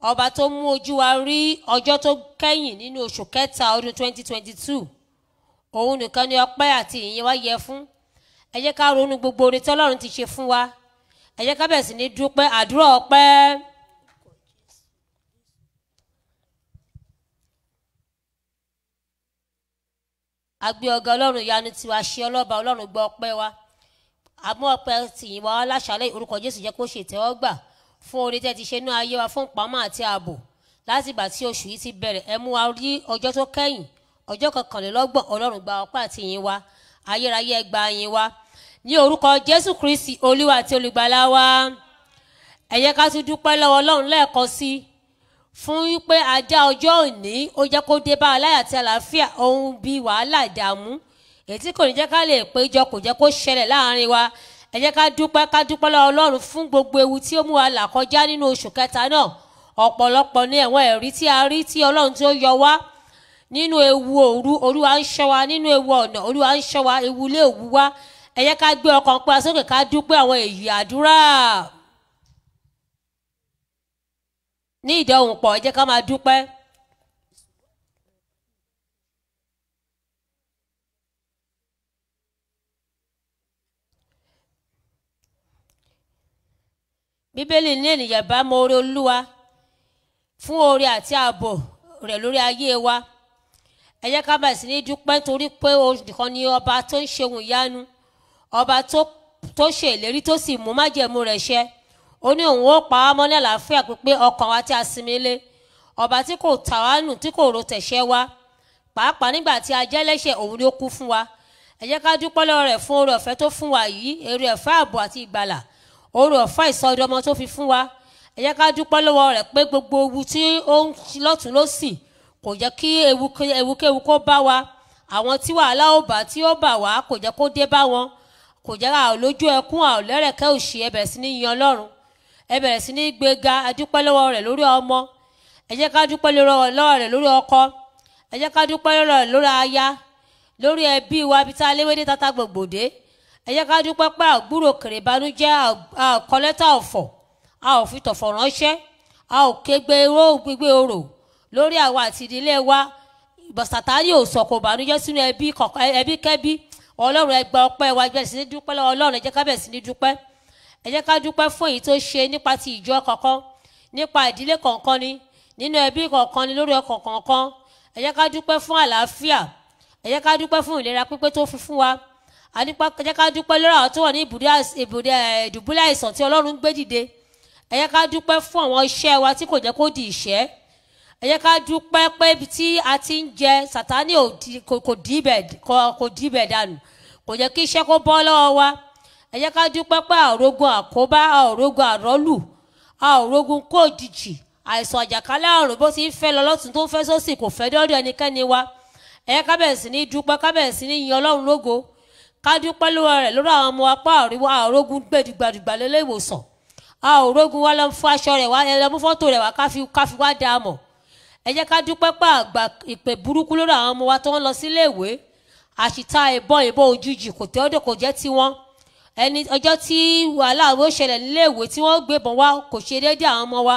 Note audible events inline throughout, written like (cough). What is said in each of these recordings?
ọba tó mú ojú wa rí ọjọ́ tó kẹ́yìn nínú oṣù kẹta ọdún 2022 òun nìkan ni ọpẹ́ àti ìyìn wa yẹ fún ẹ jẹ́ ká ronú gbogbo oore tí ọlọ́run ti ṣe fún wa ẹ jẹ́ ká bẹ̀rẹ̀ sí ní dúpẹ́ àdúrà ọpẹ́. agbe ọ̀gá ọlọ́run ìyanu tiwa ṣe ọlọ́ba ọlọ́run gbọ́ ọpẹ́ wa àmọ́ ọpẹ́ tìyìn wa láṣàlẹ̀ orúkọ jésù jẹ́ kó ṣe ìtẹ́wọ́gbà fún oore tẹ́ ti ṣe ní ayé wa fún ìpamọ́ àti ààbò láti ìgbà tí oṣù yìí ti bẹ̀rẹ̀ ẹ mú wa rí ọjọ́ tó kẹ́yìn ọjọ́ kọkànlélọ́gbọ̀n ọlọ́run gba ọpẹ́ àti ìyìn wa ayérayé ẹ gba ìyìn wa ní orúkọ jésù kristi olúwa àti olùgbàlà wa ẹ jẹ́ ká tún dúpẹ́ lọ́wọ́ ọlọ́run lẹ́ẹ̀kan sí fún pé ajá ọjọ́ òní ó jẹ́ kó dé bá aláyà àti àlàáfíà ohun bíi wàhálà ìdààmú èyí tí kò ní jẹ́ ká lè péjọ kò jẹ́ kó ṣẹlẹ̀ láàrin wa ẹ jẹ́ ká dúpẹ́ ká dúpẹ́ lọ́wọ́ ọlọ́run fún gbogbo ewu tí ó mú wa là kọjá nínú oṣù kẹta náà ọ̀pọ̀lọpọ̀ ní ẹ̀wọ̀n ẹ̀rí tí a rí tí ọlọ́run tó yọ wá nínú ewu òru olúwa ń ṣọ́ wa nínú ewu ọ̀nà olúwa ń ṣọ́ wa ewu ilé òwú wa ẹ jẹ́ ká gbé ọkàn pa sókè ká dúpẹ́ àwọn èyí àdúrà ní ìdẹ̀hùn pọ̀ ẹ jẹ́ ká máa dúpẹ́. bíbélì ní ènìyàn bá mọ oore olúwa fún oore àti ààbò rẹ̀ lórí ayé wa ẹ ká bẹ̀rẹ̀ ní dúpẹ́ torí pé nìkan ni ọba tó ń ṣeun ìyanu ọba tó ṣe ìlérí tó sì mú májẹ̀mú rẹ̀ ṣẹ ó ní òun ó pa á mọ́ ní àlàáfíà pípé ọkàn wa tí a sinmi lé ọba tí kò tà wá nù tí kò ro tẹ̀ṣẹ̀ wa pàápàá nígbà tí a jẹ́ lẹ́ṣẹ̀ òun ni kú fún wa ẹ ká dúpẹ́ lọ́wọ́ rẹ̀ fún oore ọ̀fẹ́ tó fún wa yìí èrè ọ̀fẹ́ ààbò àti ìgbàlà oore ọ̀fà ìsọdọmọ tó fi fún wa ẹ ká dúpẹ́ lọ́wọ́ rẹ̀ pé gbogbo ewu tí ó ń lọ́tún lọ́sìn kò jẹ́ kí ewukéwu kó bá wa àwọn tí wàhálà ó bá tí ó bà wá kò jẹ́ kó dé bá wọn kò jẹ́ ká lójú ẹkún àlẹ́rẹ̀kẹ́ òṣì ẹ bẹ̀rẹ̀ sí ní yan Ọlọ́run ẹ bẹ̀rẹ̀ sí ní gbéga ẹ dúpẹ́ lọ́wọ́ rẹ̀ lórí ọmọ ẹ jẹ́ ká dúpẹ́ lọ́wọ́ rẹ̀ lórí ọkọ ẹ jẹ́ ká dúpẹ́ lọ́wọ́ rẹ̀ lórí aya lórí ẹbí wa bíi tá a léwédé tata gbògbòdé ẹ jẹ́ ká dúpẹ́ pé àgbúrò kèrè ìbànújẹ́ àkọlẹ́tà ọ̀fọ̀ a ò fi tọ̀fọ̀ ránṣẹ́ a ò kégbe irọ́ gbígbé orò lórí àwa àti ìdílé wa bọ̀sátárì ò sọ̀kò ìbànújẹ́ sínú ẹbí kẹ́bí ọlọ́run ẹ gba ọpẹ́ wa bẹ̀rẹ̀ sí ní dúpẹ́ lọ́wọ́ ọlọ́run ẹ jẹ́ ká bẹ̀rẹ̀ sí ní dúpẹ́ ẹ jẹ́ ká dúpẹ́ fún èyí tó ṣe nípa ti ìjọ kọ̀ọ̀kan nípa ìdílé kọ̀ọ̀kan ni nínú ẹbí kọ̀ọ̀kan ni lórí ọkọ̀ kọ̀ọ̀kan ẹ jẹ́ ká dúpẹ́ fún àlàáfíà ẹ jẹ́ ká dúpẹ́ fún ìlera pípé tó fi fún wa a nípa jẹ́ ká dúpẹ́ lórí àwọn tó wà ní ibùdó ìdùbúlẹ̀ àìsàn tí Ọlọ́run gbé dìde ẹ jẹ́ ká dúpẹ́ fún àwọn iṣẹ́ wa tí kò jẹ́ kó di ìṣẹ́ ẹ jẹ́ ká dúpẹ́ pé ibi tí a ti ń jẹ Sátánì kò dìbẹ̀ dànù kò jẹ́ kí iṣẹ́ kó bọ́ lọ́wọ́ wa ẹ jẹ́ ká dúpẹ́ pé àòrógun àkóbá àòrógun àrọ́lù àòrógun kò dìjì àìsàn àjàkálẹ̀ àrùn bó ti ń fẹ́ lọ lọ́tún tó ń fẹ́ sósì kò fẹ́ dọ́dọ̀ ẹnikẹ́ni wa ẹ jẹ́ ká bẹ̀rẹ̀ sí ní dúpẹ́ ká bẹ̀rẹ̀ sí ní yin Ọlọ́run lógo ká dúpẹ́ lọ́wọ́ rẹ̀ lórí àwọn ọmọ apá àríwá àrógún gbèdúgbàdùgbà lélẹ́ ìwòsàn a ò rógun wá lọ fọ aṣọ rẹ̀ wá ẹ lọ mú fọ́tò rẹ̀ wá ká fi ká fi wá dá a mọ̀ ẹ jẹ́ ká dúpẹ́ pé àgbà ìpè burúkú lórí àwọn ọmọ wa tó ń lọ sílé ìwé àṣìta ìbọn ìbọn òjijì kò tẹ́ ọdọ̀ kò jẹ́ tiwọn ẹni ọjọ́ tí wàhálà ó ṣẹlẹ̀ nílé tí wọ́n gbébọn wá kò ṣe déédé àwọn ọmọ wa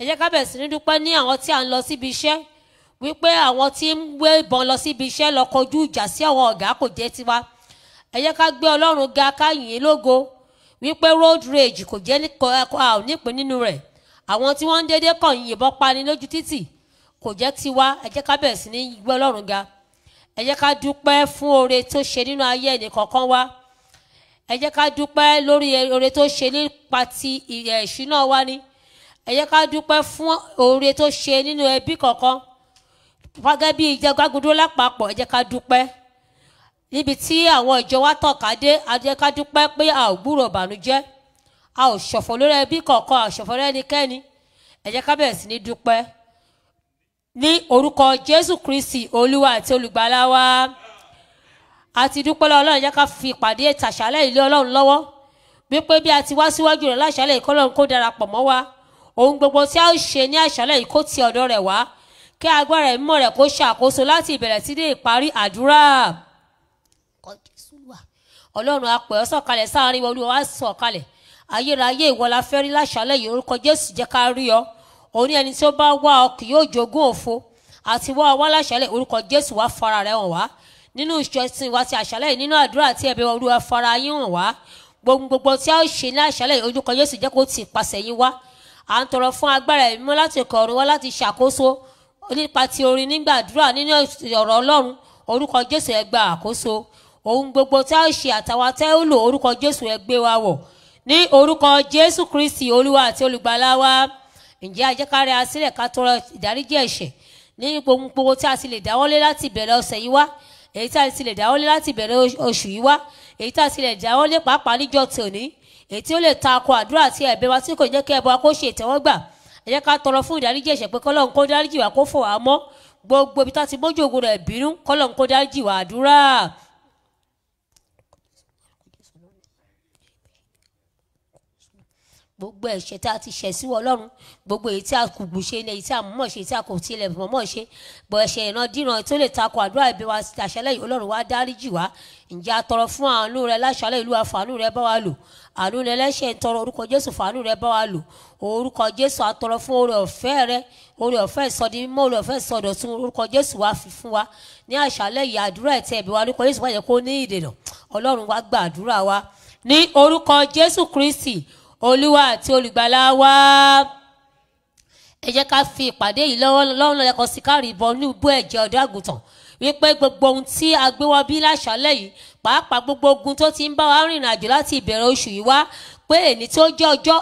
ẹ ká bẹ̀rẹ̀ sí ní dúpẹ́ ní àwọn tí à ń lọ síbi iṣẹ́ wípé àwọn tí ń gbé lọ síbi iṣẹ́ lọ kọjú ìjà sí àwọn ọ̀gá kò jẹ́ tiwa ẹ jẹ́ ká gbé ọlọ́run ga ká yìn lógo wípé road rage kò jẹ́ ẹ̀kọ́ a ò nípìn nínú rẹ̀ àwọn tí wọ́n ń dédé kàn yìnbọn pani lójú títì kò jẹ́ tiwa ẹ jẹ́ ká bẹ̀rẹ̀ sí ní gbé ọlọ́run ga ẹ jẹ́ ká dúpẹ́ fún oore tó ṣe nínú ayé ẹnì kọ̀ọ̀kan wa ẹ jẹ́ ká dúpẹ́ lórí oore tó ṣe nípa ti ìṣúná wa ni ẹ jẹ́ ká dúpẹ́ fún oore tó ṣe nínú ẹbí kọ̀ọ̀kan gẹ́gẹ́ bí ìjẹgbágudó lápapọ̀ ẹ jẹ́ ká dúpẹ́ níbi tí àwọn ìjọ wa tọ̀ka dé adékádúpẹ́ pé a ò gbúrò ìbànújẹ́ a ò ṣọ̀fọ̀ lórí ẹbí kọ̀ọ̀kan a ò ṣọ̀fọ̀ lórí ẹnikẹ́ni ẹ jẹ́ ká bẹ̀rẹ̀ sí ní dúpẹ́ ní orúkọ jésù kristi olúwa àti olùgbàlà wa a ti dúpẹ́ lọ́wọ́ ọlọ́run jẹ́ ká fi ìpàdé tàṣálẹ̀ ilé ọlọ́run lọ́wọ́ wípé bí a ti wá síwájú rẹ̀ láṣálẹ̀ ìkọ́ lọ́run kó darapọ̀ mọ́ wa ohun gbogbo tí a ó ṣe ní àṣálẹ̀ yìí kó ti ọ̀dọ̀ rẹ̀ wá kí agbára ìmọ̀ rẹ̀ kó ṣàkóso láti ìbẹ̀rẹ̀ sí dé ìparí àdúrà ọlọ́run á pẹ̀ ọ́ sọ̀kalẹ̀ sáárín wa olúwa á sọ̀kalẹ̀ ayérayé ìwọ la fẹ́ rí láṣálẹ̀ yìí orúkọ jésù jẹ́ ká rí ọ òun ní ẹni tí ó bá wá ọ kì yóò jogún òfo àti wá ọ wá láṣálẹ̀ orúkọ jésù wá fara rẹ hàn wá nínú ìjọsìn wa ti àṣálẹ̀ yìí nínú àdúrà àti ẹ̀bẹ̀ olúwa fara yín hàn wá gbogbogbò tí a ṣe ní àṣálẹ̀ yìí orúkọ jésù jẹ́ kó ti ìpàṣẹ yín wá à ń tọrọ fún agbára ẹ̀mí mọ́ láti ọ̀kọ̀ ọ̀run wá láti ṣàkóso nípa ti orin nígbàdúrà nínú ọ̀rọ̀ ọlọ́run orúkọ jésù ẹ àkóso ohun gbogbo tá ò ṣe àtàwa tá ò lò orúkọ jésù ẹ gbé wa wọ̀ ní orúkọ jésù kristi olúwa àti olùgbàlà ǹjẹ́ ajẹ́kárẹ́ asílẹ̀ ká tọrọ ìdáríjì ẹ̀ṣẹ̀ ní gbogbo tí a ti lè dáwọ́lé láti ìbẹ̀rẹ̀ ọ̀sẹ̀ yìí wá èyí tí a ti lè dáwọ́lé láti ìbẹ̀rẹ̀ oṣù yìí wá èyí tí a ti lè dáwọ́lé pàápàá níjọ́ tòní èyí tí ó lè ta akọ àdúrà àti ẹ̀bẹ̀ wa tí kò jẹ́ kí ẹbọ wa kó ṣe ìtẹ́wọ́gbà ẹ jẹ́ ká tọrọ fún ìdáríjì ẹ̀ṣẹ̀ pé kọ́lọ́n kó dáríjì wá kó fọ̀ wá mọ́ gbogbo ibi tá ti mójú ogun rẹ̀ bínú kọ́lọ́n kó dáríjì wá àdúrà gbogbo ẹ̀ṣẹ̀ tá a ti ṣẹ̀ sí ọlọ́run gbogbo èyí tí a kò gbù ṣe èyí tí a mọ̀ ṣe tí a kò tilẹ̀ mọ̀ ṣe gbọ̀ ẹ̀ṣẹ̀ ìran díran tó lè takò àdúrà ìbí wa àṣálẹ̀ yìí ọlọ́run wa dáríjì wá ǹjẹ́ a tọrọ fún àánú rẹ láṣálẹ̀ ìlú àfàánú rẹ bá wa lò àánú rẹ lẹ́ṣẹ̀ ń tọrọ orúkọ jésù fàánú rẹ bá wa lò orúkọ jésù a tọrọ fún oore ọ̀fẹ́ rẹ oore ọ̀fẹ́ ìsọdi mímọ́ oore ọ̀fẹ́ ìsọdọ̀tun orúkọ jésù wa fi fún wa ní wa orúkọ jésù wáyẹ kó ní ìdènà wa gba àdúrà wa ní orúkọ jésù kristi olúwa àti olùgbàlà wa ẹ jẹ́ ká fi ìpàdé yìí lọ́wọ́ lọ́wọ́ lẹ́kọ̀ọ́ sí káàrí ìbọn ní ibú ẹ̀jẹ̀ ọ̀dọ́ àgùntàn wípé gbogbo ohun tí a gbé wá bí láṣálẹ́ yìí pàápàá gbogbo ogun tó ti ń bá wa rìnrìn àjò láti ìbẹ̀rẹ̀ oṣù yìí wá pé èyí tó jẹ́ ọjọ́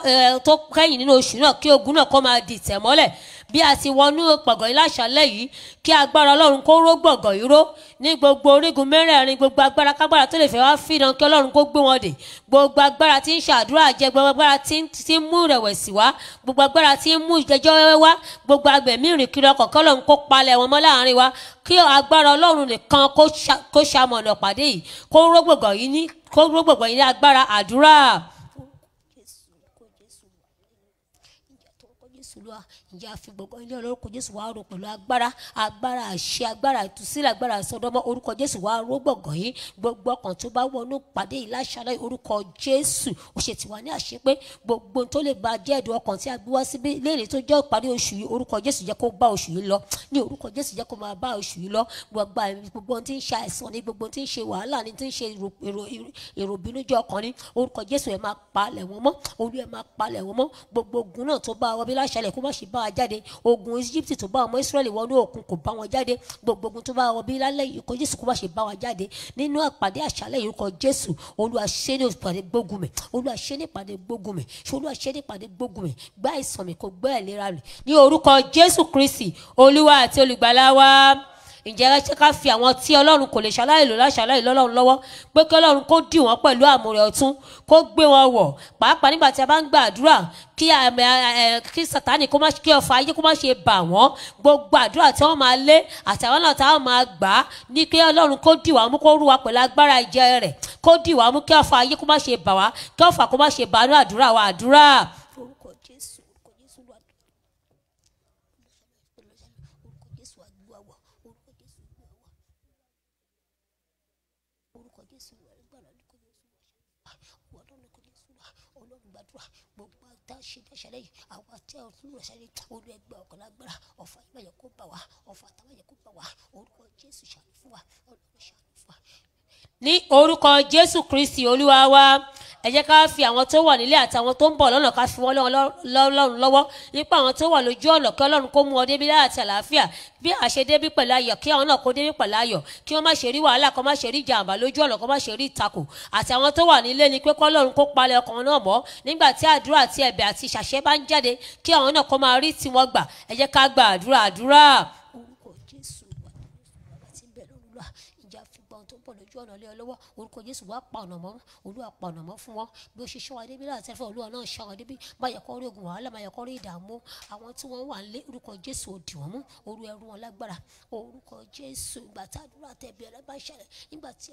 tó kẹ́yìn nínú oṣù náà kí ogun náà kó máa di ìtẹ̀mọ́lẹ̀ bí a sì wọnú gbọ̀ngàn yìí láṣálẹ́ yìí kí agbára ọlọ́run kó ró gbọ̀ngàn yìí ró ní gbogbo orígun mẹ́rẹ̀ẹ̀rin gbogbo agbára kágbára tó lè fẹ́ wá fìdán kí ọlọ́run kó gbé wọn dè gbogbo agbára tí ń ṣàdúrà jẹ gbogbo agbára tí ń mú rẹ̀wẹ̀sì wá gbogbo agbára tí ń mú ìjẹjọ́ wá gbogbo agbẹ̀mí ìrìn kiri ọkọ̀ kí ọlọ́run kó palẹ̀ wọn mọ́ láàrin wa kí agbára ọlọ́run nìkan kó ṣamọ̀nà pàdé yìí kó ró yìí ní agbára àdúrà ìyá fi gbọ̀ngàn ilé olórúkọ jésù wàá ro pẹ̀lú agbára agbára àṣẹ agbára ìtúsílẹ̀ agbára ìsọdọmọ orúkọ jésù wàá ro gbọ̀ngàn yìí gbogbo ọkàn tó bá wọnú pàdé yìí láṣálẹ́ orúkọ jésù ó ṣe tiwa ní àṣẹ pé gbogbo tó lè ba jẹ́ ẹ̀dùn ọkàn tí a gbé wá síbi léèrè tó jẹ́ ìparí oṣù yìí orúkọ jésù jẹ́ kó bá oṣù yìí lọ ní orúkọ jésù jẹ́ kó máa bá oṣù yìí lọ gbogbo tí ń ṣe àìsàn ni gbogbo tí ń ṣe wàhálà ni tí ń ṣe èròbínújẹ́ ọkàn ni orúkọ jésù ẹ máa palẹ̀ wọn mọ́ olú ẹ máa palẹ̀ wọn mọ́ gbogbo ogun náà tó bá wọbí láṣálẹ́ kó má ṣe bá wa jáde ogun egypt tó bá ọmọ israẹli wọnú òkun kò bá wọn jáde gbogbo ogun tó bá wọn bí lálẹ́ yìí kọ jésù kó bá ṣe bá wa jáde nínú àpàdé àṣálẹ́ yìí kọ jésù olúwa ní ìpàdé gbógun mi olúwa ní ìpàdé gbógun mi olúwa ní ìpàdé gbógun mi gbá ìsàn kò gbẹ́ ìlera mi ní orúkọ jésù kristi olúwa àti olùgbàlà wa ǹjẹ́ ẹ ṣe ká fi àwọn tí ọlọ́run kò lè ṣaláì lò láṣaláì lọ́lọ́run lọ́wọ́ pé kí ọlọ́run kó dì wọ́n pẹ̀lú àmúrè ọ̀tún kó gbé wọn wọ̀ pàápàá nígbà tí a bá ń gbàdúrà kí kí sàtánì kó má kí ọfà ayé kó má ṣe bà wọ́n gbogbo àdúrà tí wọ́n máa lé àtàwọn náà táwọn máa gbà á ní kí ọlọ́run kó dì wá mú kó rú wa pẹ̀lú agbára ìjẹ rẹ̀ kó dì wá mú kí ọfà ayé kó má ṣe bà wá kí ọfà kó má ṣe bà á ní àdúrà wa àdúrà. olú ẹgbẹ́ ọ̀kan lágbára ọ̀fà yìí bàjẹ́ kó bà wá ọ̀fà tá bàjẹ́ kó bà wá orúkọ jésù ṣàánú fún wa ọlọ́run ṣàánú fún wa. ní orúkọ jésù kristi olúwa wa ẹ jẹ́ ká fi àwọn tó wà nílé àti àwọn tó ń bọ̀ lọ́nà ká fi wọ́n lọ́rùn lọ́wọ́ nípa àwọn tó wà lójú ọ̀nà kí ọlọ́run kó mú ọ débi láyà àlàáfíà bí a ṣe débí pẹ̀lú ayọ̀ kí àwọn náà kó débí pẹ̀lú ayọ̀ kí wọ́n má ṣe rí wàhálà kó má ṣe rí jàǹbá lójú ọ̀nà kó má ṣe rí ìtakò àti àwọn tó wà nílé ni pé kọ́lọ́run kó palẹ̀ ọkàn náà mọ́ nígbà tí àdúrà àti ẹ̀bẹ̀ àti ìṣàṣẹ bá ń jáde kí àwọn náà kó máa rí tiwọn gbà ẹ jẹ́ ká gba àdúrà àdúrà. orúkọ Jésù wà ní ìsúná láti bẹ̀rẹ̀ olúwa ìjà fún gbọ́n ojú ọ̀nà lé ọ lọ́wọ́ orúkọ Jésù wá pa ọ̀nà mọ́ Olúwa pa ọ̀nà mọ́ fún wọn bí ó ṣe ṣọ́ wa débi láti ẹ̀fọ́ Olúwa náà ṣọ́ wa débi má yẹ kó rí ogun wàhálà má yẹ kó rí ìdààmú àwọn tí wọ́n wà lé orúkọ Jésù òdì wọn mú orú ẹrú wọn lágbára orúkọ Jésù ìgbà tí àdúrà tẹ bẹ̀rẹ̀ bá ṣẹlẹ̀ nígbà tí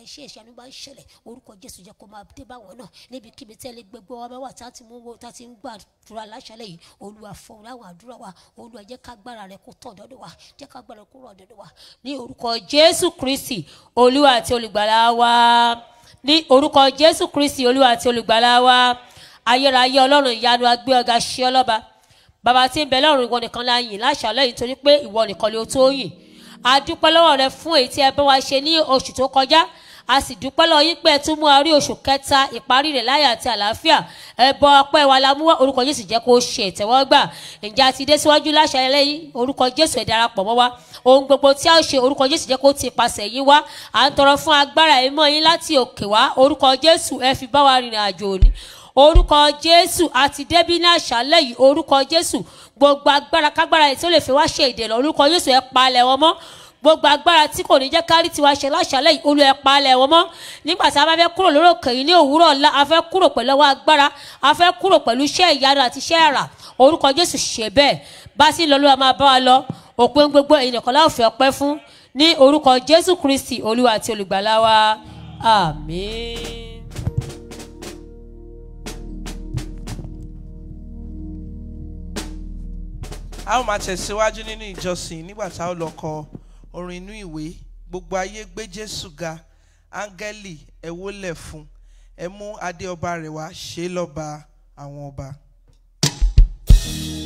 ẹ̀ṣẹ̀ ìṣẹ́nu bá ń ṣẹlẹ̀ orúkọ Jésù jẹ́ kó máa dé báwọn náà níbikíbi tẹ́lẹ̀ gbẹgbẹ́ wa tá ti mú wo tá ti ń gbàdúrà láṣálẹ̀ yìí Olúwa fún láwọn àdúrà wa Olúwa jẹ́ kágbára rẹ kó tọ̀ dọ́dọ̀ wa jẹ́ kágbára rẹ kó rọ̀ dọ́dọ̀ wa ní orúkọ Jésù Kristi olúwa àti olùgbàlà wa ní orúkọ jésù kristi olúwa àti olùgbàlà wa ayérayé ọlọ́run ìyanu agbé ọ̀gá ṣe ọlọ́ba bàbá tí ń bẹ lọ́run ìwọ nìkan la yìn láṣàlẹ̀ yìí torí pé ìwọ nìkan ni ó tó yìn a dúpẹ́ lọ́wọ́ rẹ fún èyí tí ẹ bá wa ṣe ní oṣù tó kọjá a sì dúpẹ́ lọ yín pé ẹ tún mú a rí oṣù kẹta ìparí rẹ̀ láyà àti àlàáfíà ẹbọ ọpẹ́ wa la mú orúkọ Jésù jẹ́ kó ṣe ìtẹ́wọ́gbà ǹjẹ́ a ti dé síwájú láṣà ẹlẹ́yìn orúkọ Jésù ẹ darapọ̀ mọ́ wa ohun gbogbo tí a ó ṣe orúkọ Jésù jẹ́ kó ti pasẹ̀ yín wá à ń tọrọ fún agbára ẹ̀mọ́ yín láti òkè wá orúkọ Jésù ẹ fi bá wa rìnrìn àjò òní orúkọ Jésù àti débí ní àṣálẹ́ yìí orúkọ Jésù gbogbo agbára kágbára ètò lè fi wá ṣe ìdènà orúkọ Jésù ẹ palẹ̀ wọn mọ́ gbogbo agbára tí kò ní jẹ́ kárí tiwa ṣe láṣálẹ̀ yìí olú ẹ̀ palẹ̀ wọ́n mọ́ nígbà tí a bá fẹ́ kúrò lórí òkè yìí ní òwúrọ̀ ọ̀la a fẹ́ kúrò pẹ̀lú ọwọ́ agbára a fẹ́ kúrò pẹ̀lú iṣẹ́ ìyanu àti iṣẹ́ àrà orúkọ Jésù ṣe bẹ́ẹ̀ bá sí lọ́lọ́ a máa wa lọ òpin gbogbo èyí nìkan láò ọpẹ́ fún ní orúkọ Jésù Kristi olúwa àti olùgbàlà wa àmín. a ó máa tẹ̀síwájú nínú ìjọsìn nígbà tá a ó lọ kọ orin inú ìwé gbogbo ayé gbé Jésù ga áńgẹ́lì ẹ wólẹ̀ fún ẹ mú adé ọba rẹ̀ wá ṣe lọ́ba àwọn ọba. thank you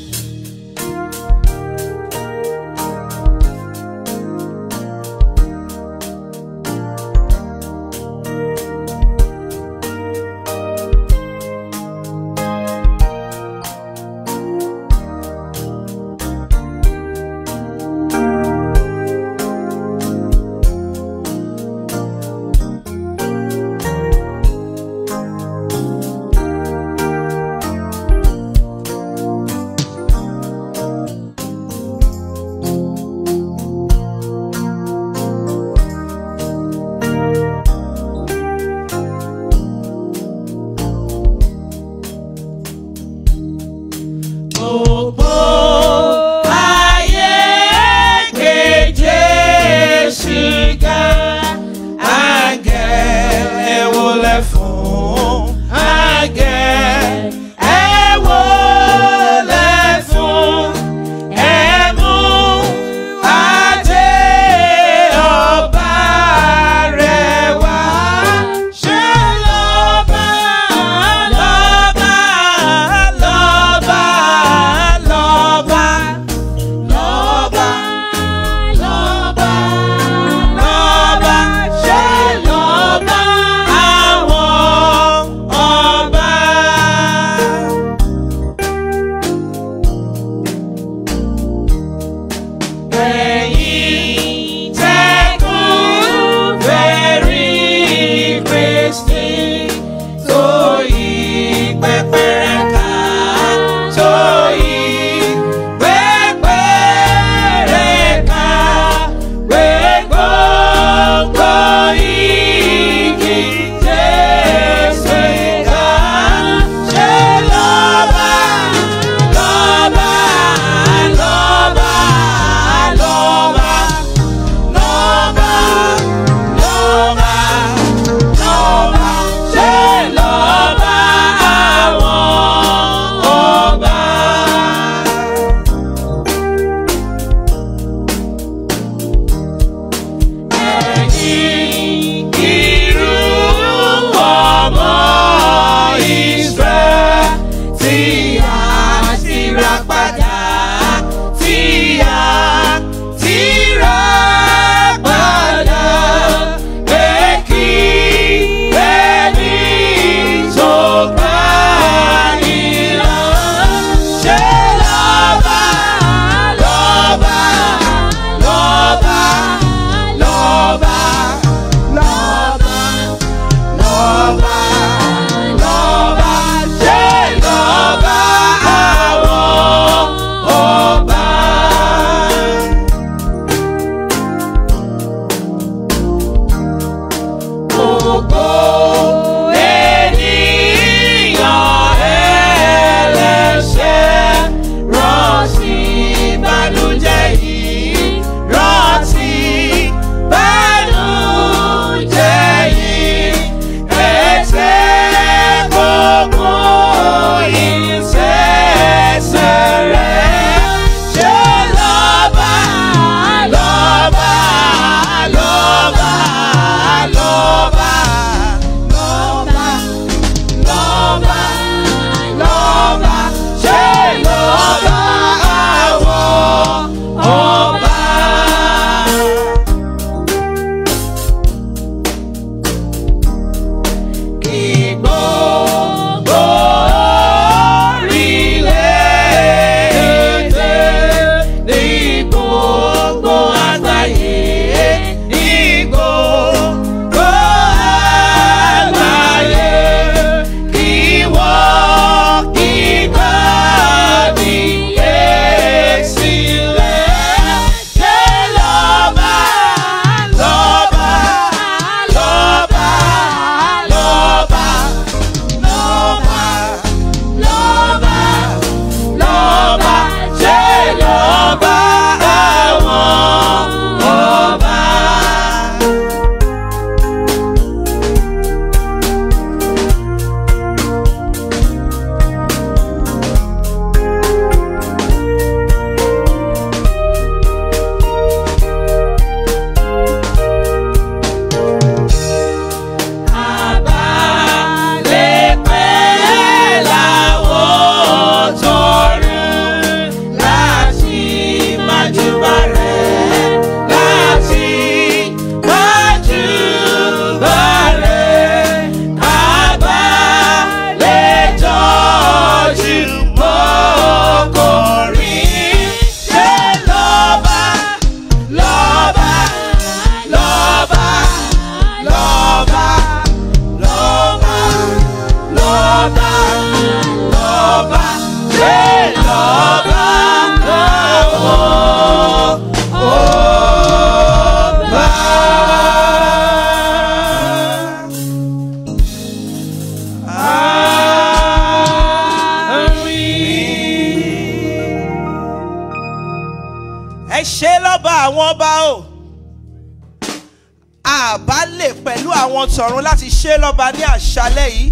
àwọn tọ̀run láti ṣe lọ́ba ní àṣálẹ́ yìí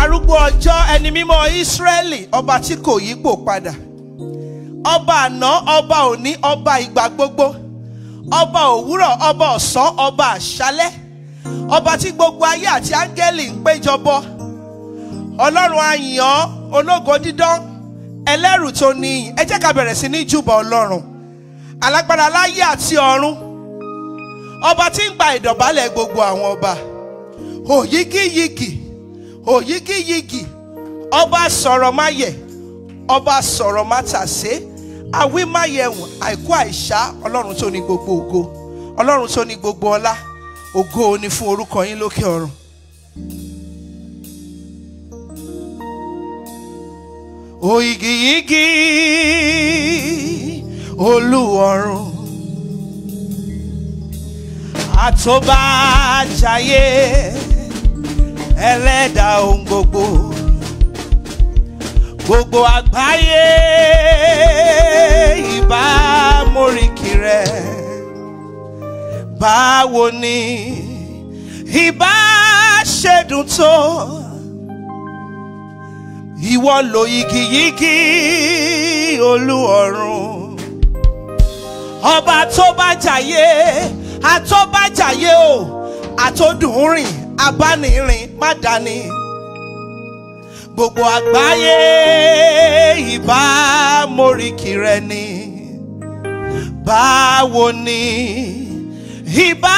arúgbó ọjọ́ ẹni mímọ́ Ísírẹ́lì ọba tí kò yípo padà ọba àná ọba òní ọba ìgbà gbogbo ọba òwúrọ̀ ọba ọ̀sán ọba àṣálẹ́ ọba tí gbogbo ayé àti áńgẹ́lì ń péjọbọ ọlọ́run àyàn ológo dídán ẹlẹ́rù tó níyìn ẹ jẹ́ ká bẹ̀rẹ̀ sí ní júbà ọlọ́run alágbára láyé àti ọ̀run ọba tí ń gba ìdọ̀bálẹ̀ gbogbo àwọn ọba òyígíyigì òyígíyigì ọba sọ̀rọ̀ má yẹ̀ ọba sọ̀rọ̀ má tàsé àwímáyẹ̀wò àìkú àìsá ọlọ́run tó ní gbogbo ògo ọlọ́run tó ní gbogbo ọlá ògo ni fún orúkọ yín lókè ọ̀run. òyígíyigì olú ọ̀run. Atoba jaye, ẹlẹ́dà ohun gbogbo gbogbo iba ìbámorìkì rẹ báwo ni ìbá ṣèdùn tó ìwọ lò yigiyigi olú ọ̀run ọba tó bá àtọ́bàjáyé o àtọ́dùnrìn abánirìn má dání gbogbo àgbáyé ìbá moríkì rẹ ni báwo ni ìbá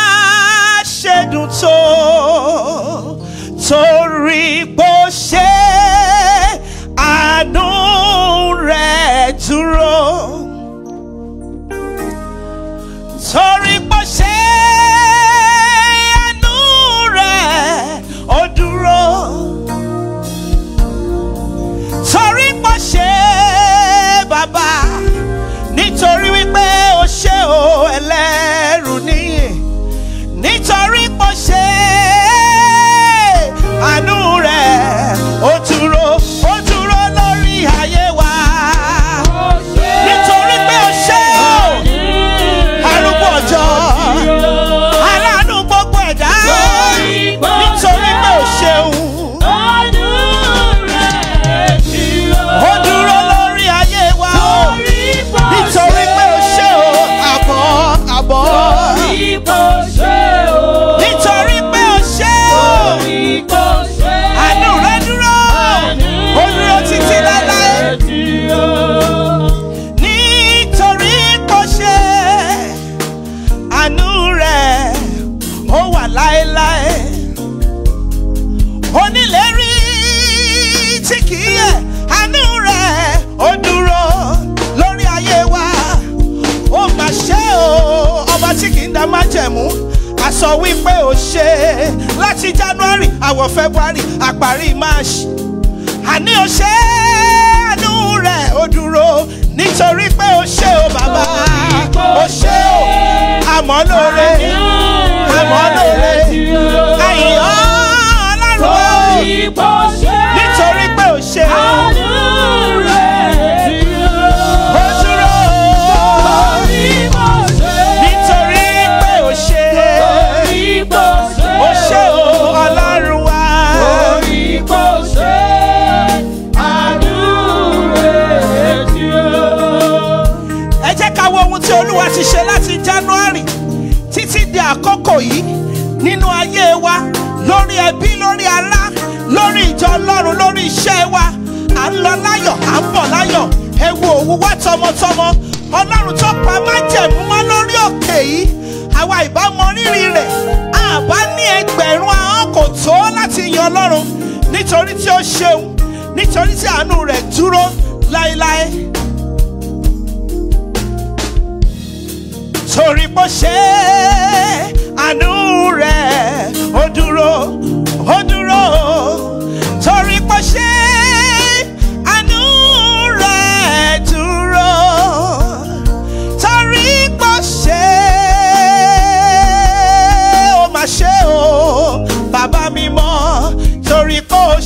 ṣẹ́dùn tó torí bó ṣe àánú rẹ̀ dúró torí pé ṣe àánú rẹ̀ ó dúró torí pé ṣe bàbá nítorí wípé ó ṣe o ẹlẹ́rù níyì nítorí pé ṣe. dá májẹ̀mú a sọ wípé ó ṣe láti January àwọ̀ February àparí March àní ó ṣe àánú rẹ̀ ó dúró nítorí pé ó ṣe ó bàbá ó ṣe ó àmọ́ lóore àmọ́ lóore àyìn ọlọ́run ó. ọlọ́run lórí iṣẹ́ wa à ń lọ láyọ̀ à ń bọ̀ láyọ̀ ẹ wo òwúwá tọmọtọmọ ọlọ́run tó pa májẹ̀mú mọ́ lórí òkè yìí àwa ìbámu rírì rẹ̀ àbá ní ẹgbẹ̀rún ahọ́n kò tó láti yin ọlọ́run nítorí tí ó ṣeun nítorí tí àánú rẹ̀ dúró láéláé. torí bó ṣe àánú rẹ̀ ó dúró ó dúró torí kò ṣe àánú rẹ̀ dúró torí kò ṣe ó mà ṣe o bàbá mi mọ́ torí kò ṣe.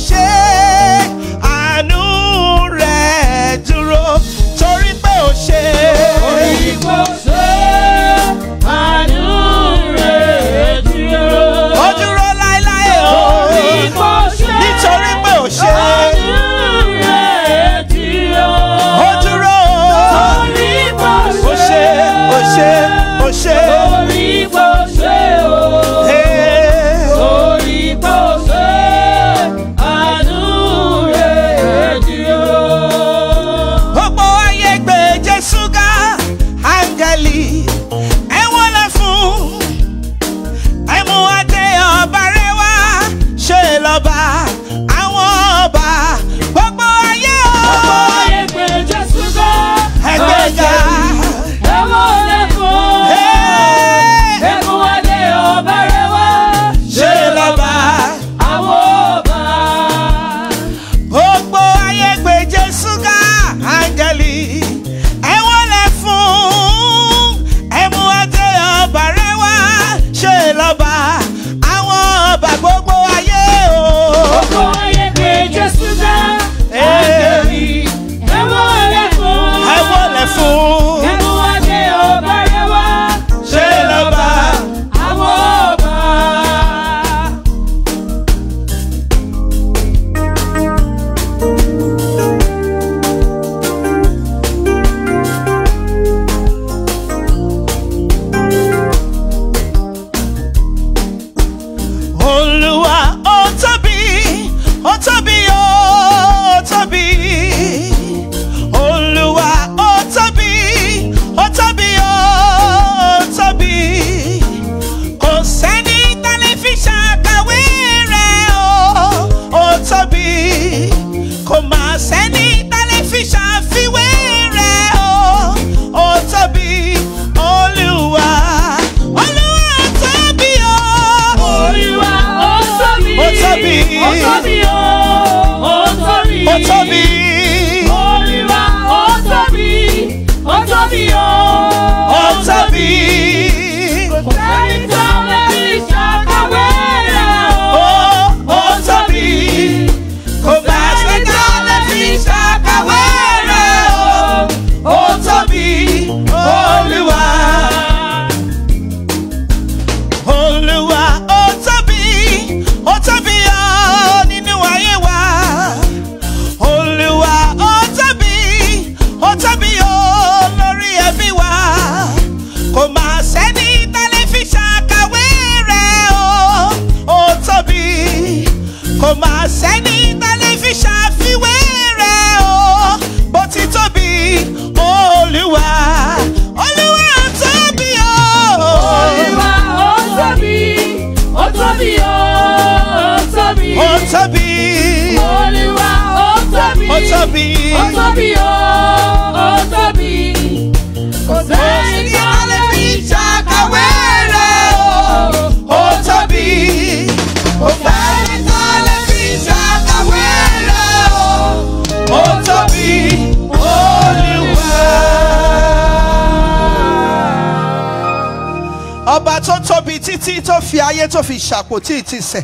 ṣàpótí ìtìsẹ̀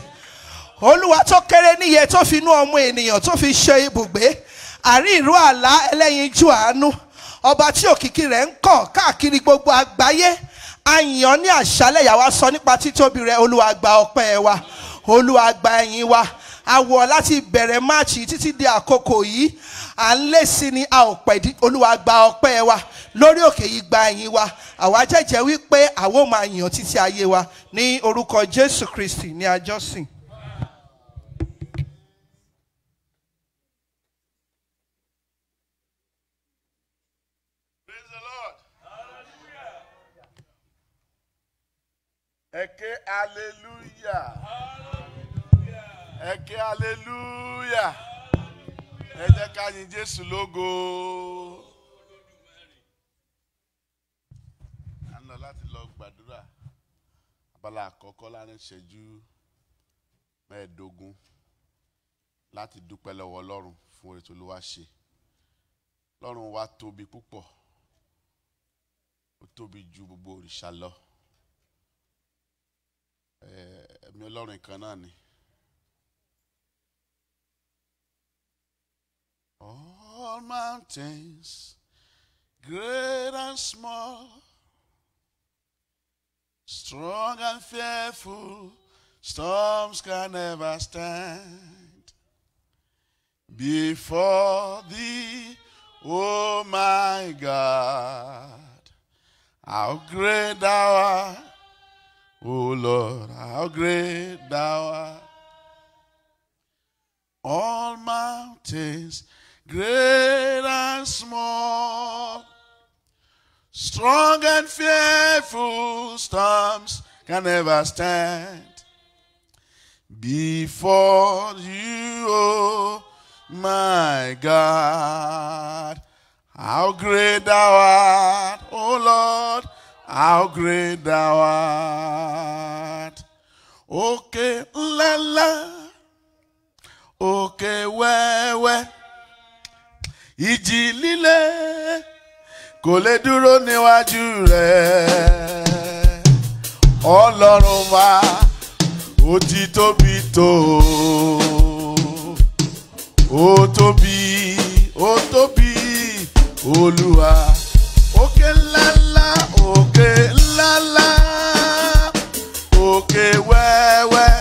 olúwa tó kéré níye tó fi inú ọmọ ènìyàn tó fi ṣe ibùgbé àrí ìró àlá ẹlẹ́yinjú àánú ọba tí òkìkí rẹ̀ ń kàn káàkiri gbogbo àgbáyé àyàn ní àṣálẹ̀ yàwá sọ nípa títóbi rẹ̀ olúwa gba ọpẹ́ wa olúwa gba ẹ̀yìn wa àwọ̀ láti bẹ̀rẹ̀ máàcì títí di àkókò yìí à ń lé sí ni a ò pẹ̀dí olúwa gba ọpẹ́ wa lórí òkè yìí gba ẹ̀yìn wa àwa jẹ́jẹ́ wípé àwo máa yàn títí ayé wa ní orúkọ Jésù Kristi ní àjọsìn. Eke hallelujah. Eke hallelujah. Ẹ jẹ́ ká yin Jésù lógo. abala àkọ́kọ́ láàrin ìṣẹ́jú mẹ́ẹ̀ẹ́dógún láti dúpẹ́ lọ́wọ́ ọlọ́run fún oore tó ṣe ọlọ́run wa tóbi púpọ̀ ó tóbi ju gbogbo òrìṣà lọ ẹ̀mí ọlọ́run kan náà ni. All mountains, great and small. Strong and fearful, storms can never stand. Before thee, oh my God, how great thou art, oh Lord, how great thou art. All mountains, great and small, Strong and fearful storms can never stand before you, oh my God. How great thou art, oh Lord, how great thou art. Okay, la la. Okay, where, where. Iji lile. kò lè dúró níwájú rẹ̀ ọlọ́run wa ó ti tóbi tó ó tóbi ó tóbi olúwa òkè ńláńlá òkè ńláńlá òkè wẹ́wẹ́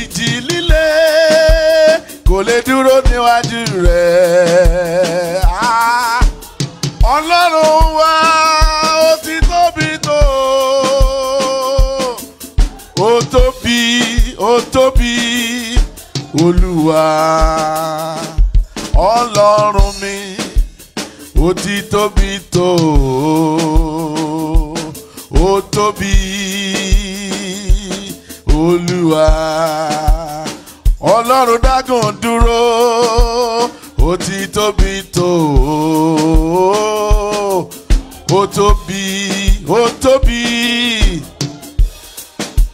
ìjì líle kò lè dúró níwájú rẹ̀ áá. Ah ọlọ́run wa ó ti tóbi tó ó tóbi ó tóbi olúwa ọlọ́run mi ó ti tóbi tó ó tóbi olúwa ọlọ́run dágùn dúró ó ti tóbi tó O tóbi ó tóbi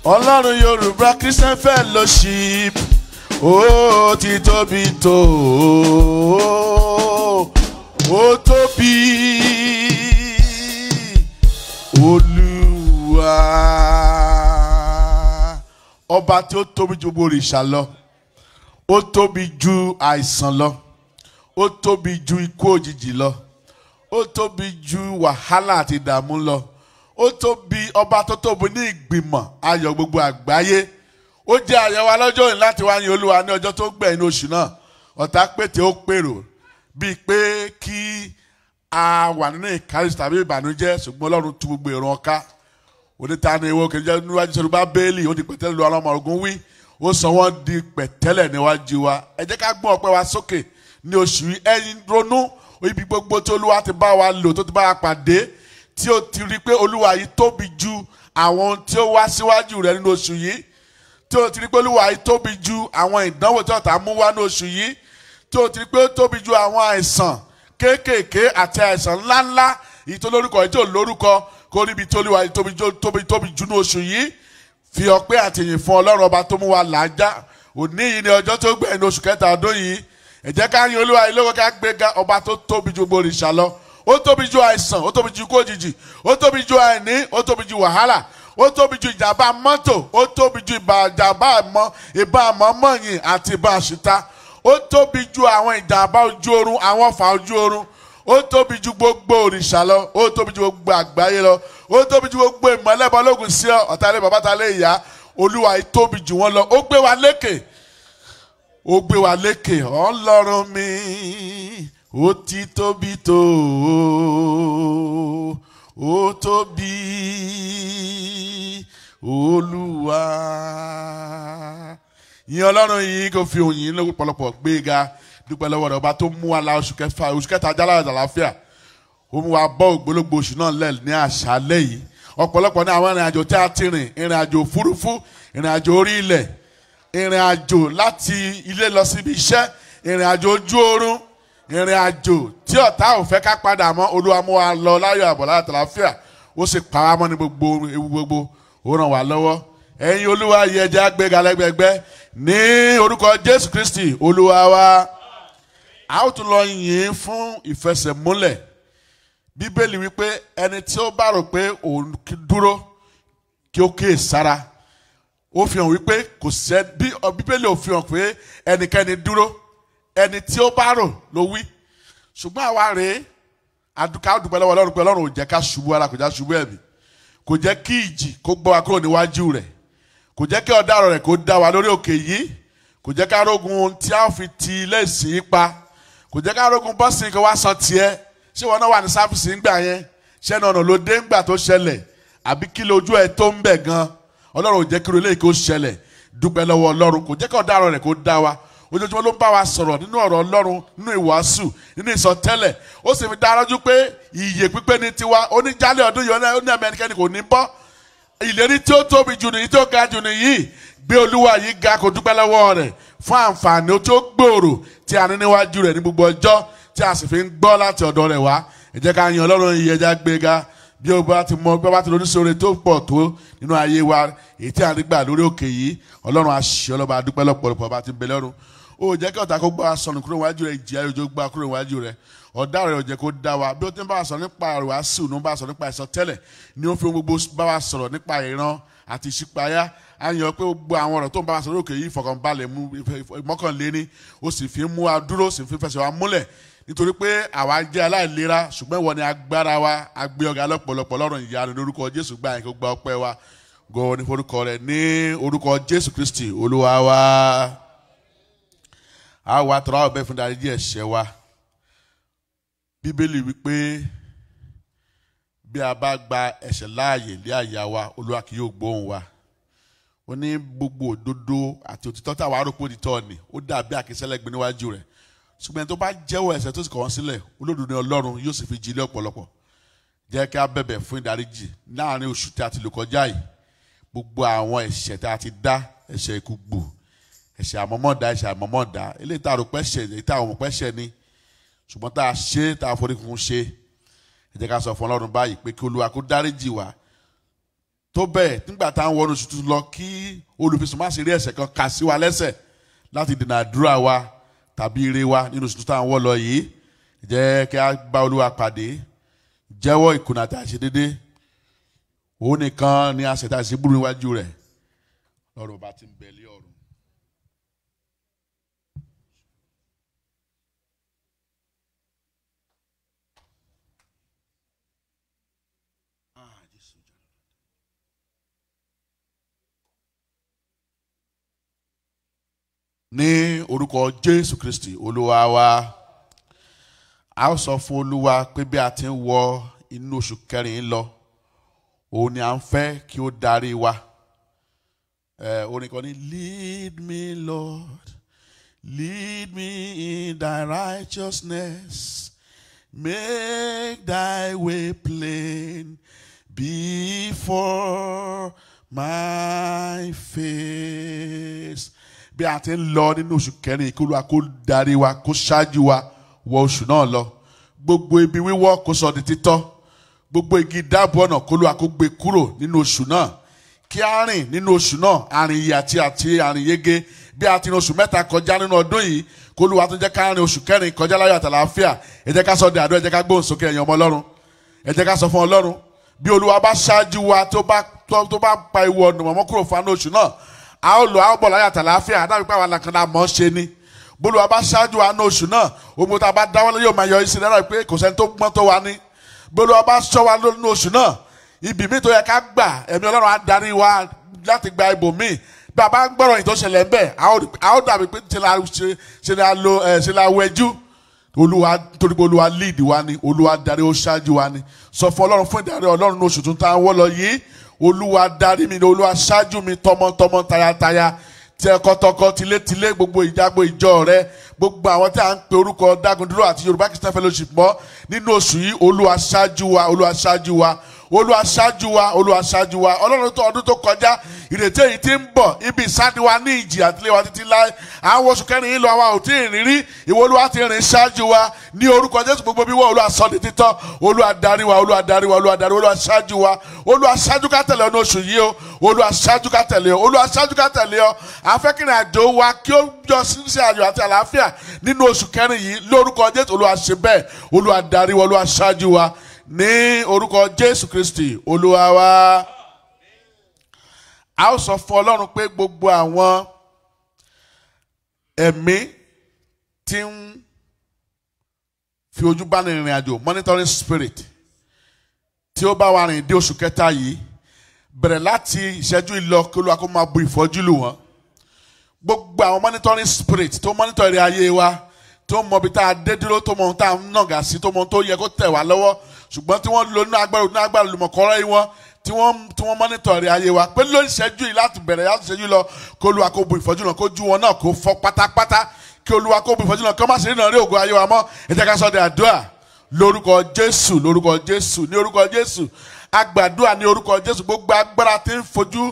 ọlọ́run yorùbá christian fellowship ó ti tóbi tó ó tóbi olúwa ọba tí ó tóbi ju gbogbo òrìṣà lọ ó tóbi ju àìsàn lọ ó tóbi ju ikú òjijì lọ ó tóbi ju wàhálà àti ìdààmú lọ ó tóbi ọba tó tóbi ní ìgbìmọ̀ ayọ̀ gbogbo àgbáyé ó jẹ́ àyẹ̀wò alọ́jọ́ yìí láti wá yin olúwa ní ọjọ́ tó gbẹ̀yìn oṣù náà ọ̀tá pété ó pèrò bíi pé kí a wà nínú ìkárísì tàbí ìbànújẹ́ ṣùgbọ́n ọlọ́run tu gbogbo èrò ọ̀ka oníta ni ìwọ kejì níwájú sọ́dún bá bẹ́ẹ̀lì ó di pẹ̀tẹ́lẹ̀ lu ọlọ́mọ ogun wí ó sọ wọ́n di pẹ̀tẹ́lẹ̀ níwájú wa ẹ ká gbọ́n ọpẹ́ wa sókè ní oṣù yìí ẹ ronú ibi gbogbo tí olúwa ti bá wa lò tó ti bá wa pàdé tí o ti rí i pé olúwa yìí tóbi ju àwọn ohun tí ó wá síwájú rẹ nínú oṣù yìí tí o ti rí pé olúwa yìí tóbi ju àwọn ìdánwò tí ọ̀tá mú wá ní oṣù yìí tí o ti rí i pé ó tóbi ju àwọn àìsàn kéékèèké àti àìsàn ńláńlá èyí tó lórúkọ kó níbi tí olúwa yìí tóbi tóbi tóbi ju ní oṣù yìí fi ọpẹ́ àtìyìn fún ọlọ́run ọba tó mú wa làájá òní yìí ni ọjọ́ tó gbẹ̀yìn oṣù kẹta ọdún yìí ẹ jẹ́ ká yin olúwa ilé wọn ká gbéga ọba tó tóbi ju gbogbo òrìṣà lọ ó tóbi ju àìsàn ó tóbi ju ikú òjijì ó tóbi ju àìní ó tóbi ju wàhálà ó tóbi ju ìjàmbá mọ́tò ó tóbi ju ìjàmbá ìmọ̀ ìbá mọ́mọ́yìn àti ìbá àṣìta ó tóbi ju àwọn ìjàmbá ojú oorun àwọn ọ̀fà ojú oorun ó tóbi ju gbogbo òrìṣà lọ ó tóbi ju gbogbo àgbáyé lọ ó tóbi ju gbogbo ìmọ̀lẹ́bọ̀ sí ọ̀tàlẹ́ bàbá tàlẹ́ ìyá olúwa yìí tóbi ju lọ ó gbé wa lékè ó gbé wa lékè ọlọ́run mi ó ti tóbi tó ó tóbi olúwa yìn ọlọ́run yìí kò fi òyìn lọ́pọ̀lọpọ̀ gbéga dúpẹ́ lọ́wọ́ rẹ̀ ọba tó mú wa la oṣù kẹfà oṣù kẹta ajá lára àlàáfíà ó mú wa bọ́ ògbólógbò oṣù náà lẹ̀ ní àṣálẹ́ yìí ọ̀pọ̀lọpọ̀ ní àwọn ìrìn tí a ti rìn ìrìn òfurufú ìrìn orí ilẹ̀ ìrìn àjò láti ilé lọ síbi iṣẹ́ ìrìn àjò ojú oorun ìrìn àjò tí ọ̀tá ò fẹ́ ká padà mọ́ olúwa mú wa lọ láyọ̀ àbọ̀ láti àlàáfíà ó sì pa wá mọ́ ní gbogbo ewu gbogbo ó ràn wá lọ́wọ́ ẹ̀yin olúwa yẹ jẹ́ àgbéga lẹ́gbẹ̀gbẹ́ ní orúkọ jésù kristi olúwa wa a ó tún lọ yìn fún ìfẹsẹ̀múlẹ̀ bíbélì wípé ẹni tí ó bá rò pé òun dúró kí ó kíyè sára ó fi hàn wípé kò sẹ́ bí bíbélì ò fi hàn pé ẹnikẹ́ni dúró ẹni tí ó bá rò ló wí ṣùgbọ́n àwa rèé adúká dúpẹ́ lọ́wọ́ ọlọ́run pé ọlọ́run ò jẹ́ ká ṣubú ara kò já ṣubú ẹ̀mí kò jẹ́ kí ìjì kó gbọ́ wa kúrò níwájú rẹ̀ kò jẹ́ kí ọ̀daràn rẹ̀ kó dá wa lórí òkè yìí kò jẹ́ ká rógun tí a fi ti ilé ìsìn pa kò jẹ́ ká rógun bọ́sìn kó wá san tiẹ̀ ṣé wọn náà wà ní sáfìsì ńgbà yẹn ṣẹ́ni ọ̀nà ló dé ńgbà tó ṣẹlẹ̀ àbí kí lójú ẹ̀ tó ń bẹ̀ gan-an ọlọ́run ò jẹ́ kí irú kó ṣẹlẹ̀ dúpẹ́ lọ́wọ́ ọlọ́run kò jẹ́ kí ọ̀daràn rẹ̀ kó dá wa ojoojúmọ́ ló ń bá wa sọ̀rọ̀ nínú ọ̀rọ̀ ọlọ́run nínú ìwàásù nínú ìsọtẹ́lẹ̀ ó sì fi dáradú pé ìyè pípé ni tiwa oníjálẹ̀ ọdún yìí ó ní ẹ̀mí ẹnikẹ́ni kò ní bọ́ ìlérí tí ó tóbi jù nìyí tí ó ga jù nìyí gbé olúwa yìí ga kò dúpẹ́ lọ́wọ́ rẹ̀ fún àǹfààní tí ó gbòòrò tí a ní níwájú rẹ̀ ní gbogbo ọjọ́ tí a sì fi ń gbọ́ láti ọ̀dọ̀ rẹ̀ wá ẹ ká yan ọlọ́run iye ẹja gbéga bí o bá ti mọ bí o bá ti lóníṣòro tó pọ̀ tó nínú ayé wa èyí tí a rí gbà lórí òkè yìí ọlọ́run àṣẹ ọlọ́ba adúpẹ́ lọ́pọ̀lọpọ̀ bá ti bẹ lọ́run ó jẹ́ kí ọ̀tá kó gbá sọnù kúrò níwájú rẹ̀ ìjìyà òjò gbá kúrò níwájú rẹ̀ ọ̀dá rẹ̀ ọ̀jẹ̀ kó dá wa bí ó ti ń bá wa sọ̀rọ̀ nípa àrùwásù ní ó bá wa sọ̀rọ̀ nípa ìsọ tẹ́lẹ̀ ni ó fi gbogbo bá wa sọ̀rọ̀ nípa ìran àti ìṣípayá a yàn pé gbogbo àwọn ọ̀rọ̀ tó ń bá wa sọ̀rọ̀ òkè yìí ìfọ̀kànbalẹ̀ mọ́kànléní ó sì fi mú wa dúró sì fi fẹsẹ̀ wa múlẹ̀ nítorí pé àwa jẹ́ aláìlera ṣùgbọ́n ìwọ ni agbára wa agbé ọ̀gá lọ́pọ̀lọpọ̀ lọ́rùn ìyanu lórúkọ Jésù gbà yẹn gba ọpẹ́ wa gọ́ọ́ ní forúkọ rẹ̀ ní orúkọ Jésù Kristi olúwa wa àwa tọ́ra ọ̀bẹ fún dáríjì ẹ̀ṣẹ̀ wa bíbélì wípé bí a bá gba ẹ̀ṣẹ̀ láàyè lé àyà wa olúwa kì yóò gbóhùn wa ó ní gbogbo òdodo àti òtítọ́ táwa rò pé òtítọ́ ni ó dàbí àkísẹ́lẹ́gbẹ̀ níwájú rẹ̀ ṣùgbọ́n ẹni tó bá jẹ́wọ́ ẹ̀ṣẹ̀ tó sì kọ̀ wọ́n sílẹ̀ olódodo ni ọlọ́run yóò sì fi jí ilé ọ̀pọ̀lọpọ̀ jẹ́ kí a bẹ̀bẹ̀ fún ìdáríjì láàrin oṣù tí a ti lò kọjá yìí gbogbo àwọn ẹ̀ṣẹ̀ tí a ti dá ẹ̀ṣẹ̀ ikú gbò ẹ̀ṣẹ̀ àmọ́mọ́dá ẹ̀ṣẹ̀ àmọ́mọ́dá eléyìí tá a rò pẹ́ṣẹ̀ èyí tá a mọ̀ pẹ́ṣẹ̀ ni ṣùgbọ́n tá a ṣe tá a forí ṣe ẹ ká wa lẹ́sẹ̀ láti dènà tàbí ire wa nínú oṣù tó ń wọ́ lọ yìí jẹ́ kí a bá olúwa pàdé jẹ́wọ́ ìkùnà àti àṣedédé òun nìkan ni a ṣẹ̀dá ìṣebúrú níwájú rẹ̀ lọ́rọ̀ bá ti ń bẹ̀lẹ́ ní orúkọ jésù kristi olúwa wa a ó sọ fún olúwa pé bí a ti ń wọ inú oṣù kẹrin lọ òun ni à ń fẹ́ kí ó darí wa orin kan ní lead me lord lead me in thy righteousness make thy way plain before my face bí a ti ń lọ nínú oṣù kẹrin kí Olúwa kó darí wa kó ṣáájú wa wọ oṣù náà lọ gbogbo ibi wíwọ́ kó sọ di títọ́ gbogbo igi dáàbò ọ̀nà kí Olúwa kó gbé kúrò nínú oṣù náà kí a rìn nínú oṣù náà àrìn ìyè àti àti àrìn yege bí a ti rìn oṣù mẹ́ta kọjá nínú ọdún yìí kí Olúwa tó jẹ́ ká rìn oṣù kẹrin kọjá láyọ̀ àtàlàáfíà ẹ jẹ́ ká sọ di àdúrà ẹ jẹ́ ká gbóhùn sókè ẹ̀yin ọmọ Ọlọ́run ẹ jẹ́ ká sọ fún Ọlọ́run bí Olúwa bá ṣáájú wa tó bá pa ìwọ ọ̀nà mọ́kúrò fanu oṣù náà a ó lọ a ó bọ̀ láyà tàlàáfíà àdàbí pé àwọn àlàkàn náà mọ̀ ọ́ ṣe ni bólú wa bá ṣáájú wa ní oṣù náà ogun tá a bá dáwọ́lé yóò máa yọ ìsìn náírà pé kò sẹ́ni tó gbọ́n tó wa ní bólú wa bá ṣọ́ wa ní oṣù náà ibì míì tó yẹ ká gbà ẹ̀mí ọlọ́run á darí wa láti gba ibòmíì bí a bá ń gbọ́rọ̀ yìí tó ṣẹlẹ̀ ń bẹ̀ a ó dàbí pé ṣe la lo ṣe la wẹjú olúwa torí pé olúwa lead wa ni olúwa darí ó ṣáájú wa ni sọ fún ọlọ́run fún ìdarí ọlọ́run ní oṣù tuntun tá a wọ́ lọ yìí olúwa darí mi olúwa ṣáájú mi tọmọtọmọ tayataya ti ẹkọ tọkọ tilétilé gbogbo ìjágbó ìjọ rẹ gbogbo àwọn tí a ń pe orúkọ Dagunduro àti Yorùbá Christian Fellowship mọ́ nínú oṣù yìí olúwa ṣáájú wa olúwa ṣáájú wa olúwa ṣáájú wa olúwa ṣáájú wa ọlọ́run tó ọdún tó kọjá ìrètí èyí tí ń bọ̀ ibi ìsádi wa ní ìjì àtìlẹ́ wa títí láì àwọn oṣù kẹrin yìí lọ àwa ò tí ì rìn rí ìwọ olúwa ti rìn ṣáájú wa ní orúkọ jésù gbogbo bí wọ́n olúwa sọ ní títọ́ olúwa darí wa olúwa darí wa olúwa darí wa olúwa ṣáájú wa olúwa ṣáájú ká tẹ̀lé ọ̀nà oṣù yìí o olúwa ṣáájú ká tẹ̀lé ọ olúwa ṣáájú ká tẹ̀lé ọ afẹ́kìnrin àjò wa kí ó jọ síse ayọ̀ àti àlàáfíà nínú oṣù kẹrin yìí lórúkọ jésù olúwa ṣe bẹ́ẹ̀ olúwa darí wa olúwa ṣáájú wa ní orúkọ Jésù Kristi Olúwa wa a ó sọ fún Ọlọ́run pé gbogbo àwọn ẹ̀mí tí ń fi ojú bá ní ìrìn àjò monitoring spirit tí ó bá wa rìn dé oṣù kẹta yìí bẹ̀rẹ̀ láti ìṣẹ́jú ìlọ kí Olúwa kó máa bu ìfọ́jú lù wọ́n gbogbo àwọn monitoring spirit tó monitor ìrìn ayé wa tó mọ ibi tá a dé dúró tó mọ ohun tá a ń nàgà sí tó mọ ohun tó yẹ kó tẹ̀ wá lọ́wọ́ ṣùgbọ́n tí wọ́n lo nínú agbára nínú agbára olùmọ̀kọ́rọ́ yìí wọ́n tí wọ́n tí wọ́n mọ́nítọ̀ rẹ̀ ayé wa pé ló ń ṣẹ́jú yìí láti bẹ̀rẹ̀ láti ṣẹ́jú lọ kó lu àkóbù ìfọ́jú náà kó ju wọn náà kó fọ́ pátápátá kí Olúwa kó bu ìfọ́jú náà kí wọ́n má ṣe ríran rí ògo ayé wa mọ́ ẹ jẹ́ ká sọ de àdúrà lórúkọ Jésù lórúkọ Jésù ní orúkọ Jésù agbàdúrà ní orúkọ Jésù gbogbo agbára tí ń fojú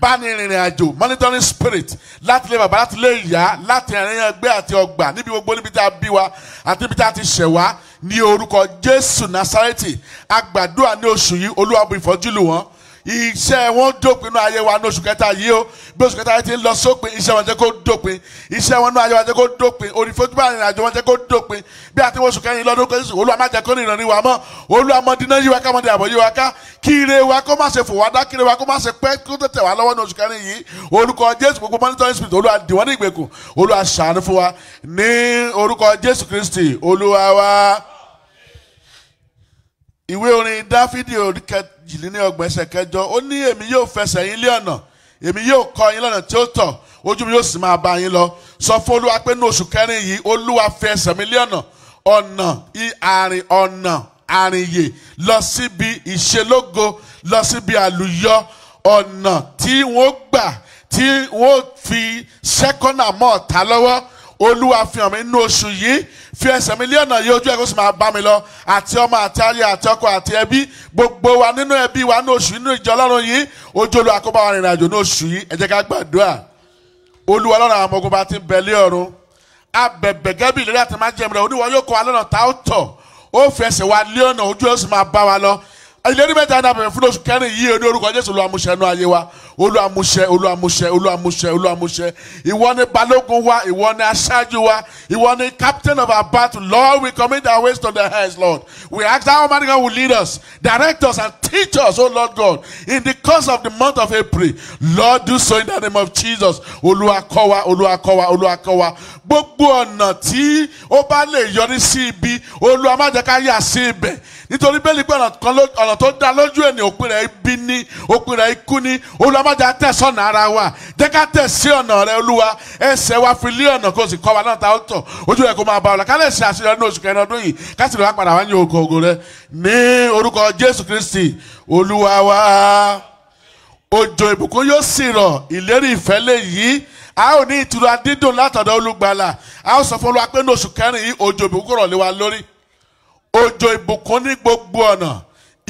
bá ní rìnrìn àjò monitoring spirit láti lé bàbá láti lé ìyá láti àríyàn gbé àti ọgbà níbi gbogbo níbi tá a bí wa àti níbi tá a ti ṣẹ̀ wá ní orúkọ Jésù Násárẹ́tì a gbàdúrà ní oṣù yìí Olúwa bu ìfọ́jú lù wọ́n iṣẹ́ wọn dópin náà ayé wa ní oṣù kẹta yìí o bí oṣù kẹta yìí ti ń lọ sópin iṣẹ́ wọn jẹ́ kó dópin iṣẹ́ wọn náà ayé wa jẹ́ kó dópin òrìfojúbà ìrìnàjò wọn jẹ́ kó dópin bí àti oṣù kẹyìn lọ́dún kẹsì olúwa má jẹ́ kó ní ìrànlẹ́ wa mọ́ olúwa mọ dínà yíwa ká mọ dé àbọ̀ yíwa ká kí ire wa kó má ṣe fò wá dá kí ire wa kó má ṣe pẹ́ kó tètè wá lọ́wọ́ ní oṣù kẹrin yìí orúkọ jésù gbogbo monitoring spirit olúwa dì wọ́n ní ìgbèkùn olúwa ṣàánú fún wa ní orúkọ jésù kristi olúwa wa ìwé orin dáfídì òrìkejìlélọ́gbọ̀n ẹsẹ̀ kẹjọ ó ní èmi yóò fẹsẹ̀ yín lé ọ̀nà èmi yóò kọ́ yín lọ́nà tí ó tọ́ ojú mi yóò sì máa bá yín lọ sọ fún olúwa pé ní oṣù kẹrin yìí olúwa fẹsẹ̀ mi lé ọ̀nà ọ̀nà àrìn ọ̀nà àrìnyè lọ síbi ìṣelógo lọ síbi àlùyọ ọ̀nà tí wọ́n gbà tí wọ́n fi ṣẹ́kọ́nà mọ́ ọ̀tá lọ́wọ́ olúwa fi hàn mí nínú oṣù yìí fi ẹsẹ̀ mi lé ọ̀nà yìí ojú ẹ̀ kó sì máa bá mi lọ àti ọmọ àti aya àti ọkọ àti ẹbí gbogbo wa nínú ẹbí wa nínú oṣù nínú ìjọ ọlọ́run yìí ojú olúwa kó bá wa rìnrìn àjò ní oṣù yìí ẹ jẹ́ ká gbàdúrà olúwa ọlọ́run àwọn ọmọkùnrin bá ti ń bẹ̀lẹ́ ọ̀run abẹ̀bẹ̀ gẹ́bí ìlérí àti májẹ̀mú rẹ̀ oníwọ̀ yóò kọ́ wa lọ́nà tá ó tọ̀ ó fi ẹsẹ̀ wa lé ọ̀nà ojú ẹ̀ sì máa bá wa lọ ìlérí mẹ́ta ní abẹ̀bẹ̀ fún oṣù kẹrin yìí ní orúkọ jésù lọ àmúṣẹ́nu ayé wa olúwàmúṣẹ olúwàmúṣẹ olúwàmúṣẹ olúwàmúṣẹ ìwọ ni balógun wa ìwọ ni aṣáájú wa ìwọ ni captain of our battle lord we commit our ways to the hands lord we ask that almighty god will lead us direct us and teach us oh lord god in the course of the month of april lord do so in the name of jesus olúwakọ́wa olúwakọ́wa olúwakọ́wa gbogbo ọ̀nà tí ó bá lè yọrí sí ibi olúwa yà sí ibẹ̀ nítorí bẹ́ẹ̀ ni pé ọ̀nà tó dá lójú ẹ̀ ní òpin rẹ̀ ibi ní òpin rẹ̀ ní olúwa mọ́jà tẹ̀ sọ́nà ara wa jẹ́ ká tẹ̀ sí ọ̀nà rẹ olúwa ẹsẹ̀ wa fi lé ọ̀nà kó o sì kọ́ wa náà ta ó tọ̀ ojú rẹ kó máa bá ọ lọ ká lè ṣe àṣeyọrí ní oṣù kẹrin ọdún yìí ká sì lè wá padà wá ní ògo ògo rẹ ní orúkọ jésù kristi olúwa wa òjò ìbùkún yóò sì rọ̀ ìlérí ìfẹ́ lè yí a ó ní ìtura dídùn látọ̀dọ̀ olùgbàlà a ó sọ fún olúwa pé ní oṣù kẹrin yìí òjò ìbùkún rọ̀ lé wa lórí òjò ìbùkún ní gbogbo ọ̀nà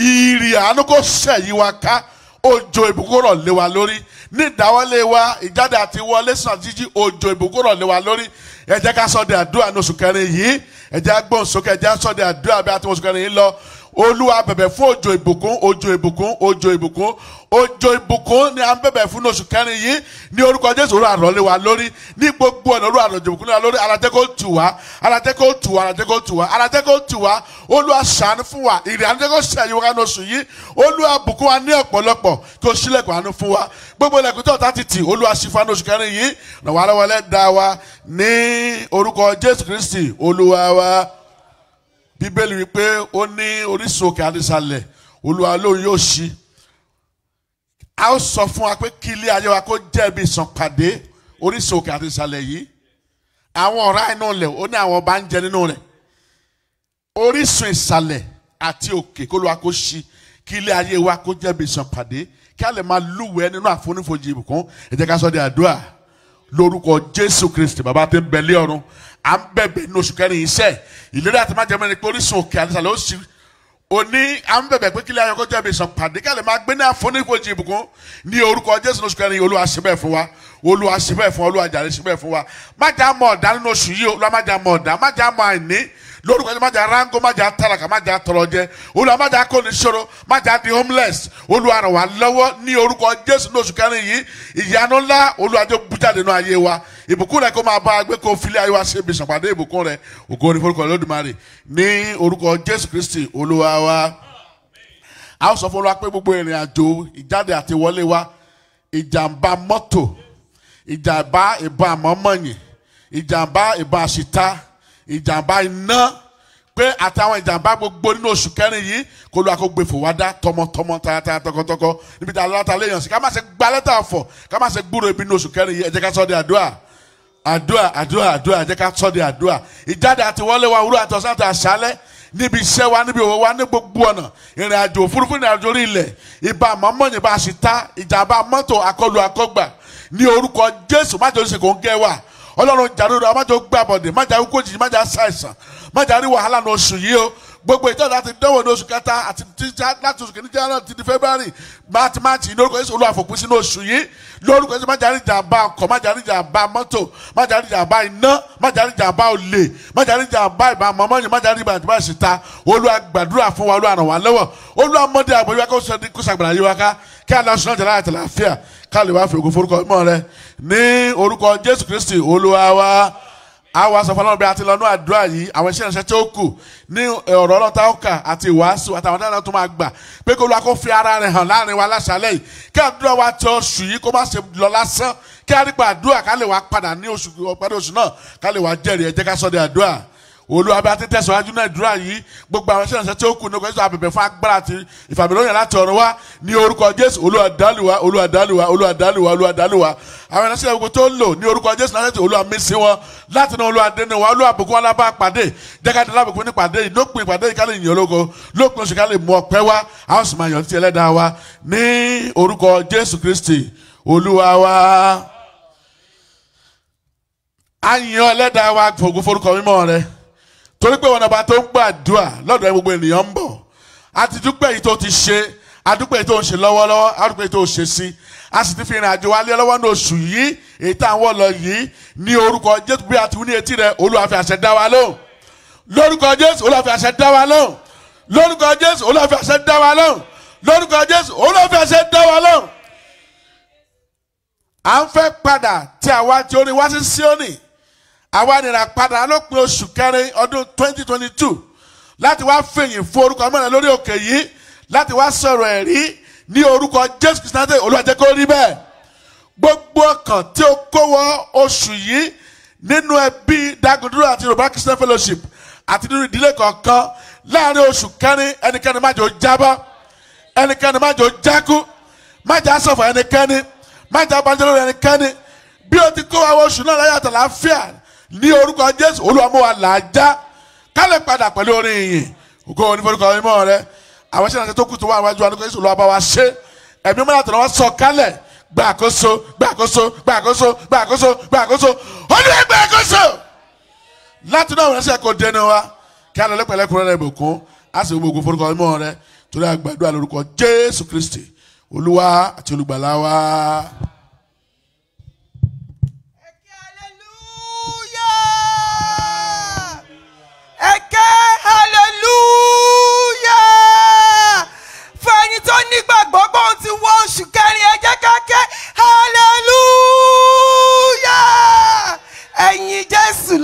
ìrì àánú kò ṣẹ̀yí wa ká òjò ìbùkún rọ̀ lé wa lórí ní ìdáwọ́lé wa ìjáde àti wọlé sàn jíjí òjò ìbùkún rọ̀ lé wa lórí ẹ jẹ́ ká sọ de àdúrà ní oṣù kẹrin yìí ẹ jẹ́ sókè ẹ jẹ́ àdúrà bí a ti oṣù kẹrin yìí lọ olúwa bẹ̀bẹ̀ fún òjò ìbùkún òjò ìbùkún òjò ìbùkún òjò ìbùkún ni à ń bẹ̀bẹ̀ fún oṣù kẹrin yìí ní orúkọ jésù olúwa rọ̀lé wa lórí ní gbogbo ọ̀nà olúwa rọ̀jò ìbùkún lórí alatẹ́kọ̀ tù wá alatẹ́kọ̀ tù wá alatẹ́kọ̀ tù wá alatẹ́kọ̀ tù wá olúwa ṣàánú fún wa ìrìn alatẹ́kọ̀ ṣàyẹ̀ wá ní oṣù yìí olúwa bùkún wa ní ọ̀pọ̀lọpọ̀ kí o ṣílẹ̀kùn àánú fún wa gbogbo ilẹ̀kùn tó bíbélì wípé ó ní orísun òkè àdìsálẹ̀ olúwa lóun yóò ṣí a ó sọ fún wa pé kí ilé ayé wa kó jẹ́ ibi ìsànpàdé orísun òkè àdìsálẹ̀ yìí àwọn ọ̀rá inú ilẹ̀ ó ní àwọn ọba ń jẹ nínú rẹ̀ orísun ìsàlẹ̀ àti òkè kó lóun kó ṣí kí ilé ayé wa kó jẹ́ ibi ìsànpàdé kí a lè máa lúwẹ̀ẹ́ nínú àfonífojì ìbùkún ẹ jẹ́ ká sọ di àdúrà lórúkọ Jésù Kristi bàbá tí ń bẹ ọ̀run à ń bẹ̀bẹ̀ ní oṣù kẹrin iṣẹ́ ìlérí àti májẹ̀ mẹ́rin pé orísun òkè àdìsàlẹ̀ ó sì òní à ń bẹ̀bẹ̀ pé kílẹ̀ ayọ̀kọ́ jẹ̀bi ìsàn pàdé kálẹ̀ máa gbé ní àfoníkojì ìbùkún ní orúkọ jésù ní oṣù kẹrin olúwa ṣe bẹ́ẹ̀ fún wa olúwa ṣe bẹ́ẹ̀ fún wa olúwa jàre ṣe bẹ́ẹ̀ fún wa májà mọ ọ̀dá nínú oṣù yìí olúwa májà mọ ọ̀dá májà mọ àìní lórúkọ jẹ májà rángó májà tálákà májà tọrọ jẹ olúwa májà kó ní ṣòro májà di homeless olúwa ràn wá lọ́wọ́ ní orúkọ jésù ní oṣù kẹrin yìí ìyanu ńlá olúwa jẹ́ bújáde nínú ayé wa ìbùkún rẹ kó máa bá agbé kó filé ayé wa ṣe ibi ṣàpàdé ìbùkún rẹ ògo ní forúkọ lódùmarè ní orúkọ jésù kristi olúwa wa a ó sọ fún wa pé gbogbo ìrìn àjò ìjáde àti wọlé wa ìjàmbá mọ́tò ìjàmbá ìbọn àmọ́mọ́yìn ìjàmbá ìbọn àṣìta ìjàmbá iná pé àtàwọn ìjàmbá gbogbo nínú oṣù kẹrin yìí kó lu àkógbè fòwádà tọmọtọmọ tayata tọkọtọkọ níbi tí aláta léèyàn sí ká má ṣe gbalẹ́tà ọ̀fọ̀ ká má ṣe gbúrò ibi nínú oṣù kẹrin yìí ẹ ká sọ́ di àdúrà àdúrà àdúrà àdúrà jẹ́ ká sọ́ di àdúrà ìjáde àti wọlé wa òwúrọ̀ àtọ̀sán àti àṣálẹ́ níbi iṣẹ́ wa níbi òwò wa ní gbogbo ọ̀nà ìrìn àjò òfurufú ìrìn àjò orí ilẹ̀ ìbá mọ́mọ́yìn ìbá àṣìta ìjàmbá mọ́tò akọlù akọgbà ní orúkọ Jésù májò ṣe kò ń gẹ́ wa Ọlọ́run jàdúrà májò gbàbọ̀dẹ̀ májà ikú òjijì májà ṣàìsàn májà rí wàhálà ní oṣù yìí o gbogbo ìjọ láti dánwò ní oṣù kẹta àti láti oṣù kìíní january ti di february march march ní orúkọ yéṣu olúwa fòpin sínú oṣù yìí lórúkọ yéṣu má jàrí jàmbá ọkọ̀ má jàrí jàmbá mọ́tò má jàrí jàmbá iná má jàrí jàmbá olè má jàrí jàmbá ìbámu ọmọ yìí má jàrí ìbàdìbà ìṣìta olúwa gbàdúrà fún wa olúwa ràn wá lọ́wọ́ olúwa mọ́dé àgbọ̀ yíwá kó sàgbàlá yíwá ká kí aláṣọ náà jẹ́ láyàtọ̀ láàfíà ká lè wá fi ògùn forúkọ mímọ́ rẹ ní orúkọ jésù kristi olúwa wa a wá sọ fún ọlọ́run bí a ti lọ ní àdúrà yìí àwọn iṣẹ́ ìránṣẹ́ tí ó kù ní ọ̀rọ̀ ọlọ́ta ọkà àti ìwàásù àtàwọn náà tó máa gbà pé kí Olúwa kó fi ara rẹ̀ hàn láàrin wa láṣálẹ̀ yìí kí àdúrà wa ti oṣù yìí kó má ṣe lọ lásán kí àdúrà ká lè padà ní oṣù náà ká lè jẹ́rìí ẹ ká sọ di àdúrà olùwàbí àti tẹ̀síwájú náà dúró yìí gbogbo àwọn ṣẹ̀ṣẹ̀ tí ó kù nípa ẹ̀sọ́ àbẹ̀bẹ̀ fún agbára àti ìfàmìlóyìn láti ọ̀run wá ní orúkọ jésù olùwàdálùwà olùwàdálùwà olùwàdálùwà olùwàdálùwà àwọn ẹ̀rọ ṣẹ̀ṣẹ̀ gbogbo tó ń lò ní orúkọ jésù náà ṣẹ̀ṣẹ̀ olùwàmísí wọn láti náà olùwàdẹ́nu wa olùwàbùkún wọn lábá pàdé jẹ́kadì lábùkún ní pàdé yìí lópin ìpàdé yìí ká lè yìn ológo lópin oṣù ká lè mú ọpẹ́ wá a ó sì máa yọ̀ ní ti ẹlẹ́dàá wa ní orúkọ jésù kristi olúwa wa a yìn ẹlẹ́dàá wa fògo forúkọ mímọ́ rẹ̀ torí pé wọn ọba tó ń gbàdúrà lọ́dọ̀ ẹ gbogbo ènìyàn ń bọ̀ àtidúpẹ́ yìí tó ti ṣe àdúpẹ́ yìí tó ń ṣe lọ́wọ́lọ́wọ́ àdúpẹ́ yìí tó ṣe sí a sì ti fi ìrìn àjò wa lé lọ́wọ́ ní oṣù yìí èyí tá à ń wọ̀ lọ yìí ní orúkọ Jésù bí àti ní etí rẹ Olúwa fi àṣẹ dá wa lóhùn lórúkọ Jésù Olúwa fi àṣẹ dá wa lóhùn lórúkọ Jésù Olúwa fi àṣẹ dá wa lóhùn lórúkọ Jésù Olúwa fi àṣẹ dá wa lóhùn à ń fẹ́ padà tí àwa ti orin wá sí Síónì àwa nira padà lópin oṣù kẹrin ọdún 2022, twenty two láti wá fẹ̀yìn fún orúkọ mẹ́rin lórí òkè yìí láti wá sọ̀rọ̀ ẹ̀rí ní orúkọ Jésù Kristi Olúwa jẹ́ kó rí bẹ́ẹ̀ gbogbo ọkàn tí ó kó oṣù yìí nínú ẹbí Dagunduro àti Yorùbá Christian Fellowship àti nínú ìdílé kọ̀ọ̀kan láàrin oṣù kẹrin ẹnikẹ́ni má jò jábọ́ ẹnikẹ́ni má jò jákú má jà sọ̀fọ̀ ẹnikẹ́ni má jà banjẹ́ lórí ẹnikẹ́ni bí o ti kó oṣù náà láyàtọ̀ láàfíà ní orúkọ jésù olúwa mú wa là á já kálẹ̀ padà pẹ̀lú orin ìyìn ògo oníforúkọ mímọ́ rẹ àwọn iṣẹ́ ìrìnàjò tó kù tó wà wájú alukọ jésù olúwa bá wa ṣe ẹ̀mí mọ́ra tọ̀nà wa sọ kálẹ̀ gba àkóso gba àkóso gba àkóso gba àkóso gba àkóso olúwa gba àkóso láti náà ránṣẹ́ kò dẹnu wa kí alẹ́ pẹ̀lẹ́kùnrin rẹ bùkún á sì gbogbo forúkọ mímọ́ rẹ torí àgbàdo àlórúkọ jésù kristi olúwa àti olùgbàlà wa.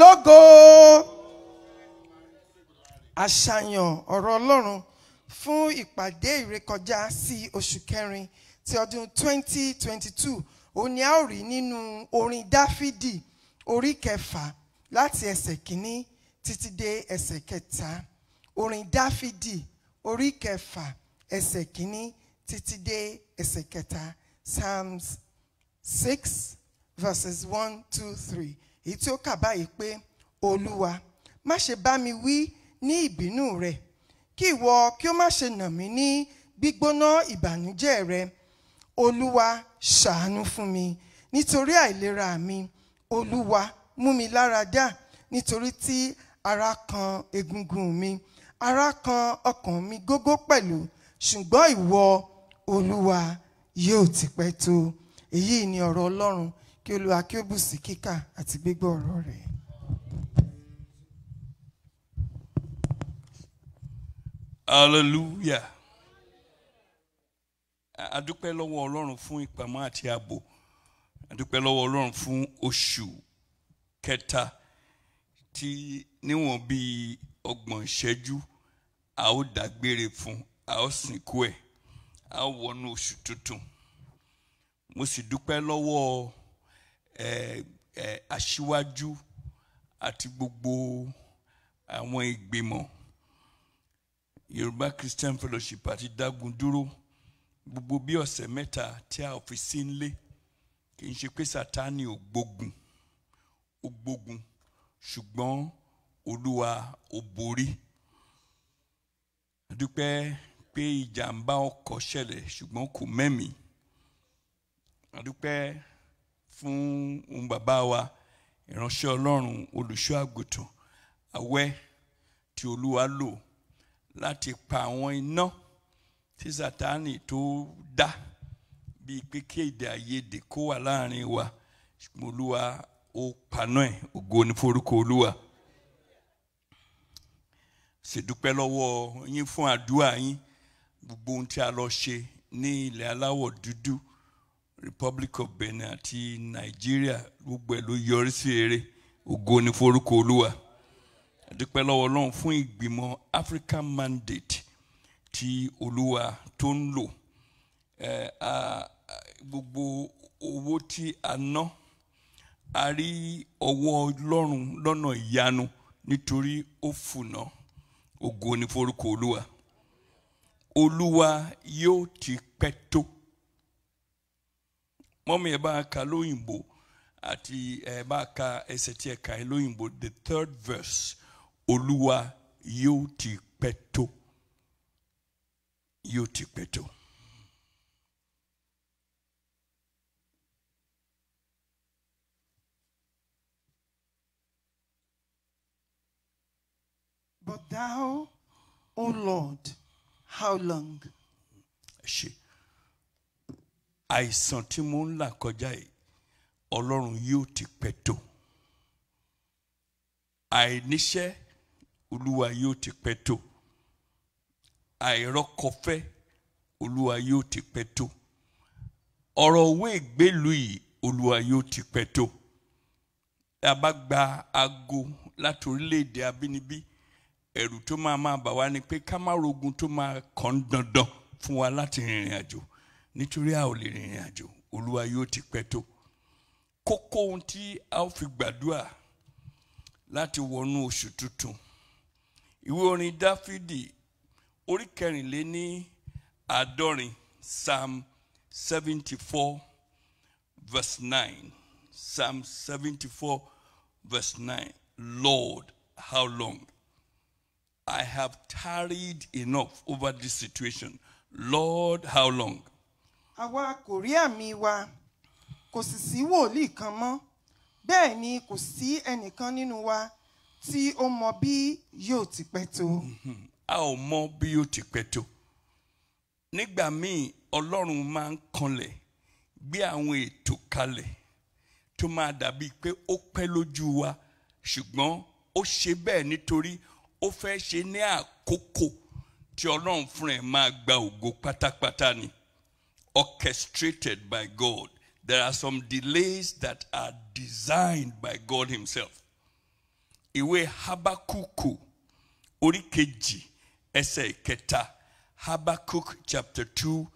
lógo. àṣàyàn ọ̀rọ̀ ọlọ́run fún ìpàdé ìrékọjá sí oṣù kẹrin ti ọdún 2022 òun ni a ó rí nínú orin dáfídì orí kẹfà láti ẹsẹ̀ kìíní títí dé ẹsẹ̀ kẹta orin dáfídì orí kẹfà ẹsẹ̀ kìíní títí dé ẹsẹ̀ kẹta psalms six verses one two three èyí tí ó kà báyìí pé olúwa má ṣe bá mi wí ní ìbínú rẹ kí ìwọ kí ó má ṣe nà mí ní gbígbóná ìbànújẹ́ rẹ olúwa ṣàánú fún mi nítorí àìlera mi olúwa mú mi lára dá nítorí tí ara kan egungun mi ara kan ọkàn mi gógó pẹ̀lú ṣùgbọ́n ìwọ olúwa yóò ti pẹ́ tó èyí ni ọ̀rọ̀ ọlọ́run kí olúwa kí ó bù sí kíkà àti gbígbọ́ ọ̀rọ̀ rẹ̀. hallelujah adúpẹ́ lọ́wọ́ ọlọ́run fún ìpamọ́ àti ààbò adúpẹ́ lọ́wọ́ ọlọ́run fún oṣù kẹta tí níwọ̀n bíi ọgbọ̀n ìṣẹ́jú a ó dágbére fún a ó sìnkú ẹ̀ a ó wọnú oṣù tuntun mo sì dúpẹ́ lọ́wọ́ ọ aṣíwájú àti gbogbo àwọn ìgbìmọ̀ Yorùbá Christian Fellowship àti dagun dúró gbogbo bí ọ̀sẹ̀ mẹ́ta tí a fi sí nílé kì í ṣe pé Sátánì ò gbógun ó gbógun ṣùgbọ́n Olúwa ó borí dúpẹ́ pé ìjàmbá ọkọ̀ ṣẹlẹ̀ ṣùgbọ́n kò mẹ́mìí adúpẹ́ fún òun bàbá wa ìránṣẹ́ ọlọ́run olùṣọ́ àgùntàn àwẹ́ tí olúwa lò láti pa àwọn iná tí sátánì tó dá bíi pé kí èdè kó wà láàrin wa ṣùgbọ́n olúwa ó paná ẹ̀ ògo ní forúkọ olúwa ṣèdúpẹ́ lọ́wọ́ yín fún àdúrà yín gbogbo ohun tí a lọ ṣe ní ilẹ̀ aláwọ̀ dúdú. Republic of Benin àti Nàìjíríà gbogbo ẹ̀ ló yọrí sí eré ògo ni forúkọ Olúwa a lọ́wọ́ Ọlọ́run fún ìgbìmọ̀ African mandate ti Olúwa tó ń lò gbogbo owó tí a ná a rí ọwọ́ Ọlọ́run lọ́nà ìyanu nítorí ó fùnà ògo ni forúkọ Olúwa Olúwa yóò ti pẹ́ tó. mọ́mí ẹ̀ àti ebaka bá ka the 3rd yóò ti pe to But thou, O Lord, how long? She. àìsàn tí mo ń là kọjá yìí ọlọ́run yóò ti pẹ̀tò àìníṣẹ́ olúwa yóò ti pẹ̀tò àìrọ́kọfẹ́ olúwa yóò ti pẹ̀tò ọ̀rọ̀ òwe ìgbélu yìí olúwa yóò ti pẹ̀tò tá a bá gba aago láti orílẹ̀-èdè abínibí ẹ̀rù tó máa máa bà wá ni pé ká má rogun tó máa kàn dandan fún wa láti rìnrìn àjò. nítorí a ò lè rìnrìn àjò ti kókó ohun tí a ó fi gbàdúrà láti wọnú oṣù tuntun ìwé orin dáfídì orí psalm seventy four verse nine psalm seventy four verse nine lord how long i have tarried enough over this situation lord how long. àwa kò rí àmì wa kò sì sí wòlíì kan mọ́ bẹ́ẹ̀ ni kò sí ẹnìkan nínú wa tí ó mọ bí yóò ti pẹ́ tó. Mhm. a ò mọ bí yóò ti pẹ́ tó nígbà míì ọlọ́run máa ń kanlẹ̀ gbé àwọn ètò kalẹ̀ tó máa dàbí pé ó pẹ́ lójú wa ṣùgbọ́n ó ṣe bẹ́ẹ̀ nítorí ó fẹ́ ṣe ní àkókò tí ọlọ́run fúnra ẹ̀ máa gba ògo pátápátá ni. orchestrated by God. There are some delays that are designed by God himself. Ìwé Habakuku, Urikeji, ẹsẹ̀ ìkẹta Habakkuk chapter two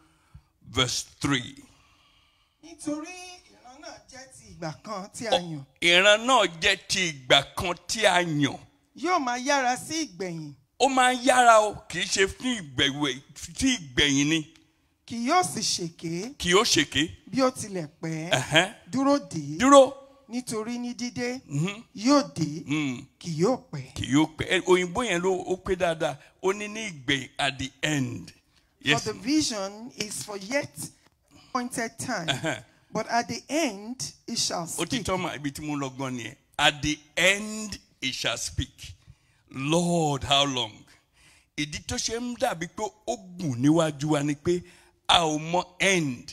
verse three. ìran ti ìgbà kan tí ń yára o í ki fún ìgbẹ̀yìn ni. kì yóò sì ṣèké. kì yóò ṣèké. bí ó tilẹ̀ pẹ́. dúró dè. dúró. nítorí ní dídé. Mm-hmm. yóò dé. Mm. kì yóò pẹ́. kì yóò pẹ́ òyìnbó yẹn ló ó pé dáadáa ó ní ní ìgbẹ́ at the end. Yes. For the vision is for yet appointed time. Uh-huh. But at the end it shall speak. Ó ti tọ́ ma ibi tí mo lọ gan ni ẹ̀. At the end it shall speak. Lord how long? Ìdí tó ṣe ń dàbí pé ó gùn níwájú wa ni pé a ò mọ end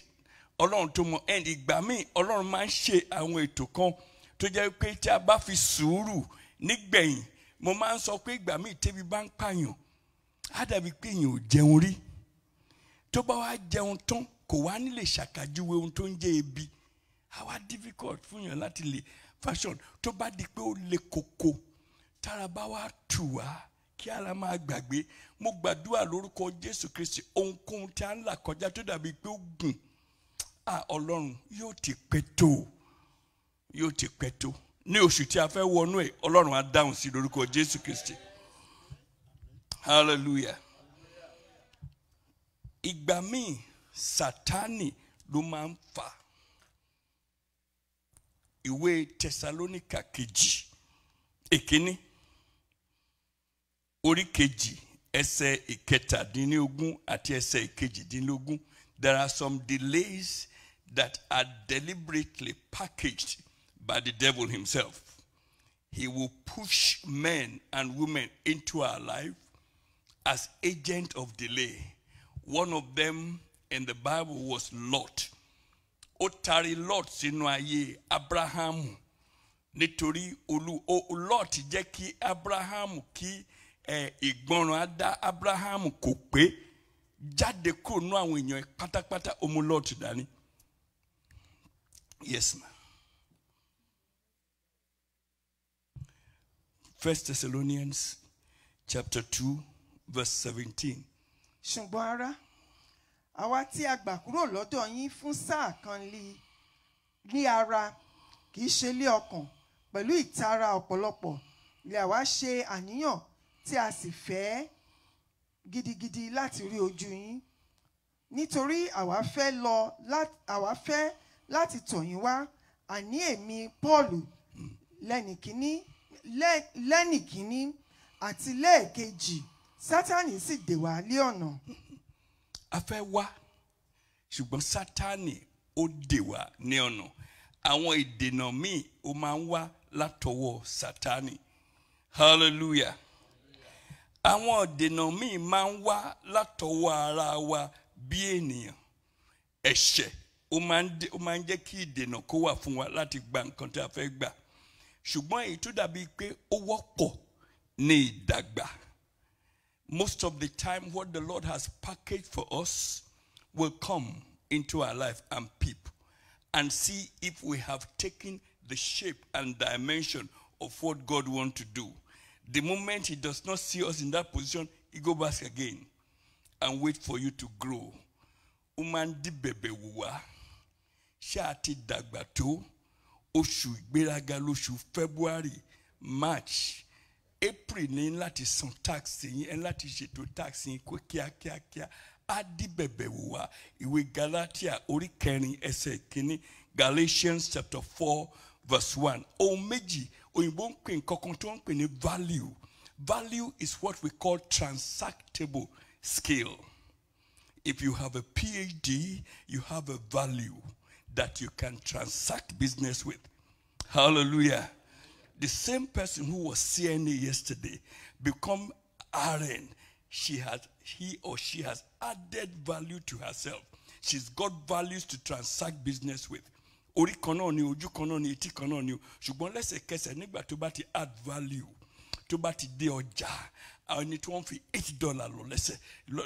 ọlọ́run tó mọ end ìgbà míì ọlọ́run máa ń ṣe àwọn ètò kan tó jẹ́ pé tí a bá fi sùúrù nígbẹ̀yìn mo máa ń sọ pé ìgbà míì tẹ́bi bá ń pààyàn á dàbí pé èèyàn ò jẹun rí tó bá wá jẹun tán kò wá nílè ṣàkàjúwe ohun tó ń jẹ ebi àwa difficult fún yàn láti lè fashion tó bá di pé ó le koko tára bá wá tù wá kí ara máa gbàgbé mo gbàdúrà lórúkọ jésù kristi ohunkóhun tí a ń là kọjá tó dàbí pé ó gùn à ọlọ́run yóò ti pẹ́ tó yóò ti pẹ́ tó ní oṣù tí a fẹ́ wọnú ẹ̀ ọlọ́run á dáhùn sí lórúkọ jésù kristi hallelujah ìgbà míì sátánì ló máa ń fà ìwé tẹsalónìkà kejì èkíní. E àti ẹsẹ̀ there are some delays that are deliberately packaged by the devil himself. He will push men and women into our life as agent of delay. One of them in the Bible was Lot. Ó tari Lot sínú ayé Abrahamu nítorí olú Lot jẹ́ kí kí ìgbọràn adá Abraham kò pé jáde kúrò nú àwọn èèyàn pátápátá ọmọ dání yes ma First Thessalonians chapter two verse seventeen. ṣùgbọ́n ará àwa tí a gbà kúrò lọ́dọ̀ yín fún sáà kan ní ara kì í ṣe lé ọkàn pẹ̀lú ìtara ọ̀pọ̀lọpọ̀ lè àwa ṣe àníyàn tí a sì fẹ́ gidigidi láti rí ojú yín nítorí àwa fẹ́ lọ àwa fẹ́ láti tọ̀ yín wá àní èmi Pọ́ọ̀lù lẹ́nìkíní lẹ́nìkíní àti lẹ́ẹ̀kejì Sátánì sì dè wá lé ọ̀nà. a fẹ́ wá ṣùgbọ́n Sátánì ó dè wá ní ọ̀nà àwọn ìdènà míì ó máa ń wá látọwọ́ Sátánì hallelujah. àwọn ọ̀dènà míì máa ń wá látọwọ́ ara wa bí ènìyàn ẹ̀ṣẹ̀ ó máa ń jẹ́ kí ìdènà kó wà fún wa láti gba nǹkan tí a fẹ́ gbà ṣùgbọ́n èyí tó dàbí pé ó wọ́pọ̀ ní ìdàgbà most of the time what the Lord has packaged for us will come into our life and peep and see if we have taken the shape and dimension of what God wants to do. The moment he does not see us in that position, he go back again and wait for you to grow. Umandi bebe wuwa. Shati dagbato, oshu Oṣù ìgbéraga February, March, April ní láti san tax yín ẹ̀ láti ṣètò tax yín kó kíákíákíá. Á dìbẹ̀bẹ̀ wùwà ìwé Galatia orí keni ẹsẹ̀ Galatians chapter four verse one. Omeji. méjì òyìnbó ń pè value value is what we call transactable skill if you have a phd you have a value that you can transact business with hallelujah the same person who was cna yesterday become RN. she has he or she has added value to herself she's got values to transact business with orí kan náà ni ojú kan náà ni etí kan náà ni o ṣùgbọ́n lẹ́sẹ̀kẹsẹ̀ nígbà tó bá ti add value tó bá ti dé ọjà ẹni tí wọ́n fi eight dollar lọ lẹ́sẹ̀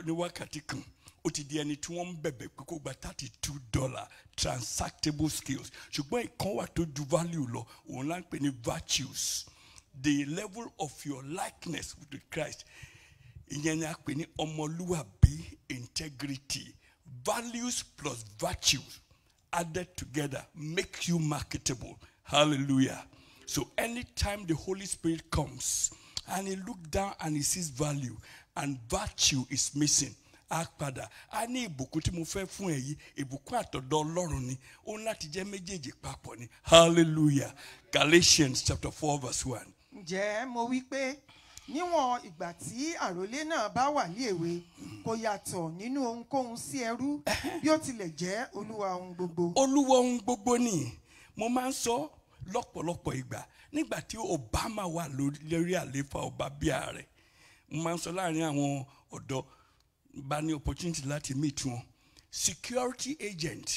ní wákàtí kan ó ti di ẹni tí wọ́n ń bẹ̀bẹ̀ pé kó gba thirty two dollar transactable skills ṣùgbọ́n ìkan wà tó ju value lọ òun là ń pè ní virtues the level of your likeness with Christ ìyẹn ni a pè ní ọmọlúwàbí integrity values plus virtues added together make you marketable. Hallelujah. So anytime the Holy Spirit comes and he looks down and he sees value and virtue is missing, Akpada. Ani ẹ yìí ìbùkún àtọ̀dọ̀ ọlọ́run ti mo ní yii atodo jẹ́ lati je papo ni hallelujah galatians chapter four verse one. ǹjẹ́ mo wí pé níwọ̀n ìgbà tí àròlé náà bá wà ní èwe kò yàtọ̀ nínú ohunkóhun sí ẹrú bí ó tilẹ̀ jẹ́ olúwa ohun gbogbo. olúwa ohun gbogbo ni mo máa ń sọ lọ́pọ̀lọpọ̀ ìgbà nígbà tí Obama wà lórí àléfà ọba bíà rẹ̀ mo máa ń sọ láàrin àwọn ọ̀dọ́ bá ní opportunity láti meet wọn security agent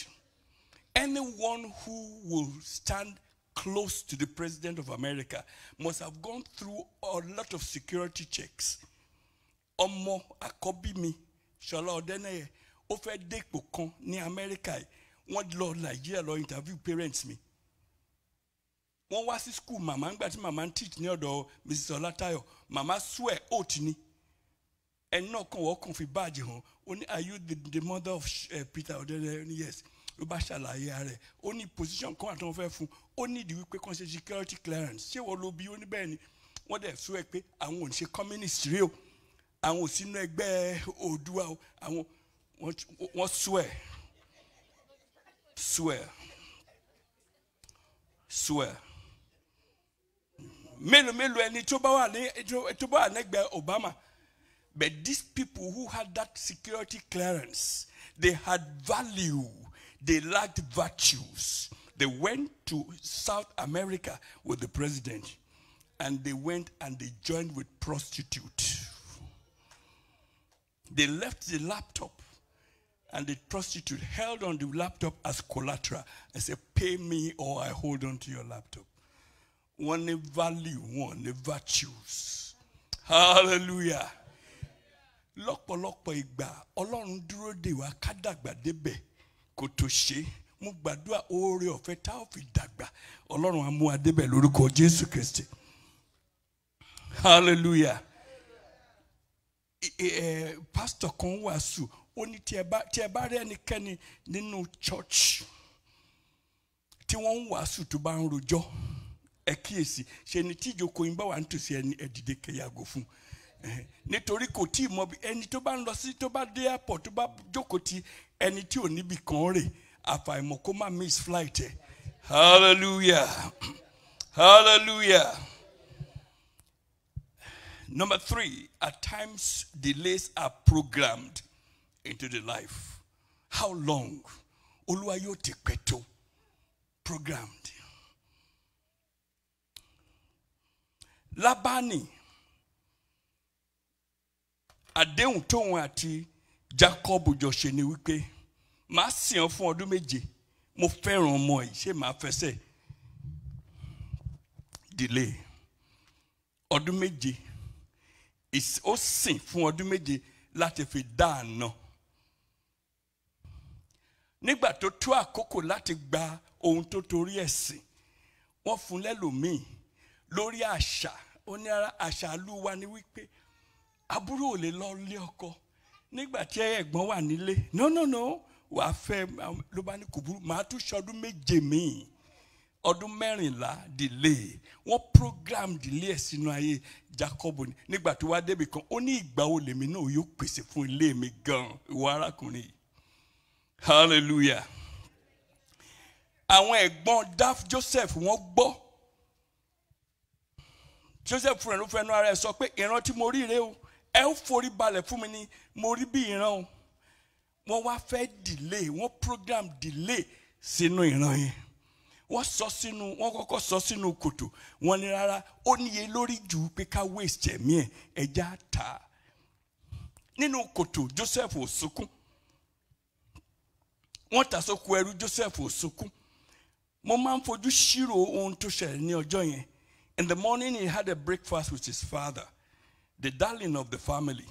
anyone who will stand close to the president of America must have gone through a lot of security checks. Ọmọ àkọ́bí mi Ṣọlá Ọdẹ́nẹ́yẹ ó fẹ́ dépò kan ní Amẹ́ríkà yìí wọ́n lọ Nàìjíríà lọ interview parents mi. Wọ́n wá sí school màmá ńgbà tí màmá teach ní ọ̀dọ̀ Mrs. Ọlátayọ̀ màmá swear oath ni. And no kàn wọ́n kàn fi badge. hàn ó are you the, the mother of uh, Peter Ọdẹ́nẹ́yẹ? Yes. ló bá ṣàlàyé rẹ̀ ó ní position kan àtàwọn fẹ́ fún ó nídìí wípé kàn ṣe security clearance ṣé wọ́n lo bí ó ní bẹ́ẹ̀ ni wọ́n dẹ̀ sọ ẹ pé àwọn ò ń ṣe communist rí o àwọn ò sínú ẹgbẹ́ Oòduà o àwọn wọ́n swear swear swear mélòó mélòó ẹni tó bá wà ní tó bá wà lẹ́gbẹ̀ẹ́ Obama but these people who had that security clearance they had value. They lacked virtues. They went to South America with the president and they went and they joined with prostitute. They left the laptop and the prostitute held on the laptop as collateral and said, pay me or I hold on to your laptop. One the value, one the virtues. Hallelujah. lokpo ìgbà ọlọ́run dúró dè wá débẹ̀. kò tó ṣe mo gbàdúrà oore ọ̀fẹ́ tá ò fi dàgbà ọlọ́run á adébẹ̀ lórúkọ jésù kristi hallelujah pastor kan wàásù ó ní tí ẹ bá rí ẹnikẹ́ni nínú church tí wọ́n ń wàásù tó bá ń rojọ́ ẹ kíyèsí ṣe ni tí ìjókòó yín bá wà nítòsí ẹni ẹ dìde kẹyàgò fún nítorí kò tí ì mọ ẹni tó bá ń lọ sí tó bá dé airport tó bá jókòó ti ẹni tí ò níbi kan rè àfàìmọ̀ kó má miss flight ẹ̀ hallelujah hallelujah. Number three, at times delays are programmed into the life. How long? Olúwa yóò ti pẹ́ tó programmed. Lábánì àdéhùn tóun àti jacob jọ ṣe ni wípé màá sìn ọ́ fún ọdún méje mo fẹ́ràn ọmọ yìí ṣé màá fẹsẹ̀ delay ọdún méje ó sìn fún ọdún méje láti fi dá àná nígbà tó tó àkókò láti gba ohun tó torí ẹ̀ sìn wọ́n fún lẹ́lòmíì lórí àṣà ó ní ara àṣà àlùwà ni wípé àbúrò ò lè lọ lé ọkọ nígbà tí ẹ̀gbọ́n wà nílé no no no wàá fẹ́ ló bá ní kùbúrú màá tún ṣọdún méje míì ọdún mẹ́rìnlá dìlé wọ́n program dìlé ẹ̀ sínú ayé Jacob ni nígbà tó wá débi kan ó ní ìgbà wo lèmi náà yóò pèsè fún ilé mi gan ìwọ arákùnrin hallelujah àwọn ẹ̀gbọ́n daf Joseph wọ́n gbọ́ Joseph fúnra ló fẹnu ara ẹ̀ sọ pé ìran tí mo rí rèé o ẹ ó forí balẹ̀ fún mi ní mo rí bí ìran o wọ́n wá fẹ́ delay wọ́n program delay sínú ìran yẹn wọ́n sọ sínú wọ́n kọ́kọ́ sọ sínú kòtò wọ́n ní rárá ó níye lórí jù pé ká waste ẹ̀mí ẹ̀ ẹja ta nínú kòtò Joseph ò sunkún wọ́n tà sóko ẹrú Joseph ò sunkún mo máa ń fojú ṣírò ohun tó ṣẹlẹ̀ ní ọjọ́ yẹn in the morning he had a breakfast with his father the darling of the family.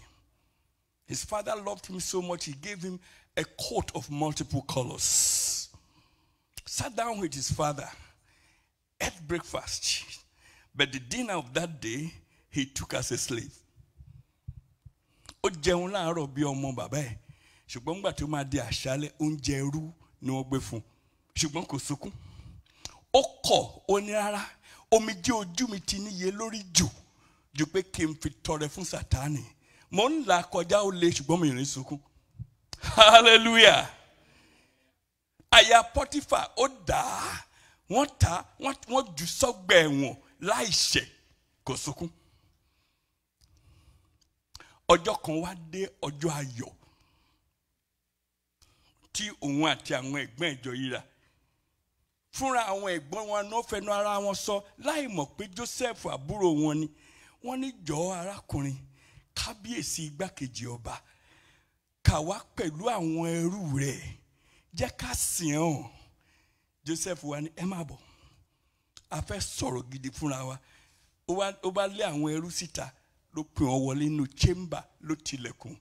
His father loved him so much, he gave him a coat of multiple colors. Sat down with his father, ate breakfast, but the dinner of that day he took as a slave. ó jẹun láàárọ̀ bí ọmọ bàbá ẹ̀ ṣùgbọ́n nígbà tó máa di àṣálẹ̀ oúnjẹ ẹrú ni wọ́n gbé fún ṣùgbọ́n kò ó kọ̀ ojú mi ti lórí jù ju pé kí n fi tọrẹ fún sátánì mo ń là kọjá ó le ṣùgbọ́n mi rìn sunkún hallelujah aya Pọ́tífà ó dà á wọ́n ta wọ́n jù sọ́gbà ẹ̀wọ̀n láì ṣẹ̀ kò sunkún ọjọ́ kan wá dé ọjọ́ ayọ̀ tí òun àti àwọn ẹ̀gbọ́n ìjọ yìí rà fúnra àwọn ẹ̀gbọ́n wọn náà fẹnu ara wọn sọ láì mọ̀ pé Joseph àbúrò wọn ni wọ́n ní jọ̀ọ́ arákùnrin kábíyèsí igbákejì ọba kà wá pẹ̀lú àwọn ẹrú rẹ̀ jẹ́ ká sìn ọ́n Joseph wa ni ẹ má bọ̀ a fẹ́ sọ̀rọ̀ gidi fúnra wa ó bá lé àwọn ẹrú síta ló pè wọ́n wọlé inú chamber ló tilẹ̀kùn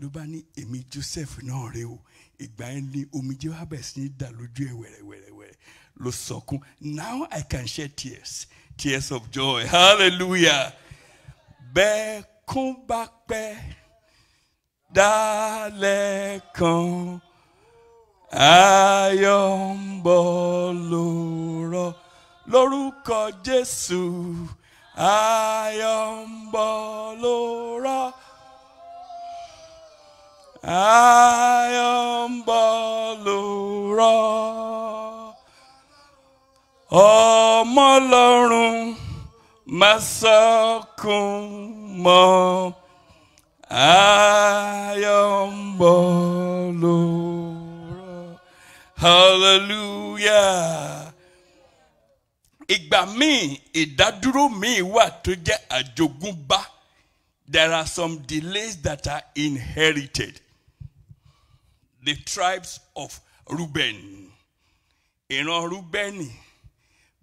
ló bá ní èmi Joseph náà rè o ìgbà yẹn ni omijé wa bẹ̀ sí ní dà lójú ẹ̀ wẹ̀rẹ̀wẹ̀rẹ̀ ló sọkún now I can shed tears tears of joy. Hallelujah. Bẹ́ẹ̀kún bá pẹ́ dálẹ̀ kan ayọ̀ ń bọ̀ lórọ̀ lórúkọ Jésù ayọ̀ ń ọmọ ọlọ́run máa sọkún mọ́ ayọ̀ ń bọ̀ lóró hallelujah ìgbà míì ìdádúró míì wà tó jẹ́ àjogúnbá there are some delays that are inherited the tribes of Reuben ìran Rúbẹ́nì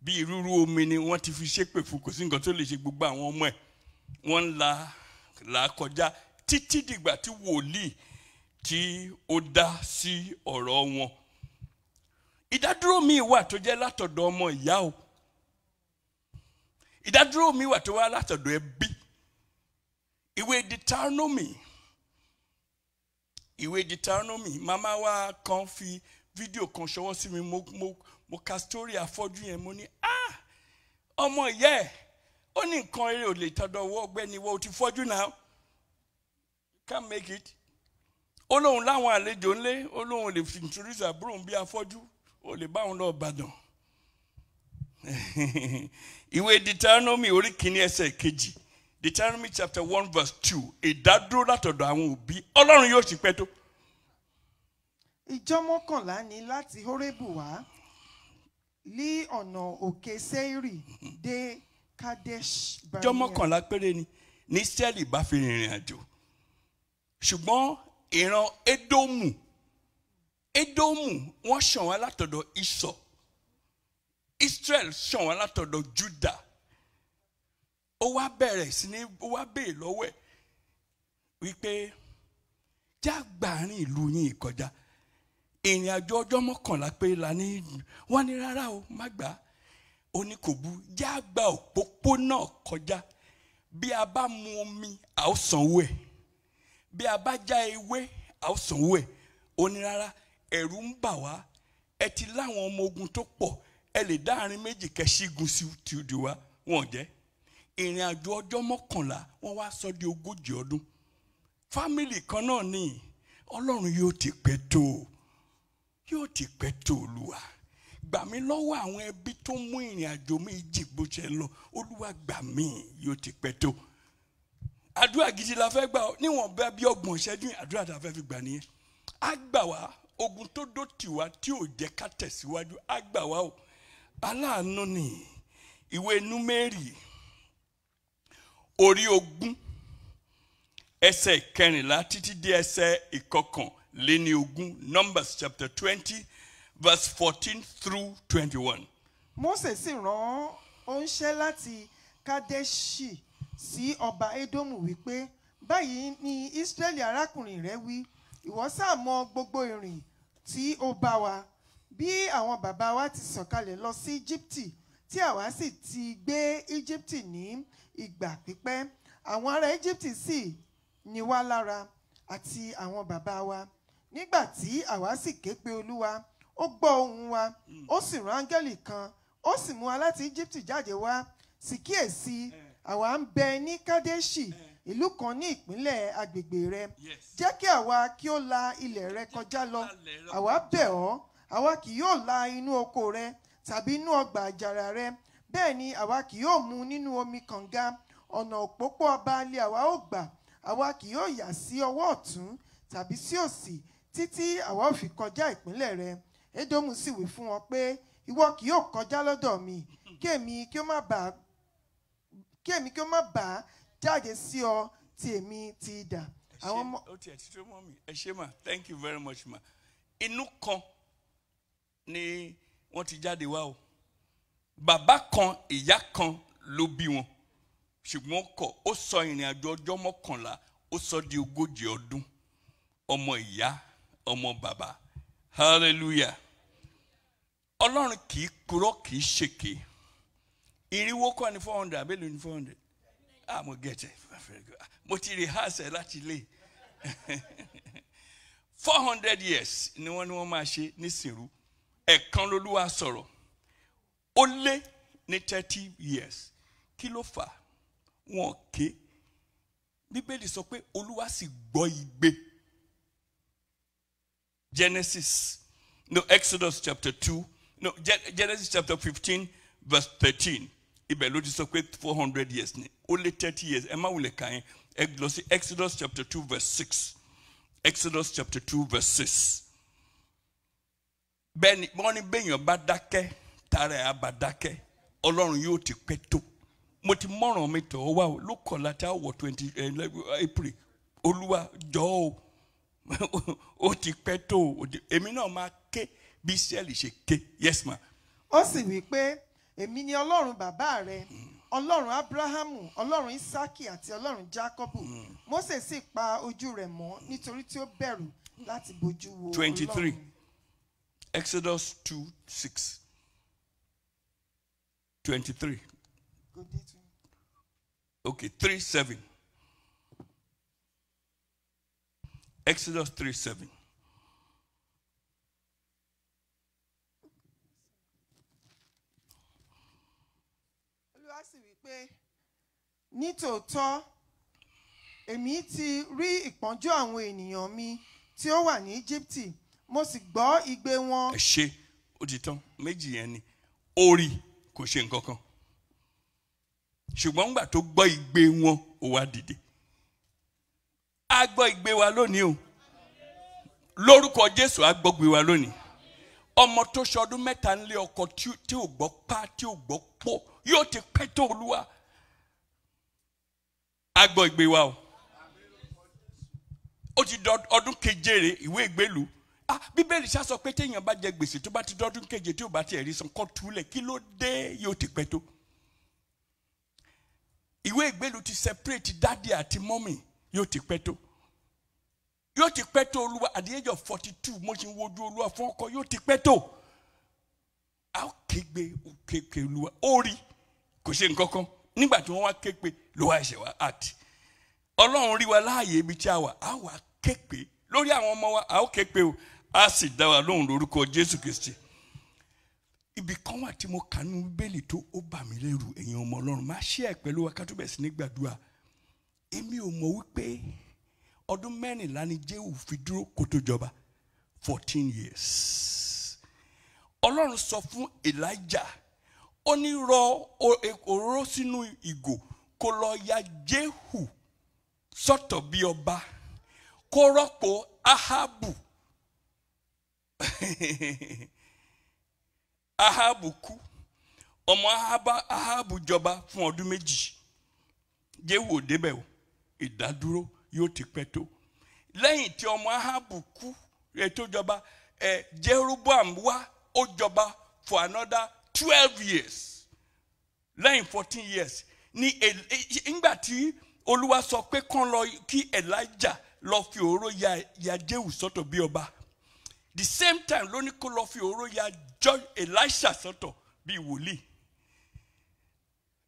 bí irúurú omi ni wọ́n ti fi ṣépè fún kò sí nǹkan tó lè ṣe gbogbo àwọn ọmọ ẹ̀ wọ́n ń la là kọjá títí dìgbà tí wòlíì tí ó dá sí ọ̀rọ̀ wọn ìdádúró mi wà tó jẹ́ látọ̀dọ̀ ọmọ ìyá o ìdádúró mi wà tó wá látọ̀dọ̀ ẹbí ìwé Deuteronomy ìwé Deuteronomy màmá wa kan fi fídíò kan ṣọwọ́ sí mi mo mo mo ka story afọ́jú yẹn mo ní ah ọmọ ìyá ẹ̀ ó ní nǹkan eré ò lè tọ́dọ̀ wọ́ ọgbẹ́ni wọ́ ó ti fọ́jú náà can make it ó lóun láwọn àlejò ńlé ó lóun lè fi introduce àbúrò bí afọ́jú ó lè bá òun lọ Ìbàdàn (laughs) ìwé Deuteronomy orí kìíní ẹsẹ̀ kejì Deuteronomy chapter one verse two ìdádúró látọ̀dọ̀ àwọn òbí Ọlọ́run yóò sì pẹ́ tó. ìjọ mọ́kànlá ni láti Hórébù wá lí ọ̀nà òkè sẹ́ẹ̀rì dé kadesh barnea. jọ́ mọ́kànlá péré ni ní sẹ́ẹ̀lì bá fi rìnrìn àjò ṣùgbọ́n ìran edomu edomu wọ́n ṣàn wá látọ̀dọ̀ isọ̀ israel ṣàn wá látọ̀dọ̀ juda ó wá bẹ̀rẹ̀ sí ní ó wá béè lọ́wọ́ ẹ̀ wípé jágbàárín ìlú yín kọjá ìrìn àjò ọjọ́ mọ́kànlá pé la ní wọ́n ní rárá o má gbà á ó ní kò bú já gba òpópónà kọjá bí a bá mu omi a ó sanwó ẹ̀ bí a bá já ewé a ó sanwó ẹ̀ ó ní rárá ẹ̀rù ń bà wá ẹ ti láwọn ọmọ ogun tó pọ̀ ẹ lè dá àárín méjì kẹ́ṣígun sí tìdí wa wọ́n jẹ́ ìrìn àjò ọjọ́ mọ́kànlá wọ́n wá sọ di ogójì ọdún fámìlì kan náà ni ọlọ́run yóò ti pẹ́ tó o yóò ti pẹ́ tó olúwa gbà mí lọ́wọ́ àwọn ẹbí tó mú ìrìn àjò mi jì bó ṣe lọ olúwa gbà mí yóò ti pẹ́ tó àdúrà gidi la fẹ́ gbà níwọ̀n bẹ́ẹ̀ bí ọgbọ̀n ìṣẹ́jú àdúrà tá a fẹ́ fi gbà nìyẹn á gbà wá ogun tó dó tiwa tí ò jẹ́ ká tẹ̀síwájú á gbà wá o aláàánú ni ìwé númẹ́rì orí ogún ẹsẹ̀ kẹrìnlá títí dé ẹsẹ̀ ìkọkàn léni ogún numbers chapter twenty verse fourteen through twenty-one. Mósè sì rán oníṣẹ́ láti Kadeshi sí ọba Edomu wípé báyìí ni Ísírẹ́lì arákùnrin rẹ̀ wí ìwọ sáà mọ gbogbo ìrìn tí ó bá wa bí àwọn bàbá wa ti sọ̀kalẹ̀ lọ sí Íjíbítì tí àwa sì ti gbé Íjíbítì ní ìgbà pípẹ́ àwọn ará Íjíbítì sì ní wá lára àti àwọn bàbá wa. Si, nígbà tí àwa sì ké pe olúwa ó gbọ́ ohùn wa ó sì rán áńgẹ́lì kan ó sì mú wa láti íjíbítì jáde wá sì kíyèsí àwa ń bẹ ní kádẹ́ṣì ìlú kan ní ìpínlẹ̀ agbègbè rẹ jẹ́ kí àwa kí ó la ilẹ̀ rẹ kọjá lọ àwa bẹ̀ ọ́ àwa kì yóò la inú oko rẹ tàbí inú ọgbà àjàrà rẹ bẹ́ẹ̀ ni àwa kì yóò mu nínú omi kànga ọ̀nà òpópó ọba ilé àwa ó gbà àwa kì yóò yà sí ọwọ́ ọ̀tún tàbí sí òsì títí àwa ò fi kọjá ìpínlẹ̀ rẹ Édómù sì wí fún wọn pé ìwọ kì yóò kọjá lọ́dọ̀ mi kí èmi kí ó má bàa kí èmi kí ó má bàa jáde sí ọ tí èmi ti dà. àwọn ọmọ. ó tiẹ̀ títí mọ́ mi ẹ ṣé mà thank you very much mà inú kan ni wọ́n ti jáde wá o bàbá kan ìyá kan ló bí wọn ṣùgbọ́n kọ ó sọ ìrìn àjò ọjọ́ mọ́kànlá ó sọ di ogójì ọdún ọmọ ìyá ọmọ bàbá hallelujah ọlọ́run kì í kúrọ́ kì í ṣèké irinwó kọ́ ni four hundred abẹ́lẹ̀ ni four hundred ah mo get it (laughs) mo ti rehearse láti ilé (laughs) four hundred years ni wọ́n ni wọ́n máa ṣe ní sèrú ẹ̀kan lolúwa sọ̀rọ̀ ó lé ní thirty years kí ló fà wọn ké bíbélì sọ pé olúwa sì gbọ́ igbe. Genesis, no, Exodus chapter 2, no, Genesis chapter 15, verse 13. Ibelo disokwe 400 years Only 30 years. Emma wule kain. Exodus chapter 2 verse 6. Exodus chapter 2 verse 6. Bẹ́ẹ̀ni, wọ́n ní bẹ́ẹ̀ yàn bá dákẹ́, tààrà ẹ̀ bá dákẹ́, Ọlọ́run yóò ti pẹ́ tó. Mo ti mọ̀ràn mi tọ̀ ọ́ wá o, ló kọ̀ láti àwọ̀ twenty eh, April, Olúwa jọ̀ọ́ o 20 april oluwa joo (laughs) ó ti pẹ́ tó o èmi náà máa ké bí sẹ́ẹ̀lì ṣe ké yes ma. ó sì wí pé èmi ni ọlọ́run bàbá rẹ ọlọ́run abrahamu ọlọ́run isaki àti ọlọ́run jacobu hmm. mose sì pa ojú rẹ̀ mọ́ nítorí tí ó bẹ̀rù láti bójú wo ọlọ́run. twenty three exodus two six twenty three okay three seven. Exodus 3 7. Olúwa sì wí pé nítòótọ́ èmi ti rí ìpọ́njú àwọn ènìyàn mi tí ó wà ní Íjíbítì mo sì gbọ́ igbe wọn. ẹ ṣe ó ti tán méjì yẹn ni orí kò ṣe nǹkan kan ṣùgbọ́n nígbà tó gbọ́ igbe wọn ó wá dìde á gbọ́ ìgbé wa lónìí o lórúkọ Jésù á gbọ́ ìgbé wa lónìí ọmọ tó ṣọdún mẹ́ta ń lé ọkọ tí ò gbọ́ pa tí ò gbọ́ pò yóò ti pẹ́ tó olúwa á gbọ́ ìgbé wa o ó ti dọ ọdún keje rè ìwé ìgbélú ah bíbélì ṣá sọ pé téèyàn bá jẹ gbèsè tó bá ti dọdún keje tí ò bá tiẹ̀ rí san kọ́ túlẹ̀ kí ló dé yóò ti pẹ́ tó ìwé ìgbélú ti separate dáàdi àti mọ́mì yóò ti pẹ́ tó yóò ti pẹ́ tó olúwa at the age of forty two mo ṣe ń wojú olúwa fọ́kọ yóò ti pẹ́ tó a ó kégbe kéke olúwa ó rí kò ṣe nǹkan kan nígbà tí wọ́n wá kégbe ló wá ẹsẹ̀ wá àt ọlọ́run rí wa láàyè ibi tí a wà a wà kégbe lórí àwọn ọmọ wa a ó kégbe o a sì dá wa lóhùn lórúkọ jésù kristi ibì kan wà tí mo kà nínú bíbélì tó ó bà mí lẹ́rù ẹ̀yin ọmọ ọlọ́run má ṣe ẹ̀ pẹ̀lú wa ká bẹ̀ sí ní gbàdúrà èmi ò mọ̀ wípé ọdún mẹ́rìnlá ni Jéhù fi dúró kó tó jọba fourteen years ọlọ́run sọ fún Elijah ó ní rọ òróró sínú ìgò kó lọ ya Jéhù sọ́tọ̀ bí ọba kó rọ́pò Ahabu (laughs) Ahabu kú ọmọ Ahabu jọba fún ọdún méjì Jéhù ò débẹ̀ o ìdádúró yóò ti pẹ́ tó lẹ́yìn tí ọmọ ahabu kú ètò ìjọba ẹ jeroboam wá ó jọba for another twelve years lẹ́yìn fourteen years ní ìgbà tí olúwa sọ pé kán lọ kí elijah lọ fi òróró ya ya jehu sọ́tọ̀ bí ọba the same time ló ní kó lọ fi òróró ya Elijah sọ́tọ̀ bí wòlíì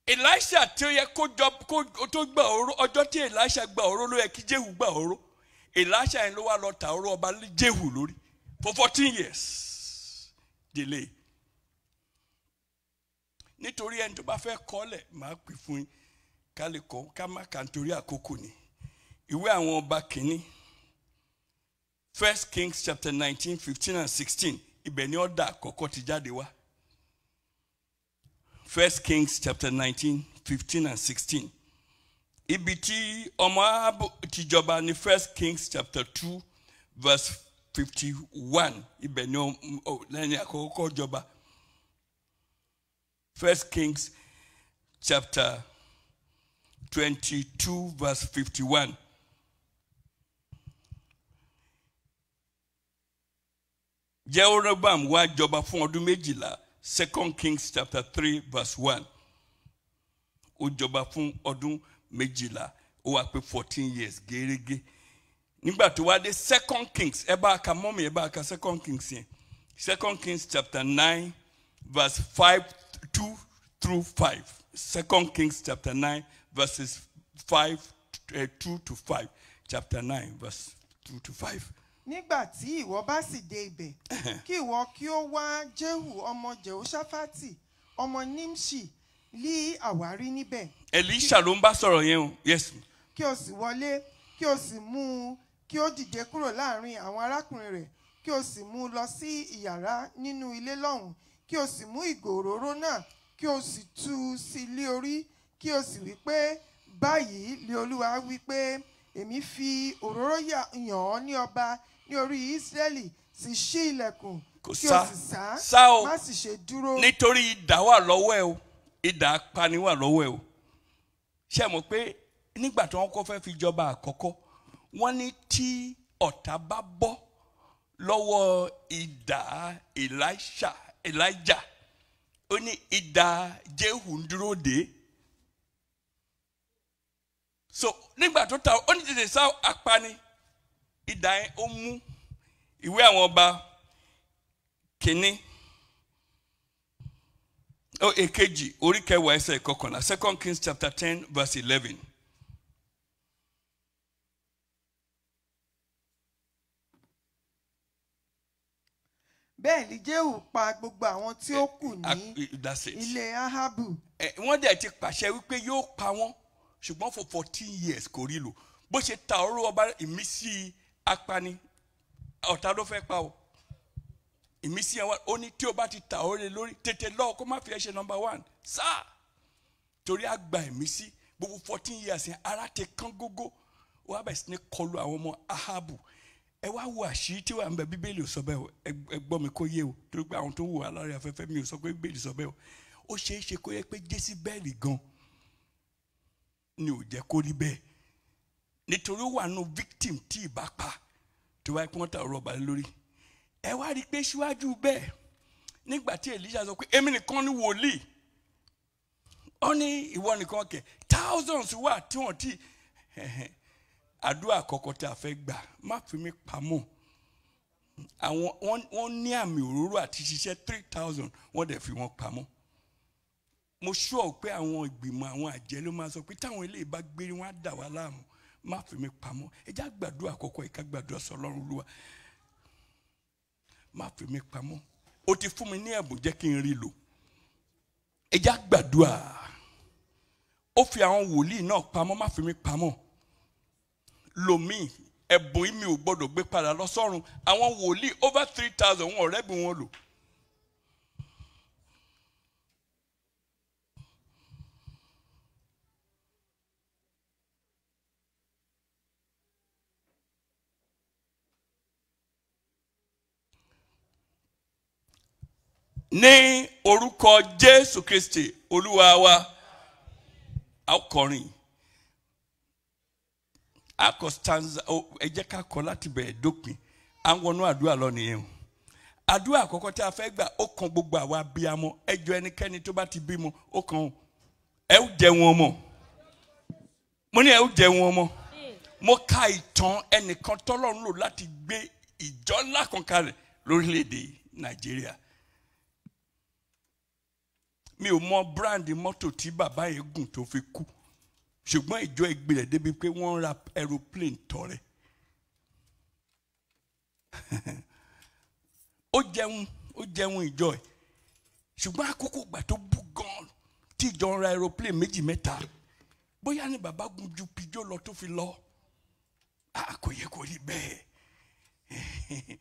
elisha tó yẹ kó jọ kó tó gba oró ọjọ́ tí elisha gba oró ló yẹ kí jehu gba oró elisha yẹn ló wá lọ ta oró ọba jehu lórí for fourteen years delay nítorí ẹni tó bá fẹ́ kọ́lẹ̀ máa pè fún yín ká lè kọ́ ká má kà nítorí àkókò ni ìwé àwọn ọba kìíní first kings chapter nineteen fifteen and sixteen ibẹ̀ ni ọ̀dà àkọ́kọ́ ti jáde wá. First Kings chapter 19, 15 and 16. Ibiti tí tijoba ni First Kings chapter 2 verse 51 ibẹ̀ ni lẹ́ni àkọ́kọ́ jọba. First Kings chapter 22 verse 51. Jeroboam wá jọba fún ọdún méjìlá. Second Kings chapter 3 verse 1. Ó jọba fún ọdún méjìlá ó wá fourteen years gẹ́gẹ́. Nígbà tó wá dé Second Kings Eba bá ka mọ́mí ẹ ka Second Kings Second Kings chapter 9 verse 5 2 through 5. Second Kings chapter 9 verses 5 eh, 2 to 5. Chapter 9 verse 2 to 5. nígbà tí ìwọ bá sì dé ibẹ̀ (laughs) kí ìwọ kí ó wá Jehu ọmọ Jehoṣafati ọmọ Nimṣi lí àwárí níbẹ̀. Elisha ló ń bá sọ̀rọ̀ yẹn o yes. kí o sì wọlé kí o sì mú un kí ó dìde kúrò láàrin àwọn arákùnrin rẹ̀ kí o sì mú un lọ sí ìyàrá nínú ilé lọ́hùn kí o sì mú ìgò òróró náà kí o sì tú u sí lé orí kí o sì wí pé báyìí lé Olúwa wí pé èmi fi òróró yàn ọ́ ní ọba ní orí Ísírẹ́lì sì ṣí ilẹ̀kùn kò sá sá o má sì ṣe dúró. nítorí idà wà lọ́wọ́ ẹ o idà apani wà lọ́wọ́ ẹ o ṣe mọ̀ pé nígbà tí wọ́n kọ́ fẹ́ fi jọba àkọ́kọ́ wọ́n ní tí ọ̀tá bá bọ́ lọ́wọ́ idà Elijah ó ní idà Jehu ń dúró dè so nígbà tó ta ó ní tètè sá apani idà yẹn ó mú ìwé àwọn ọba kínní ó èkejì orí kẹwàá ẹsẹ̀ kọkànlá second kings chapter ten verse eleven. bẹ́ẹ̀ ni jehu pa gbogbo àwọn tí ó kù ní eh, ah, ilé ahabu. Eh, wọ́n dẹ̀ ti pàṣẹ wípé yóò pa wọ́n ṣùgbọ́n for fourteen years kò rí lò bó ṣe ta ọ̀rọ̀ ọba ìmísí apani ọ̀tá ló fẹ́ pa o ìmísí ẹ̀ wá ó ní tí o bá ti ta ọ̀rẹ́ lórí tètè lọ kó má fi ẹ ṣe number one sáà torí a gba ìmísí gbogbo fourteen years yẹn ara ti kán gógó wọ́n á bẹ̀ sí ní kọlu àwọn ọmọ ahabu ẹ wá wo àṣírí tí wà ń bẹ bíbélì sọ bẹ́ẹ̀ o ẹ gbọ́ mi kó yé o torí pé àwọn tó wù wá lára afẹ́fẹ́ mi ò sọ pé bíbélì sọ bẹ́ẹ̀ o ó ṣeé ṣe kó yẹ pé jésì bẹ́ẹ̀lì gan-an ni ò jẹ́ kó rí bẹ́ẹ̀ nítorí wà nù victim tí ìbá pa tó wáyé kí wọ́n ta ọ̀rọ̀ ọba lórí ẹ wá rí i pé síwájú bẹ́ẹ̀ nígbà tí Èlíṣà sọ pé èmi nìkan ni wòlíì ó ní ìwọ nìkan kẹ thousands wà tí wọ́n ti àdúrà àkọ́kọ́ tí a fẹ́ gbà má fi mí pamọ́ àwọn wọ́n ní àmì òróró àti ṣiṣẹ́ three thousand wọ́n dẹ̀ fi wọ́n pamọ́ mo ṣọ́ pé àwọn ìgbìmọ̀ àwọn àjẹ́ ló máa sọ pé táwọn eléyìí bá gbé wọn á dà wá láàmú má fi mi pamọ́ ẹjẹ́ àgbàdua àkọ́kọ́ ìka gbàdúrà sọ lọ́rùn lúwa má fi mi pamọ́ o ti fún mi ní ẹ̀bùn jẹ́ kí n rí lò ẹjẹ́ àgbàdua ó fi àwọn wòlíì náà pamọ́ má fi mi pamọ́ lomi ẹ̀bùn mi ò gbọ́dọ̀ gbé padà lọ sọ́run àwọn wòlíì over three thousand wọn ọ̀rẹ́bìn wọn lò. ní orúkọ jésù kristi olúwa wa a kọrin a kọ stanza ẹ jẹ́ ká kọ láti bẹ̀rẹ̀ dópin à ń wọnú àdúrà lọ nìyẹn o àdúrà àkọ́kọ́ tí a fẹ́ gbà ó kan gbogbo àwa abiyamọ ẹjọ́ ẹnikẹ́ni tó bá ti bímọ ó kan ẹ ó jẹ wọn mọ mo ní ẹ ó jẹ wọn mọ mo ka ìtàn ẹnìkan tọ́lọ́run lò láti gbé ìjọ ńlá kan kalẹ̀ lórílẹ̀ nàìjíríà mi ò mọ bíráǹdì mọ́tò tí bàbá yẹn gùn tó fi kú ṣùgbọ́n ìjọ ìgbìlẹ̀ débi pé wọ́n ń ra aeroplane tọrẹ (laughs) ó jẹun ó jẹun ìjọ ẹ̀ ṣùgbọ́n àkókò ìgbà tó bú gan tí ìjọ ń ra aeroplane méjì mẹ́ta bóyá ni bàbá gùn ju pijó lọ tó fi lọ kò yẹ kó rí bẹ́ẹ̀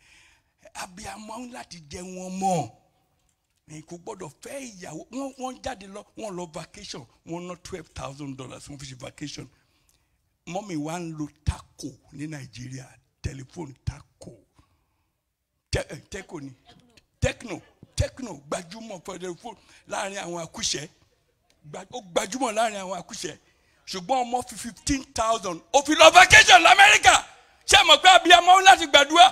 (laughs) abiyamọ láti jẹun ọmọ ẹ̀yin kò gbọ́dọ̀ fẹ́ ìyàwó wọ́n wọ́n jáde lọ wọ́n lọ vacation wọ́n ná twelve thousand dollars wọ́n fi ṣe vacation mọ́mì wa ń lo taco ní nàìjíríà tẹlifóònù taco tẹkọ ni tẹkno tẹkno gbajúmọ̀ tẹlifóònù láàrin àwọn akúṣẹ̀ ó gbajúmọ̀ láàrin àwọn akúṣẹ̀ ṣùgbọ́n ọmọ fi fifteen thousand ó lọ vacation lamẹ́ríkà ṣé ẹ mọ̀ pé abiyamọ láti gbàdúrà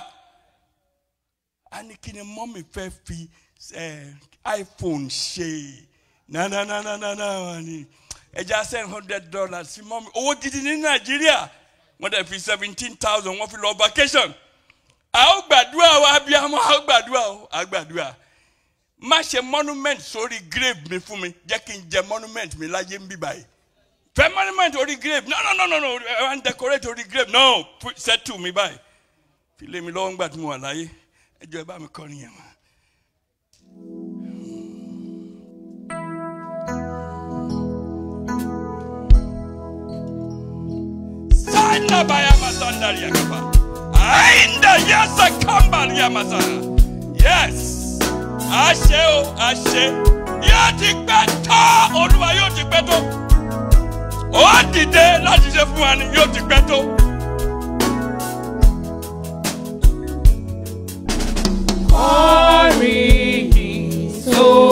a ní kí ni mọ́mì fẹ́ fi ẹ iphone ṣe nanananana ni ẹja seven hundred dollars sí mọ́mi owó gidi ní nàìjíríà wọ́n dẹ̀ fi seventeen thousand wọ́n fi lọ vacation a ó gbàdúrà o abiyamọ a ó gbàdúrà o a gbàdúrà má ṣe monument sórí grave mi fún mi jẹ́ kí n jẹ monument mi láyé ń bí báyìí fẹ́ monument orí grave no no no no no I wá ń decorate orí grave no settle mi báyìí fi lé mi lọ́wọ́ ń gbàdúrà láyé ẹ jọ ẹ bá mi kọ́ nìyẹn Enda bayama sandali yakapa. Yes. Àṣẹ o àṣẹ. Yóò ti pẹ́ tó. Olúwa yóò ti pẹ́ tó. Ó dìde láti ṣe fún wa ni so.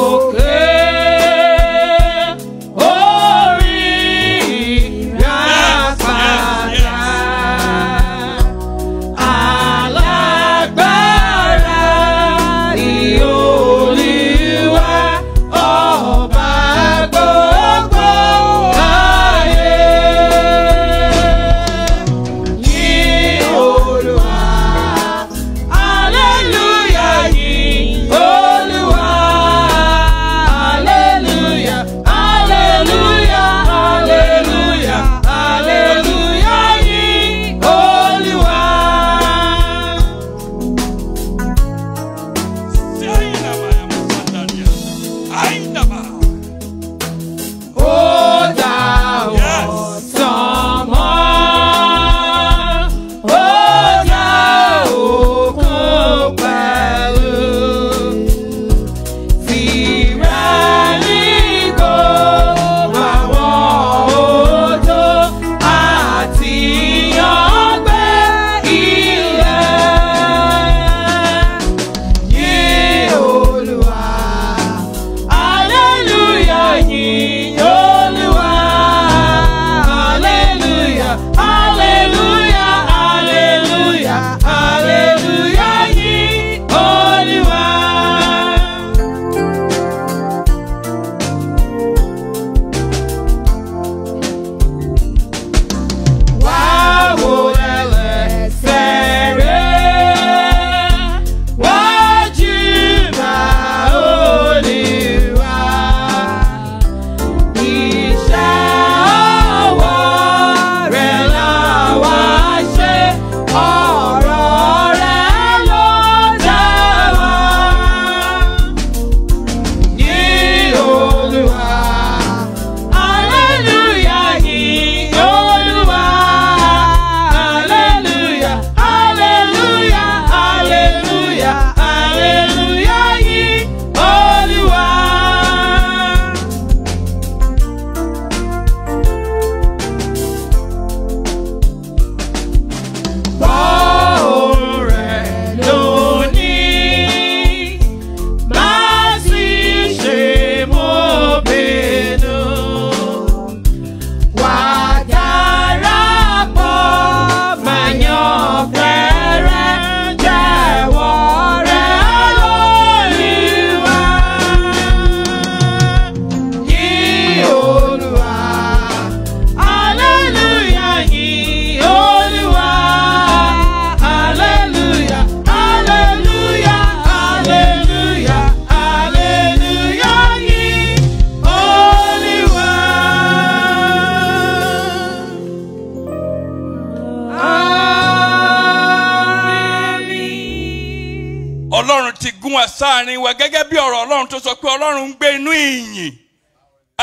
gun àsáàrin wa gẹ́gẹ́ bí ọ̀rọ̀ ọlọ́run tó sọ pé ọlọ́run ń gbé inú ìyìn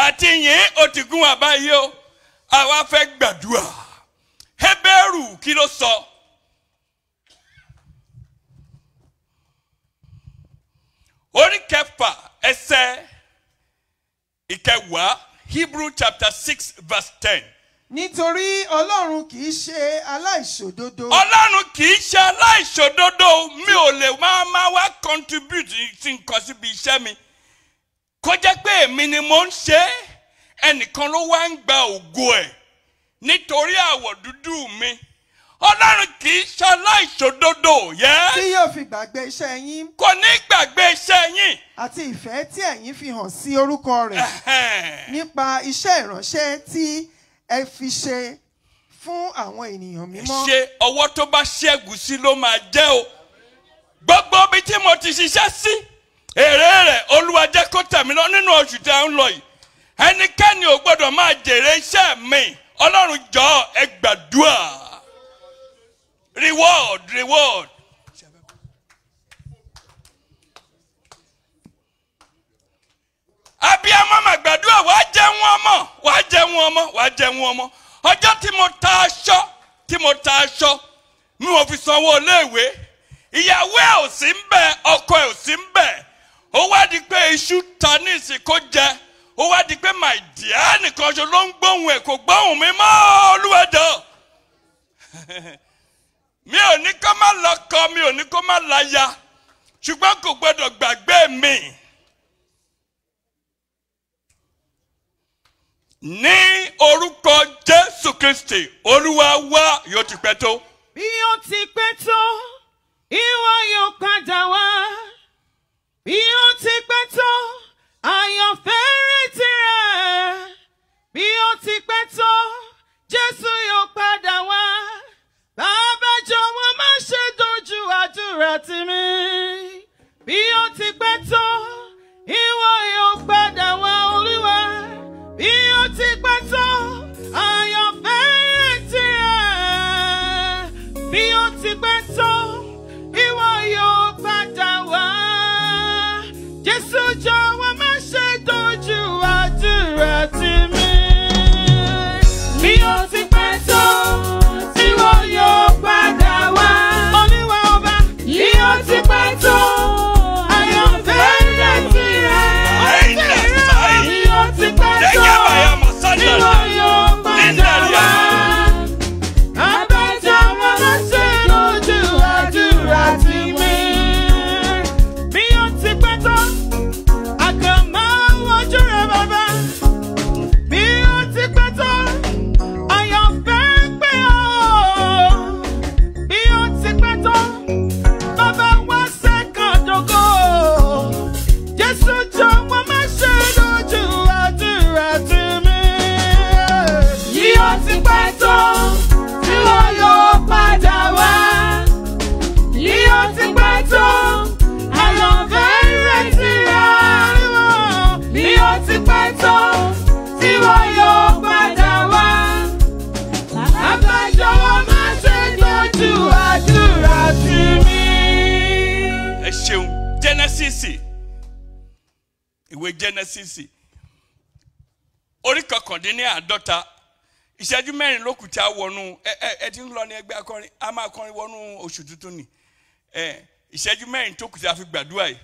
àti ìyìn ó ti gun àbáyé o àwa fẹ́ gbàdúrà Hébérù kí ló sọ. orí kẹfà ẹsẹ̀ ìkẹwàá Hebrew chapter six verse ten nítorí ọlọ́run kì í ṣe aláìṣòdodo. ọlọ́run kì í ṣe aláìṣòdodo mi ò lè máa máa wá contribute sí nǹkan síbi iṣẹ́ mi kó jẹ́ pé èmi ni mo ń ṣe ẹnìkan ló wá ń gba ògo ẹ̀ nítorí àwọ̀ dúdú mi ọlọ́run kì í ṣe aláìṣòdodo yẹ. tí yóò fi gbàgbé iṣẹ́ yín. kò ní gbàgbé iṣẹ́ yín. àti ìfẹ́ tí ẹ̀yin fi hàn sí orúkọ rẹ̀ nípa iṣẹ́ ìránṣẹ́ tí ẹ fi ṣe fún àwọn ènìyàn mímọ́. ṣe ọwọ́ tó bá ṣẹ́gun sí ló máa jẹ́ o gbogbo ibi tí mo ti ṣiṣẹ́ sí èrè rẹ̀ olúwa jẹ́ kó tẹ̀mí lọ nínú oṣù tí a ń lọ yìí ẹnikẹ́ni ò gbọ́dọ̀ máa jèrè iṣẹ́ mi ọlọ́run jọ̀ọ́ ẹ reward reward abiyamọ màgbàdúrà wàá jẹ wọn ọmọ wàá jẹ wọn ọmọ wàá jẹ wọn ọmọ ọjọ́ tí mo ta aṣọ tí mo ta aṣọ mi ò fi sanwó iléèwé ìyàwó ẹ ò sí ń bẹ ọkọ ẹ ò sí ń bẹ ó wá di pé iṣu ta ní ìsìnkó jẹ ó wá di pé my dear nìkan ṣo ló ń gbóhùn ẹ kò gbóhùn mi mọ́ olúwẹ̀dọ̀ (laughs) mi ò ní kó má lọ́kọ mi ò ní kó má láya ṣùgbọ́n kò gbọdọ̀ gbàgbé mi. ní orúkọ jésù kristi olúwa wa yóò ti pẹ́ tó. bí ó ti pẹ́ tó ìwọ yóò padà wá bí ó ti pẹ́ tó àyànfẹ́ retí rẹ̀ bí ó ti pẹ́ tó jésù yóò padà wá bàbá jọ̀wọ́ má ṣe dojú àdúrà tì mí bí ó ti pẹ́ tó ìwọ yóò padà wá olúwa. Be your ti tó ìwé genesis orí kọkàndínláàdọ́ta ìṣẹ́jú mẹ́rin ló kù tí a wọnú ẹ ẹ ẹ ti ń lọ ní ẹgbẹ́ akọrin a máa kọrin wọnú oṣù tuntun ni ẹ ìṣẹ́jú mẹ́rin tó kù tí a fi gbàdúrà yìí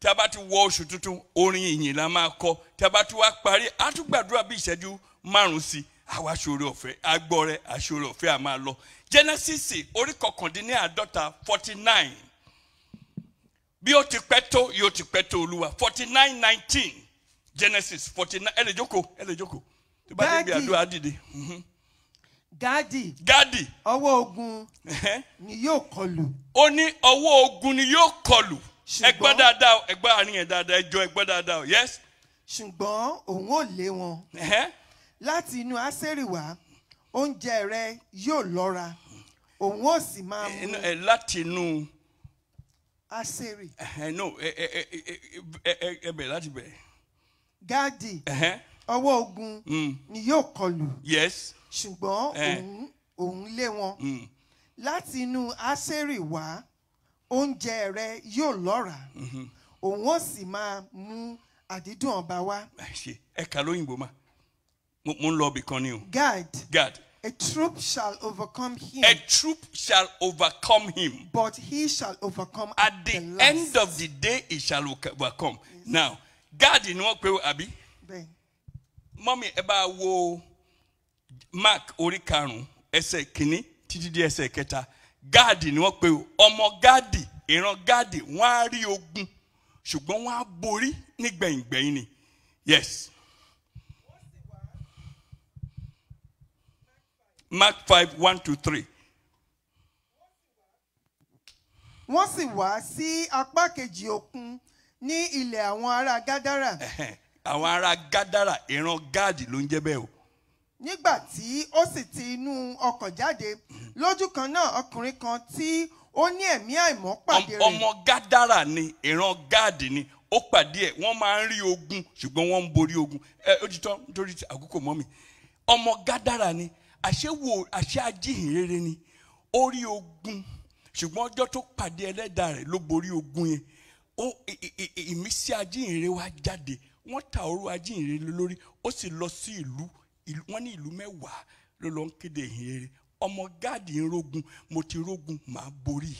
tí a bá ti wọ oṣù tuntun orin ìyìn la máa kọ tí a bá ti wá parí a tún gbàdúrà bí ìṣẹ́jú márùn-ún sí àwa aṣọre ọ̀fẹ́ agbọ́rẹ́ aṣọre ọ̀fẹ́ a máa lọ genesis orí kọkàndínláàdọ́ta forty nine bí ó ti pẹ́ tó yóò ti pẹ́ tó olúwa forty nine nineteen genesis forty nine ẹ lè jókòó ẹ lè jókòó tó bá débi àdúrà dìde. Mhm. gadi gadi ọwọ́ ogun ni yóò kọlù. ó ní ọwọ́ ogun ni yóò kọlù ẹgbẹ́ dáadáa ẹgbẹ́ àárín yẹn dáadáa ẹjọ́ ẹgbẹ́ dáadáa yes. ṣùgbọ́n òun ò lé wọn láti inú asẹ́rì wá oúnjẹ rẹ yóò lọ́ra òun ò sì máa mú. láti inú. No, aseri. no ẹ bẹ̀rẹ̀ láti bẹ̀rẹ̀. Gáàdì ọwọ́ ogun mm. ni yóò kọlù. yes. ṣùgbọ́n òun òun lé wọn. Mm. láti inú aseri wá oúnjẹ rẹ yóò lọ́ra mm-hmm. òun ó sì máa mú àdídùn ọba wá. ẹ kà lóyìnbó ma. mo ń lọ ibì kan ni o. Gad. Gad A troop shall overcome him. A troop shall overcome him. But he shall overcome at, at the, the end of the day. He shall overcome. Yes. Now, God in what way, Abi? Ben. Mommy, eba wo Mark orí karùn-ún ẹsẹ̀ kìíní títí dé ẹsẹ̀ kẹta gáàdì ni wọ́n pe o ọmọ wari ìran gáàdì wọ́n á rí ogun ṣùgbọ́n wọ́n á borí nígbẹ̀yìngbẹ̀yìn yes. Mark 5 1 to 3. Wọ́n sì wá sí apá kejì òkun ní ilẹ̀ àwọn ará Gádárà. Àwọn ará Gádárà ìran Gáàdì ló ń jẹ́ bẹ́ẹ̀ o. Nígbà tí ó sì ti inú ọkọ̀ jáde, lójú kan náà ọkùnrin kan tí ó ní ẹ̀mí àìmọ́ pàdé rẹ̀. Ọmọ Gádárà ni ìran Gáàdì ni ó pàdé ẹ̀ wọ́n máa ń rí ogun ṣùgbọ́n wọ́n ń borí ogun. Ẹ ó ti tán nítorí àkókò mọ́ mi. Ọmọ Gádárà ni àṣẹ wò àṣẹ ajíhìn rere ni ó ogun ṣùgbọ́n ọjọ́ tó pàdé ẹlẹ́dàá rẹ̀ ló borí ogun yẹn ó ìmísí ajíhìn rere wá jáde wọ́n ta orú ajíhìn rere lórí ó sì lọ sí ìlú wọ́n ní ìlú mẹ́wàá ló lọ ń kéde ìhìn rere ọmọ gáàdì ń rógun mo ti rógun màá borí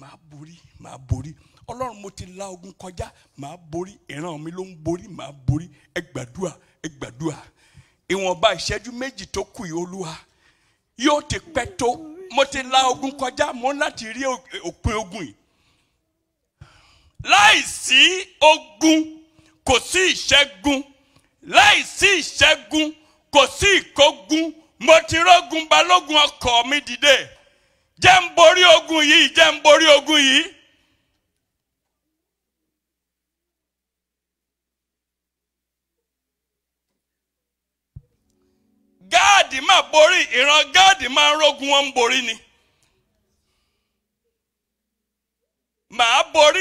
màá borí màá borí ọlọ́run mo ti la ogun kọjá màá borí ìran mi ló ń borí màá borí ẹ gbàdúà ẹ gbàdúà ìwọ̀nba ìṣẹ́jú méjì tó kù yìí olúwa yóò ti pẹ́ tó mo ti la ogun kọjá mo láti rí òpin ogun yìí láìsí ogun kò sí ìṣẹ́gun láìsí ìṣẹ́gun kò sí ìkógun mo ti rógun balógun ọkọ̀ mi dìde jẹ́ ń borí ogun yìí jẹ́ ń borí ogun yìí. gáàdì máa borí ìran gáàdì máa rógun wọn ń borí ni màá borí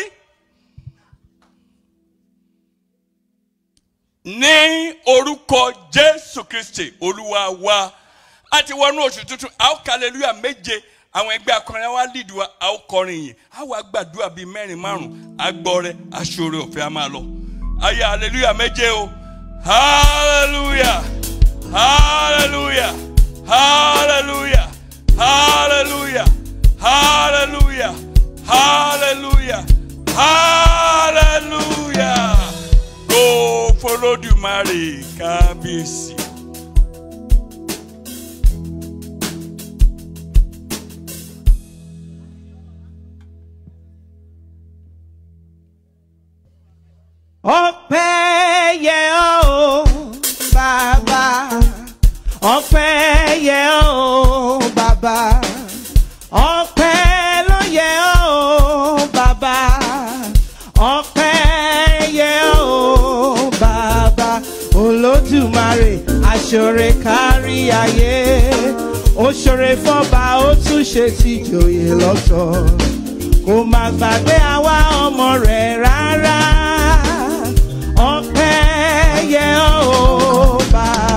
ní orúkọ Jésù Kristi Olúwa wa a ti wọnú oṣù tuntun a ó kàlẹ́lúyà méje àwọn ẹgbẹ́ akọrin wa lead wa a ó kọrin yìí a wá gbàdúrà bíi mẹ́rin márùn-ún agbọ́rẹ́ aṣọ́rẹ́ ọ̀fẹ́ a máa lọ ayé hallelujah méje o hallelujah. Hallelujah. Hallelujah. Hallelujah. Hallelujah. Hallelujah. Hallelujah. Go follow the Mary Kabisi. Ọpẹ́ yẹ ọ́. ọpẹ́ yẹ ọ́ bàbá ọpẹ́ ló yẹ ọ́ bàbá ọpẹ́ yẹ ọ́ bàbá olódùmarè aṣọre kárí ayé ó ṣọre fọba ó tún ṣe tìjòyè lọ́tọ̀ kò má gbàgbé àwa ọmọ rẹ̀ rárá ọpẹ́ yẹ ọ́ bàbá.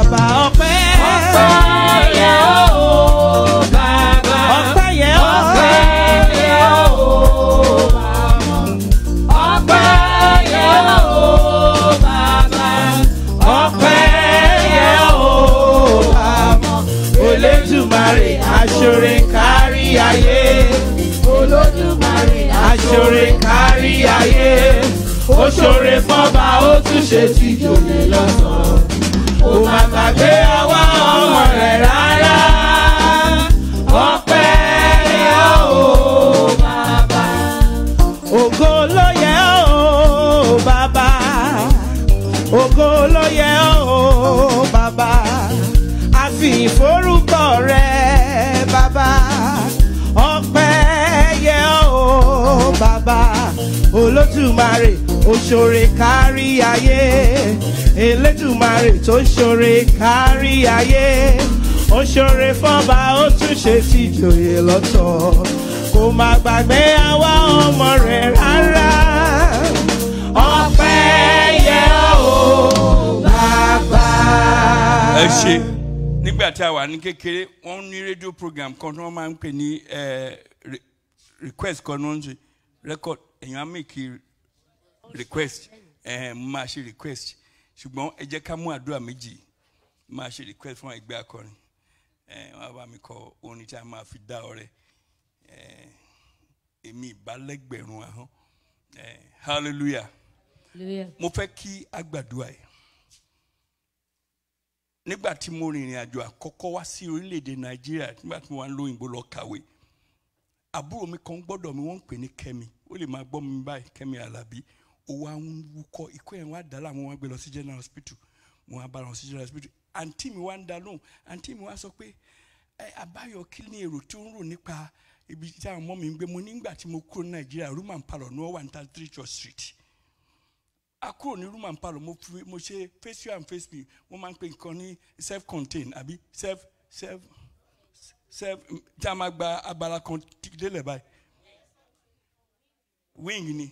Olódùmarè aṣore kárí ayé. Olódùmarè aṣore kárí ayé. Ó ṣore fọ́ba ó tún ṣe tìjòyè lọ́sàn-án. Kò má gbàgbé ọwọ́ ọmọ rẹ̀ rárá. bàbá olódùmarè òṣòre kárí ayé elédùmarè tó ṣòre kárí ayé òṣòre fọba ó tún ṣe tìjòyè lọ́tọ̀ kò má gbàgbé àwa ọmọ rẹ̀ rárá ọpẹ́ yẹ ó bàbá. ẹ ṣe nígbà tí a wà ní kékeré wọ́n ní rédíò program kan tí wọ́n máa ń pè ní eh, request kan ní ń ṣe record èèyàn á make request eh, máa ṣe request ṣùgbọ́n ẹ jẹ́ ká mú àdúrà méjì máa ṣe request fún ẹgbẹ́ akọrin eh, wọn bá mi kọ orin tí a máa fi dá ọrẹ eh, èmi ìbálẹ́gbẹ̀rún ahọ́n hallelujah mo fẹ́ kí a gbàdúrà yìí nígbà tí mo rìnrìn àjò àkọ́kọ́ wá sí orílẹ̀-èdè nàìjíríà nígbà tí mo wà ń lóyìnbó lọ kàwé àbúrò mi kan gbọ́dọ̀ mi wọ́n ń pè ní kẹ́mi ó lè máa gbọ́ mi báyìí kẹ́mi alábí ó wá ń wúkọ́ ikú wá dà láwọn wọn gbé lọ sí general hospital wọn á bá lọ sí general hospital àǹtí mi wá ń da lóhùn àǹtí mi wá sọ pé ẹ àbáyọ kí ni èrò tó ń rò nípa ibi tí àwọn ọmọ mi ń gbé mo nígbà tí mo kúrò ní nàìjíríà roman palor ní one thirty three church street a kúrò ní roman palor mo fi mo ṣe face you and face me wọ́n máa ń pè nǹkan ní self contained àbí self self ṣe tí a máa gba abala kan délẹ̀ báyìí wing ni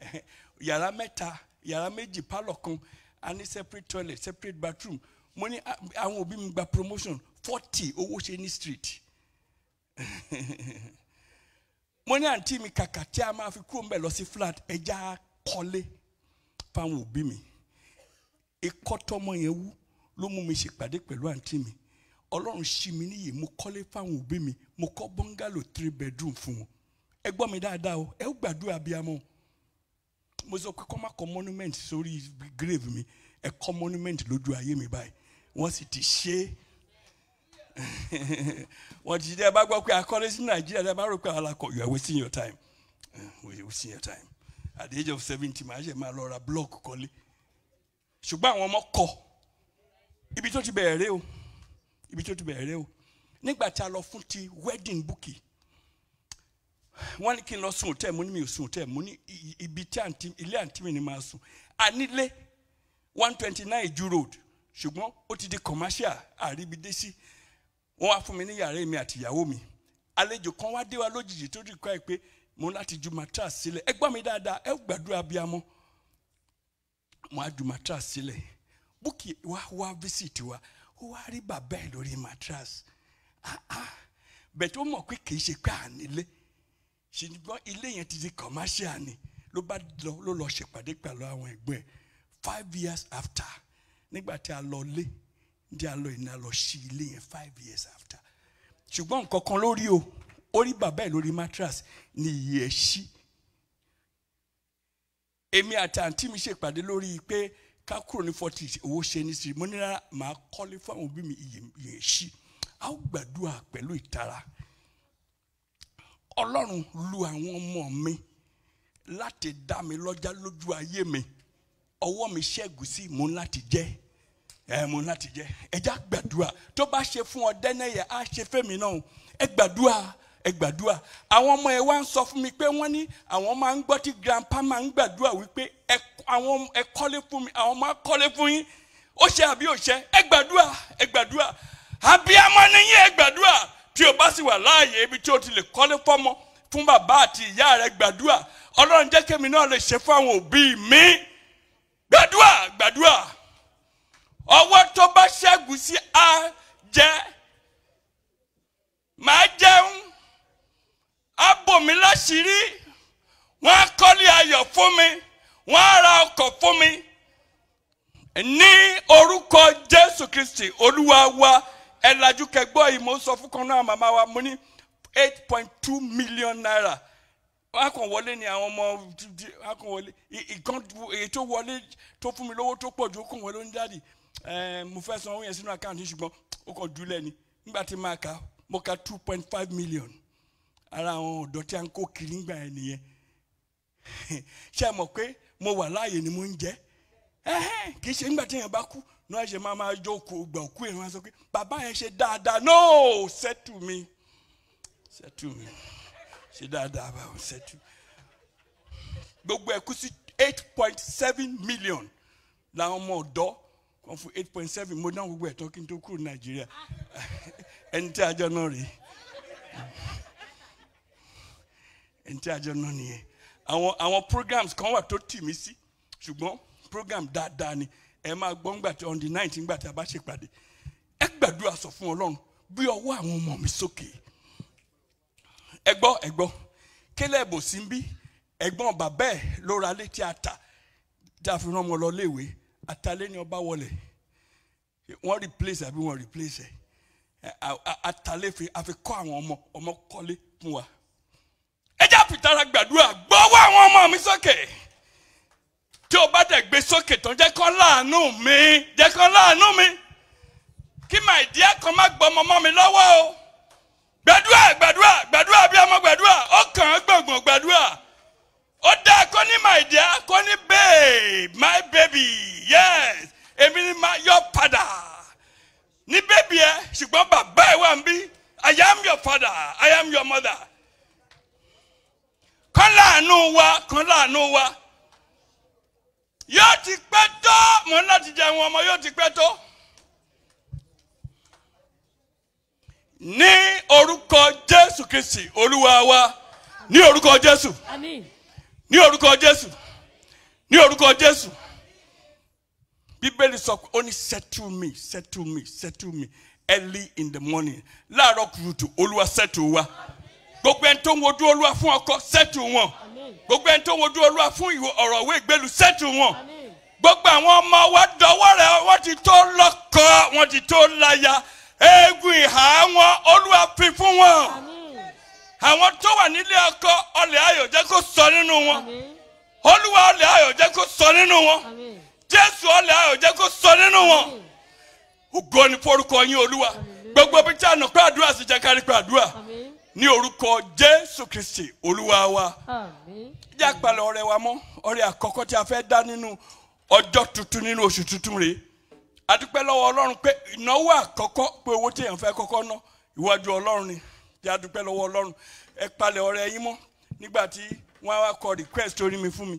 (laughs) yàrá mẹ́ta yàrá méjì pálọ̀ kan a ní separate toilet separate bathroom mo ní ah, àwọn òbí mi gba promotion forty owó ṣe ní street (laughs) mo ní àǹtí mi kàkà tí a máa fi kúrò mbẹ lọ sí flat ẹja kọ́lé fáwọn òbí mi ikọ́ tọmọ yẹn wú ló mú mi ṣèpàdé pẹ̀lú àǹtí mi ọlọ́run ṣí mi níyì mo kọ́lé fáwọn òbí mi mo kọ́ bọ́ngàlò three bedroom fún wọn ẹ gbọ́ mi dáadáa o ẹ ó gbàdúrà abiyamọ mo sọ pé kọ́ má kọ́ monument sórí grave mi ẹ kọ́ monument lójú ayé mi báyìí wọ́n sì ti ṣe é (laughs) wọ́n ti dẹ́ bá gbọ́ pé akọ́lé sí nàìjíríà dẹ́ bá rò pé alakọ̀ you are wasting your time you eh, are wasting your time at the age of seventy màá ṣe máa lọ ra block kọ́lé ṣùgbọ́n àwọn ọmọ kọ ibi tó ti bẹ̀rẹ̀ o ibi tó ti bẹ̀rẹ̀ o nígbà tá a lọ fún ti wedding búkì wọ́n ní kí n lọ sùn tẹ́ mo ní mi sùn tẹ́ mo ní ibi tí àǹtí ilé àǹtí mi ni máa sùn ànílé one twenty nine ju road ṣùgbọ́n ó ti di commercial àríbidé sí wọ́n wá fún mi ní yàrá mi àtìyàwó mi àlejò kan wá dé wa lójijì tó rí kọ́ ẹ pé mo láti ju matras sílẹ̀ ẹ gbọ́ mi dáadáa ẹ gbàdúrà bí amọ́ mo á ju matras sílẹ̀ búkì wá wá visit wa. Wa, wa ó wá rí bàbá ẹ̀ lórí matras ah, ah. bẹ̀tẹ̀ ó mọ̀ pé kì í ṣe pé à nílé ṣùgbọ́n ilé yẹn ti di commercial ni ló bá lọ ló lọ ṣèpàdé pẹ̀lú àwọn ẹ̀gbọ́n five years after nígbà tí a lọ lé ní a lọ ìná lọ ṣí ilé yẹn five years after ṣùgbọ́n nǹkan kan lórí o ó rí bàbá ẹ̀ lórí matras ní iye ẹ̀ ṣí èmi àti àǹtí mi ṣèpàdé lórí pé ká kúrò forty owó ṣe ní sí mo ní rárá màá kọ́lé fún àwọn òbí mi iye ṣí a ó gbàdúrà pẹ̀lú ìtara ọlọ́run lu àwọn ọmọ mi láti dá mi lọ́jà lójú ayé mi ọwọ́ mi ṣẹ́gun sí mo láti jẹ́ ẹ mo láti jẹ́ ẹja gbàdúrà tó bá ṣe fún ọ dẹ́nẹ́yẹ á ṣe fẹ́mi náà ẹ gbàdúrà ẹ gbàdúrà àwọn ọmọ ẹ wá ń sọ fún mi pé wọ́n ní àwọn máa ń gbọ́ tí grandpa máa ń gbàdúrà wípé ẹ àwọn ẹ kọ́lé fún mi àwọn ọmọ akọ́lé fún yín ó ṣe àbí ó ṣe ẹ gbàdúrà ẹ gbàdúrà àbíamọ ni yín ẹ gbàdúrà tí o bá sì wà láàyè ibi tí o ti lè kọ́lé fọ́mọ fún bàbá àti ìyá rẹ gbàdúrà ọlọ́run jẹ́ kémi náà lè ṣe fún àwọn òbí mi gbàdúrà gbàdúrà ọwọ́ tó bá ṣẹ́gun sí á jẹ́ màá jẹun á bò á kọ́lé ayọ̀ fún mi wọ́n á ra ọkọ̀ fún mi ní orúkọ jésù kristi olúwa wa ẹ̀làjú kẹgbọ́ yìí mo sọ fún kan náà màmá wa mo ní eight point two million naira wọn kàn wọlé ni àwọn ọmọ wọn kàn wọlé ìkan èyí tó wọlé tó fún mi lówó tó pọ̀ ju ó kàn wọlé ó ń jáde mo fẹ́ san owó yẹn sínú àkáǹtì ṣùgbọ́n ó kàn dúlẹ̀ ni nígbà tí màá ka mo ka two point five million ara àwọn ọ̀dọ́ tí a ń kó kiri nígbà yẹn nìyẹn (laughs) ṣe mọ̀ pé mo wà láàyè ni mo ń jẹ kì í ṣe nígbà tí èèyàn bá kú ní wọ́n ṣe máa máa jókòó gbà òkú èèyàn wọ́n sọ pé bàbá yẹn ṣe dáadáa no settle mi settle mi ṣe dáadáa báwo settle gbogbo ẹ̀kú sí eight point seven million làwọn ọmọ ọ̀dọ́ wọn fún eight point seven mo náà gbogbo ẹ̀tọ́ kí n tó kúrò nàìjíríà (laughs) ẹni tí àjọ náà rèé ẹni tí àjọ náà nìyẹn àwọn àwọn programs kan wà tó tì mí sí ṣùgbọ́n program dáadáa ni ẹ máa gbọ́ ńgbà tí on the nineteen ńgbà tí a bá ṣèpàdé ẹ gbàdúrà sọ fún ọlọ́run bí ọwọ́ àwọn ọmọ mi sókè ẹ gbọ́ ẹ gbọ́ kélé ẹ̀bùn sí bí ẹ̀gbọ́n bàbá ẹ̀ ló ra lé tí a fi rán ọmọ lọ léèwé àtàlẹ́ ni ọba wọlé wọ́n replace àbí wọ́n replace ẹ̀ àtàlẹ́ fi àfi kọ́ àwọn ọmọ ọmọ kọ́lé fún wa fìtara gbàdúrà gbọ́wọ́ àwọn ọmọ mi sókè tí o bá dẹ̀ gbé sókè tán jẹ́ kán láàánú mi jẹ́ kán láàánú mi kí màá ìdí ẹ̀kan má gbọ́ ọmọ mọ́ mi lọ́wọ́ o gbàdúrà gbàdúrà gbàdúrà bí ọmọ gbàdúrà ó kàn án gbọ̀ngbọ̀n gbàdúrà ó dá kó ní my dear kó ní babe my baby yes èmi ni máa yọ padà ní bébì ẹ ṣùgbọ́n bàbá ẹ wà ń bí I am your father I am your mother kán láàánú wa kán láàánú wa yóò ti pẹ́ tó mọ̀ láti jẹ àwọn ọmọ yóò ti pẹ́ tó ní orúkọ Jésù Kristi Olúwa wa ní orúkọ Jésù ní orúkọ Jésù ní orúkọ Jésù Bíbélì sọ pé ó ní settle me settle me settle me early in the morning láàárọ̀ kùtù Olúwa settle wa. Amen gbogbo ẹni tó ń wojú olúwa fún ọkọ sẹ́tù wọn gbogbo ẹni tó ń wojú olúwa fún ìwọ ọ̀rọ̀ ìwé ìgbélu sẹ́tù wọn gbogbo àwọn ọmọ wa dọwọ́ rẹ̀ wọ́n ti tó lọ́kọ wọ́n ti tó láya eégún ìhà wọn olúwa fi fún wọn àwọn tó wà nílé ọkọ ọlẹ̀ ayọ̀ jẹ́ kó sọ nínú wọn olúwa ọlẹ̀ ayọ̀ jẹ́ kó sọ nínú wọn jésù ọlẹ̀ ayọ̀ jẹ́ kó sọ nínú wọn ògo ni forúkọ yín olúwa gbogbo bí tí a nà pé àdúrà sì jẹ́ kárí pé àdúrà ní orúkọ jésù kristi olúwa wa jẹ́ àpàlẹ̀ ọ̀rẹ́ wa mọ́ ọ̀rẹ́ àkọ́kọ́ tí a fẹ́ dá nínú ọjọ́ tuntun nínú oṣù tuntun rèé a dúpẹ́ lọ́wọ́ ọlọ́run pé ìnáwó àkọ́kọ́ pé owó tí èèyàn fẹ́ kọ́kọ́ ná ìwájú ọlọ́run ni jẹ́ a dúpẹ́ lọ́wọ́ ẹ palẹ̀ ọ̀rẹ́ yín mọ́ nígbà tí wọ́n á wá kọ request orí mi fún mi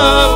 love.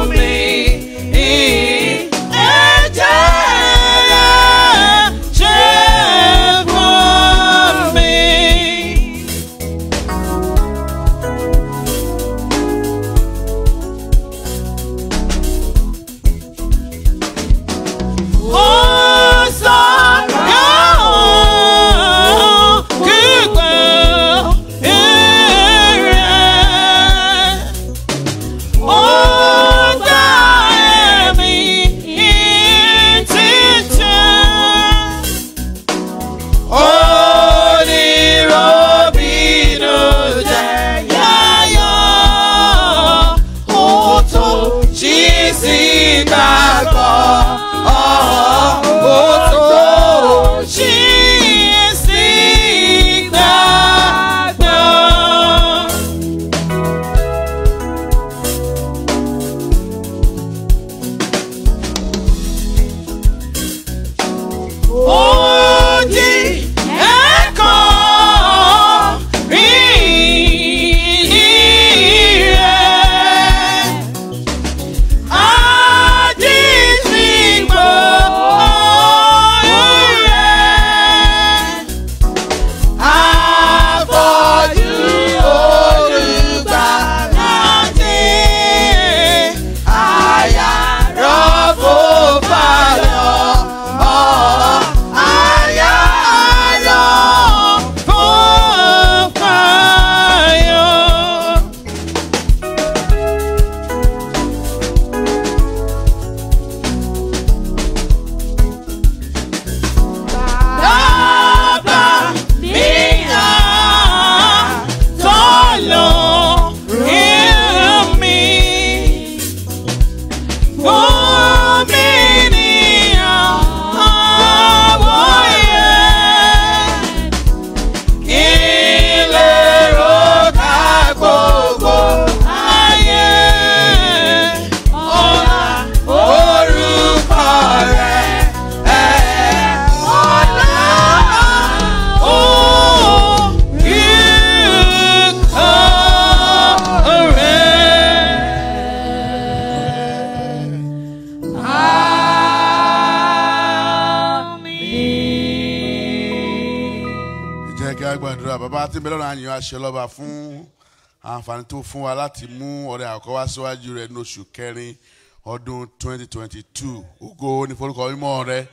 ọlọ́run fún wa láti mú ọrẹ àkọ́wá síwájú rẹ ní oṣù kẹrin ọdún 2022 ògo ní forúkọ mímọ́ rẹ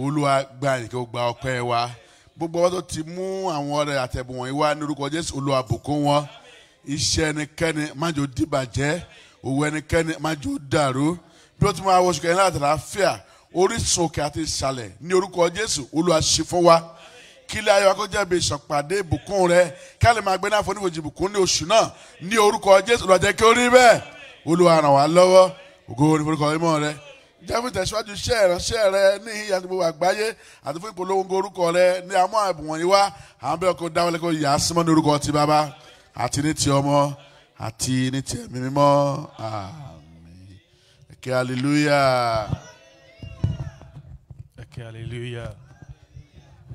olúwa gba ìkẹ́ ó gba ọpẹ́ wa gbogbo wa tó ti mú àwọn ọrẹ àtẹ̀bùn wọ̀nyí wá ní orúkọ jésù olúwa bùkún wọn iṣẹ́ ẹnikẹ́ni májò dìbàjẹ́ òwò ẹnikẹ́ni májò dàrú bí wọ́n ti máa wọ oṣù kẹrin láti àlàáfíà orísun òkè àti ìsàlẹ̀ ní orúkọ jésù olúwa ṣe fún wa kílẹ̀ ayọ̀ akọ́jẹ́ bíi ìṣọ̀pàdé ìbùkún rẹ kí a lè máa gbé náà fún oníwòjì ìbùkún ní oṣù náà ní orúkọ jésù lọ́jẹ́ kí ó rí bẹ́ẹ̀ olúwa ràn wá lọ́wọ́ ògo ní orúkọ ìmọ̀ rẹ jẹ́ fún ìtẹ̀síwájú iṣẹ́ ìránṣẹ́ rẹ ní ìyá gbogbo àgbáyé àti fún ìpolówó orúkọ rẹ ní amú àbùn wọ̀nyí wá àwọn bẹ́ẹ̀ kó dáwọ́lé kó yà hallelujah ẹ̀kẹ́ hallelujah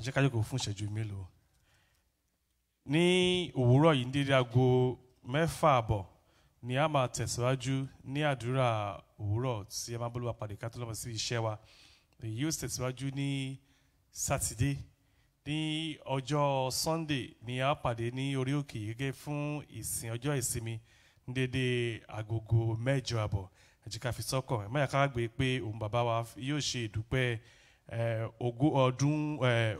jẹ́ ká jókòó fún ìṣẹ́jú mélòó ní òwúrọ̀ yìí ní dédé aago mẹ́fà àbọ̀ ni a máa tẹ̀síwájú ní àdúrà òwúrọ̀ tí a máa bọ́lú àpàdé ká tó lọ́mọ sí iṣẹ́ wa èyí yóò tẹ̀síwájú ní sátidé ní ọjọ́ sunday ni a pàdé ní orí òkè gẹ́gẹ́ fún ìsìn ọjọ́ ìsinmi ní dédé agogo mẹ́jọ àbọ̀ ẹ jẹ́ ká fi sọ́kàn ẹ̀ má ká gbé pé òun bàbá wa yóò ṣe ìdúpẹ́ Eh, ogún ọdún eh,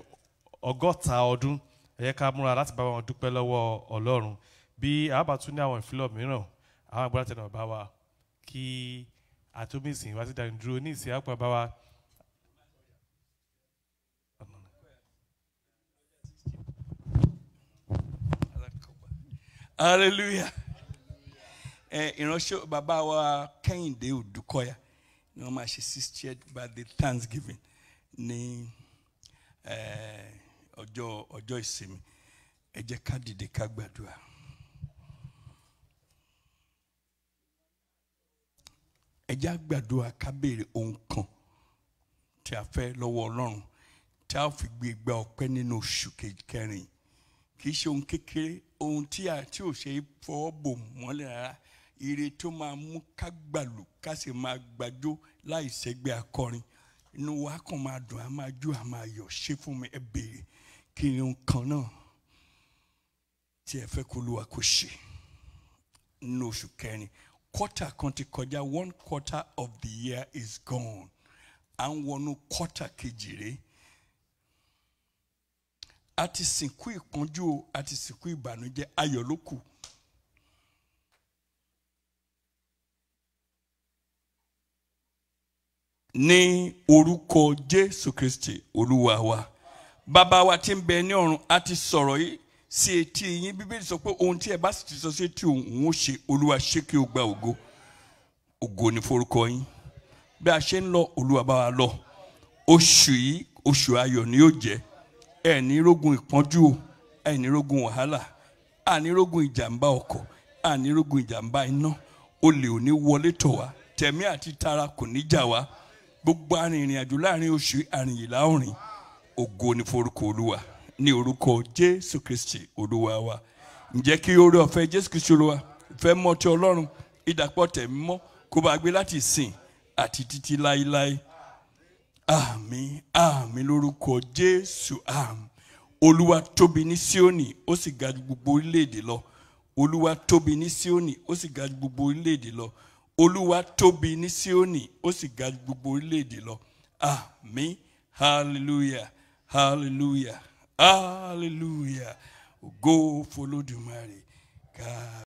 ọgọ́ta ọdún ẹ yẹ ká múra láti bá wọn dúpẹ́ lọ́wọ́ ọlọ́run bí àbátún ní àwọn ìfilọ̀ mìíràn àwọn agbára tẹ̀lé bá wa kí àtúmísìn wá sí ìdánidúró ní ìsìn àpò bá wa. hallelujah ìránṣẹ́ bàbá wa kẹ́hìndé òdùkọ́yà ni wọ́n máa ṣe sixtieth birthday thanksgiving ní eh, ọjọ́ ọjọ́ ìsinmi ẹ jẹ́ ká dìde ká gbàdúrà. ẹ jẹ́ á gbàdúrà ká béèrè ohun kan tí a fẹ́ lọ́wọ́ Ọlọ́run tí a fi gbé gba ọpẹ́ nínú oṣù kẹrin kì í ṣe ohun kékeré ohun tí a tí ò ṣe fọwọ́ bò mọ́lẹ̀ rárá ire tó máa mú ká gbàlù ká sì máa gbàjó láì sẹ́gbẹ́ akọrin inú wa kàn máa dùn á máa jó á máa yọ̀ ṣe fún mi ẹ béèrè kí ni nǹkan náà tí ẹ fẹ́ kó Olúwa kó ṣe nínú oṣù kẹrin quarter kan ti kọjá one quarter of the year is gone à ń wọnú quarter kejì rèé a ti sìnkú ìpọ́njú a ti sìnkú ìbànújẹ́ ayọ̀ ló kù. ní orúkọ jésù kristi olúwa wa bàbá wa tí ń bẹ ní ọ̀run a ti sọ̀rọ̀ yìí sí etí yín bíbélì sọ pé ohun tí ẹ bá sì ti sọ sí etí òun ó ṣe olúwa ṣé kí o gba ògo ògo ní forúkọ yín bí a ṣe ń lọ olúwa bá wa lọ oṣù yìí oṣù ayọ̀ ni yóò jẹ́ ẹ ní rógun ìpọ́njú o ẹ ní rógun wàhálà a ní rógun ìjàmbá ọkọ̀ a ní rógun ìjàmbá iná olè ò ní wọlé tọ̀ wá tẹ̀mí àti tara kò ní jà wá gbogbo arìnrìn àjò láàrin oṣù àrìnyìnlá òrìn ògo ni forúkọ olúwa ní orúkọ jésù kristi olúwa wa ǹjẹ́ kí oore ọ̀fẹ́ jésù kristi olúwa ìfẹ́ mọ́ ti ọlọ́run ìdàpọ̀ tẹ̀mí mọ́ kó bá gbé láti sìn àti títí láéláé àmín àmín lórúkọ jésù àmín olúwa tóbi ní síónì ó sì ga gbogbo orílẹ̀-èdè lọ olúwa tóbi ní síónì ó sì ga gbogbo orílẹ̀-èdè lọ olúwa tóbi ní síónì ó sì ga gbogbo orílẹ̀-èdè lọ àmín hallelujah hallelujah hallelujah follow the ká.